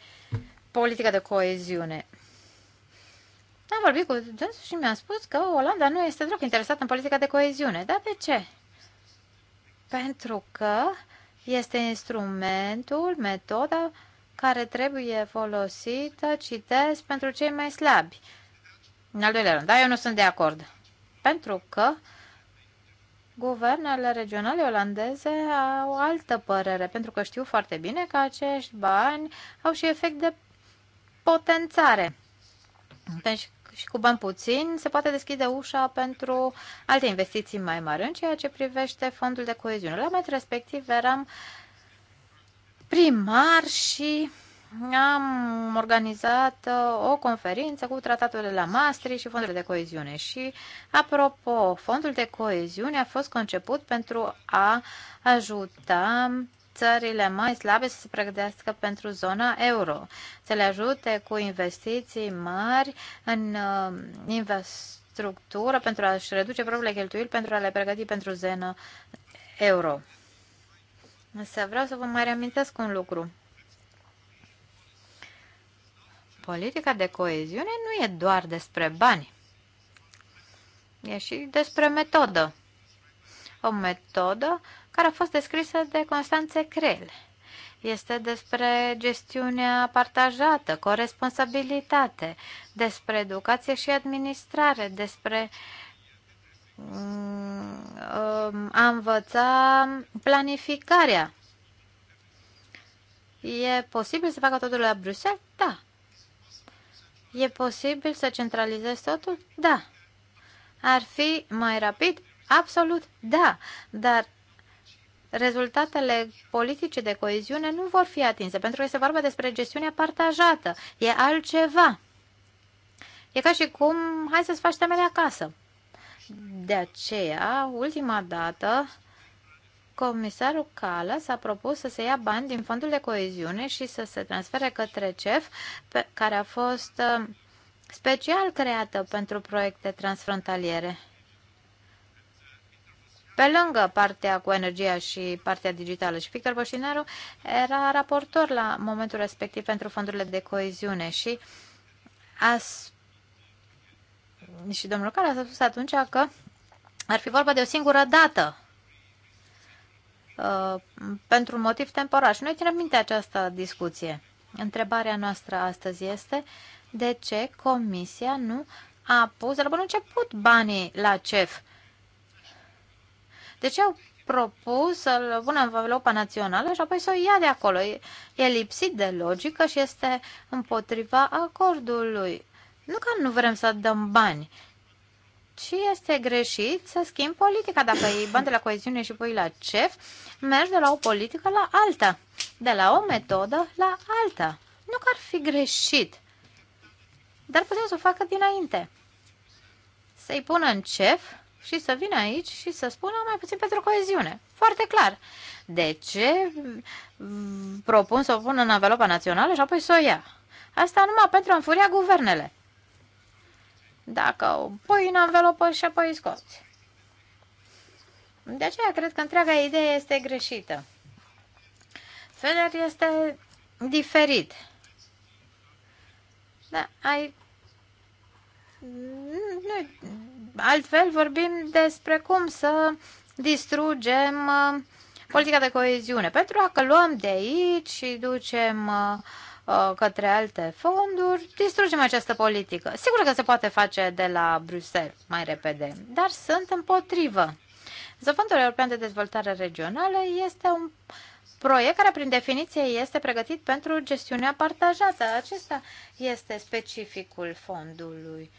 politică de coeziune. Am vorbit cu dânsul și mi-a spus că Olanda nu este deloc interesată în politica de coeziune. Dar de ce? Pentru că este instrumentul, metoda care trebuie folosită, citesc, pentru cei mai slabi. În al doilea rând, da, eu nu sunt de acord. Pentru că guvernele regionale olandeze au altă părere, pentru că știu foarte bine că acești bani au și efect de potențare. Deci, și cu bani puțin se poate deschide ușa pentru alte investiții mai mari. În ceea ce privește fondul de coeziune, la momentul respectiv eram primar și am organizat uh, o conferință cu tratatul de la Mastri și fondurile de coeziune. Și, apropo, fondul de coeziune a fost conceput pentru a ajuta țările mai slabe să se pregătească pentru zona euro, să le ajute cu investiții mari în uh, infrastructură pentru a-și reduce propriile cheltuieli pentru a le pregăti pentru zona euro. Însă vreau să vă mai reamintesc un lucru. Politica de coeziune nu e doar despre bani. E și despre metodă. O metodă care a fost descrisă de Constanțe Crel. Este despre gestiunea partajată, corresponsabilitate, despre educație și administrare, despre mm, um, a învăța planificarea. E posibil să facă totul la Bruxelles? Da. E posibil să centralizezi totul? Da. Ar fi mai rapid? Absolut, da. Dar rezultatele politicii de coeziune nu vor fi atinse, pentru că este vorba despre gestiunea partajată. E altceva. E ca și cum, hai să-ți faci temele acasă. De aceea, ultima dată, comisarul s a propus să se ia bani din fondul de coeziune și să se transfere către CEF, pe, care a fost uh, special creată pentru proiecte transfrontaliere pe lângă partea cu energia și partea digitală. Și Victor Boșinaru era raportor la momentul respectiv pentru fondurile de coeziune și a și domnul care a spus atunci că ar fi vorba de o singură dată uh, pentru un motiv temporar. Și noi ținem minte această discuție. Întrebarea noastră astăzi este de ce Comisia nu a pus la bun început banii la CEF de ce au propus să-l pună în valopa națională și apoi să o ia de acolo? E lipsit de logică și este împotriva acordului. Nu că nu vrem să dăm bani, ci este greșit să schimb politica. Dacă iei bani de la coeziune și pui la CEF, mergi de la o politică la alta, de la o metodă la alta. Nu că ar fi greșit, dar putem să o facă dinainte. Să-i pună în CEF și să vină aici și să spună mai puțin pentru coeziune. Foarte clar. De ce propun să o pun în anvelopa națională și apoi să o ia? Asta numai pentru a înfuria guvernele. Dacă o pui în anvelopă și apoi scoți. De aceea cred că întreaga idee este greșită. Feder este diferit. Da, ai... Nu, altfel vorbim despre cum să distrugem uh, politica de coeziune. Pentru a că luăm de aici și ducem uh, uh, către alte fonduri, distrugem această politică. Sigur că se poate face de la Bruxelles mai repede, dar sunt împotrivă. Fondul European de Dezvoltare Regională este un proiect care, prin definiție, este pregătit pentru gestiunea partajată. Acesta este specificul fondului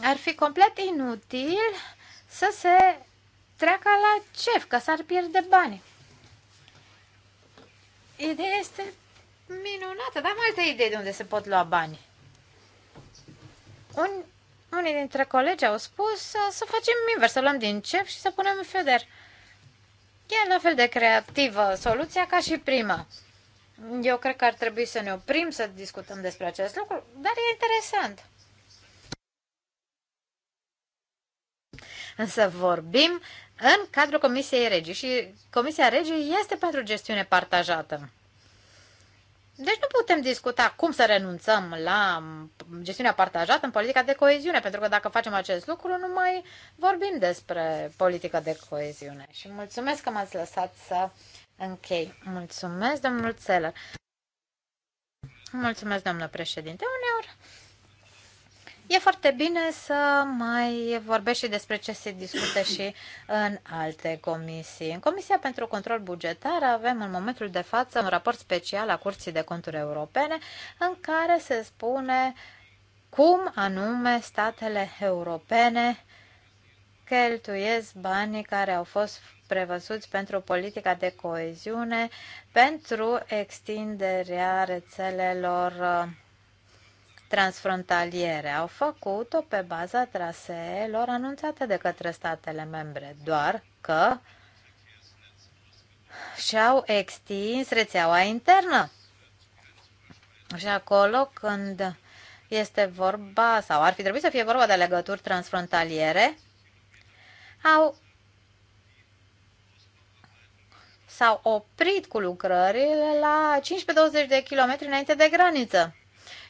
ar fi complet inutil să se treacă la CEF, că s-ar pierde bani. Ideea este minunată, dar am alte idei de unde se pot lua bani. Un, unii dintre colegi au spus să, să facem invers, să luăm din CEF și să punem în FEDER. E la fel de creativă soluția ca și prima. Eu cred că ar trebui să ne oprim să discutăm despre acest lucru, dar e interesant. Însă vorbim în cadrul Comisiei Regii și Comisia Regii este pentru gestiune partajată. Deci nu putem discuta cum să renunțăm la gestiunea partajată în politica de coeziune, pentru că dacă facem acest lucru, nu mai vorbim despre politică de coeziune. Și mulțumesc că m-ați lăsat să închei. Mulțumesc, domnul Țeler. Mulțumesc, domnule președinte. Uneori E foarte bine să mai vorbești și despre ce se discută și în alte comisii. În Comisia pentru Control Bugetar avem în momentul de față un raport special a Curții de Conturi Europene în care se spune cum anume statele europene cheltuiesc banii care au fost prevăzuți pentru politica de coeziune, pentru extinderea rețelelor uh, transfrontaliere. Au făcut-o pe baza traseelor anunțate de către statele membre, doar că și-au extins rețeaua internă. Și acolo când este vorba, sau ar fi trebuit să fie vorba de legături transfrontaliere, au s-au oprit cu lucrările la 15-20 de kilometri înainte de graniță.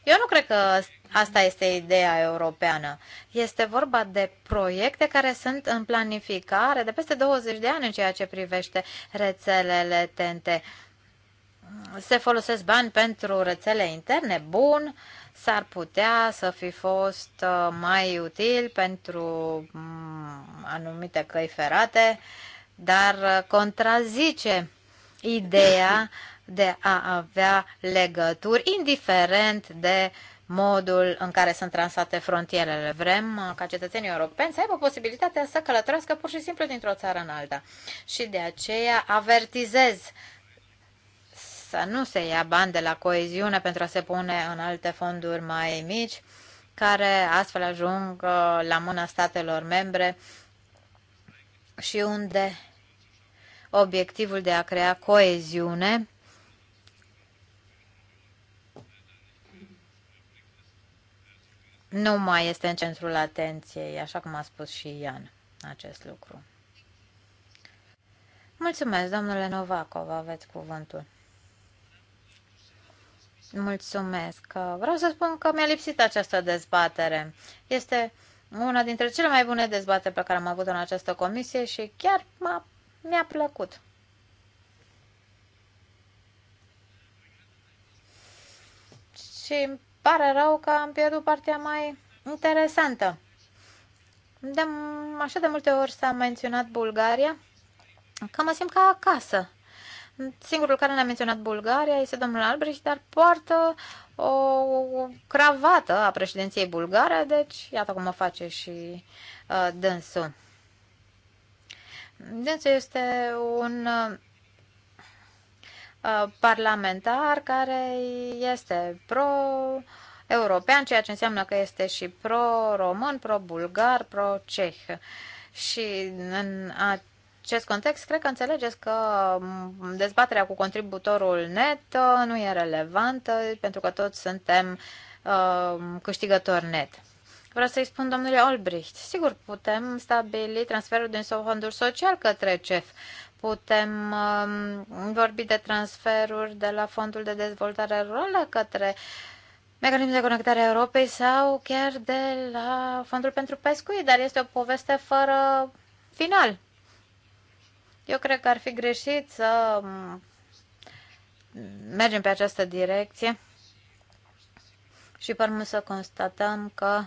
Eu nu cred că asta este ideea europeană. Este vorba de proiecte care sunt în planificare de peste 20 de ani în ceea ce privește rețelele TNT. Se folosesc bani pentru rețele interne, bun, s-ar putea să fi fost uh, mai util pentru mm, anumite căi ferate, dar uh, contrazice ideea de a avea legături, indiferent de modul în care sunt transate frontierele. Vrem uh, ca cetățenii europeni să aibă posibilitatea să călătorească pur și simplu dintr-o țară în alta. Și de aceea avertizez să nu se ia bani de la coeziune pentru a se pune în alte fonduri mai mici, care astfel ajung uh, la mâna statelor membre și unde obiectivul de a crea coeziune nu mai este în centrul atenției, așa cum a spus și Ian acest lucru. Mulțumesc, domnule Novakov, aveți cuvântul. Mulțumesc. Vreau să spun că mi-a lipsit această dezbatere. Este una dintre cele mai bune dezbateri pe care am avut-o în această comisie și chiar m-a, mi-a plăcut. Și pare rău că am pierdut partea mai interesantă. De, așa de multe ori s-a menționat Bulgaria, că mă simt ca acasă. Singurul care ne-a menționat Bulgaria este domnul Albrecht, dar poartă o cravată a președinției bulgare, deci iată cum o face și uh, dânsul. Dânsul este un uh, Uh, parlamentar care este pro-european, ceea ce înseamnă că este și pro-român, pro-bulgar, pro-ceh. Și în acest context, cred că înțelegeți că dezbaterea cu contributorul net uh, nu e relevantă, pentru că toți suntem câștigător uh, câștigători net. Vreau să-i spun domnului Olbricht, sigur putem stabili transferul din fondul social către CEF, Putem um, vorbi de transferuri de la Fondul de Dezvoltare Rurală către mecanismul de conectare a Europei sau chiar de la Fondul pentru Pescuit, dar este o poveste fără final. Eu cred că ar fi greșit să um, mergem pe această direcție și părmă să constatăm că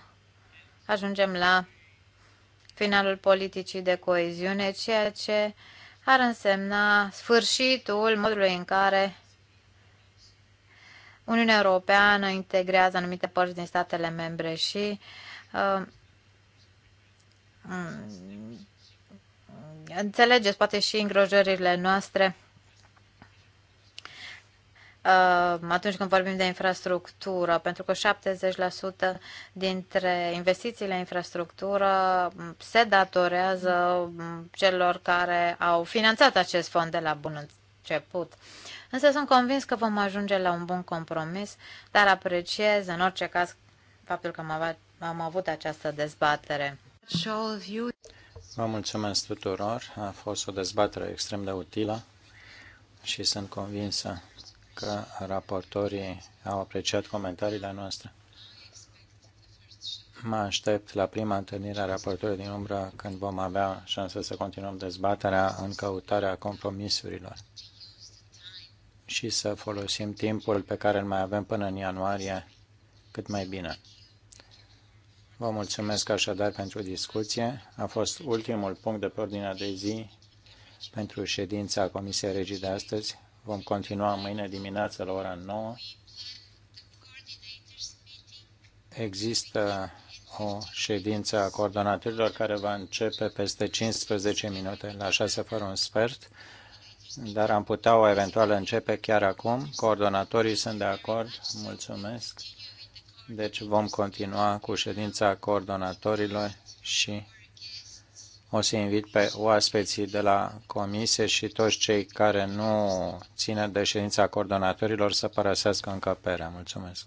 ajungem la finalul politicii de coeziune, ceea ce ar însemna sfârșitul modului în care Uniunea Europeană integrează anumite părți din statele membre și uh, mm, înțelegeți poate și îngrojările noastre atunci când vorbim de infrastructură, pentru că 70% dintre investițiile în infrastructură se datorează celor care au finanțat acest fond de la bun început. Însă sunt convins că vom ajunge la un bun compromis, dar apreciez în orice caz faptul că am avut această dezbatere. Vă mulțumesc tuturor, a fost o dezbatere extrem de utilă și sunt convinsă că raportorii au apreciat comentariile noastre. Mă aștept la prima întâlnire a raportorilor din umbră când vom avea șansa să continuăm dezbaterea în căutarea compromisurilor și să folosim timpul pe care îl mai avem până în ianuarie cât mai bine. Vă mulțumesc așadar pentru discuție. A fost ultimul punct de pe ordinea de zi pentru ședința Comisiei Regii de astăzi. Vom continua mâine dimineață la ora 9. Există o ședință a coordonatorilor care va începe peste 15 minute, la 6 fără un sfert, dar am putea o eventual începe chiar acum. Coordonatorii sunt de acord, mulțumesc. Deci vom continua cu ședința coordonatorilor și o să invit pe oaspeții de la comisie și toți cei care nu țină de ședința coordonatorilor să părăsească încăperea. Mulțumesc!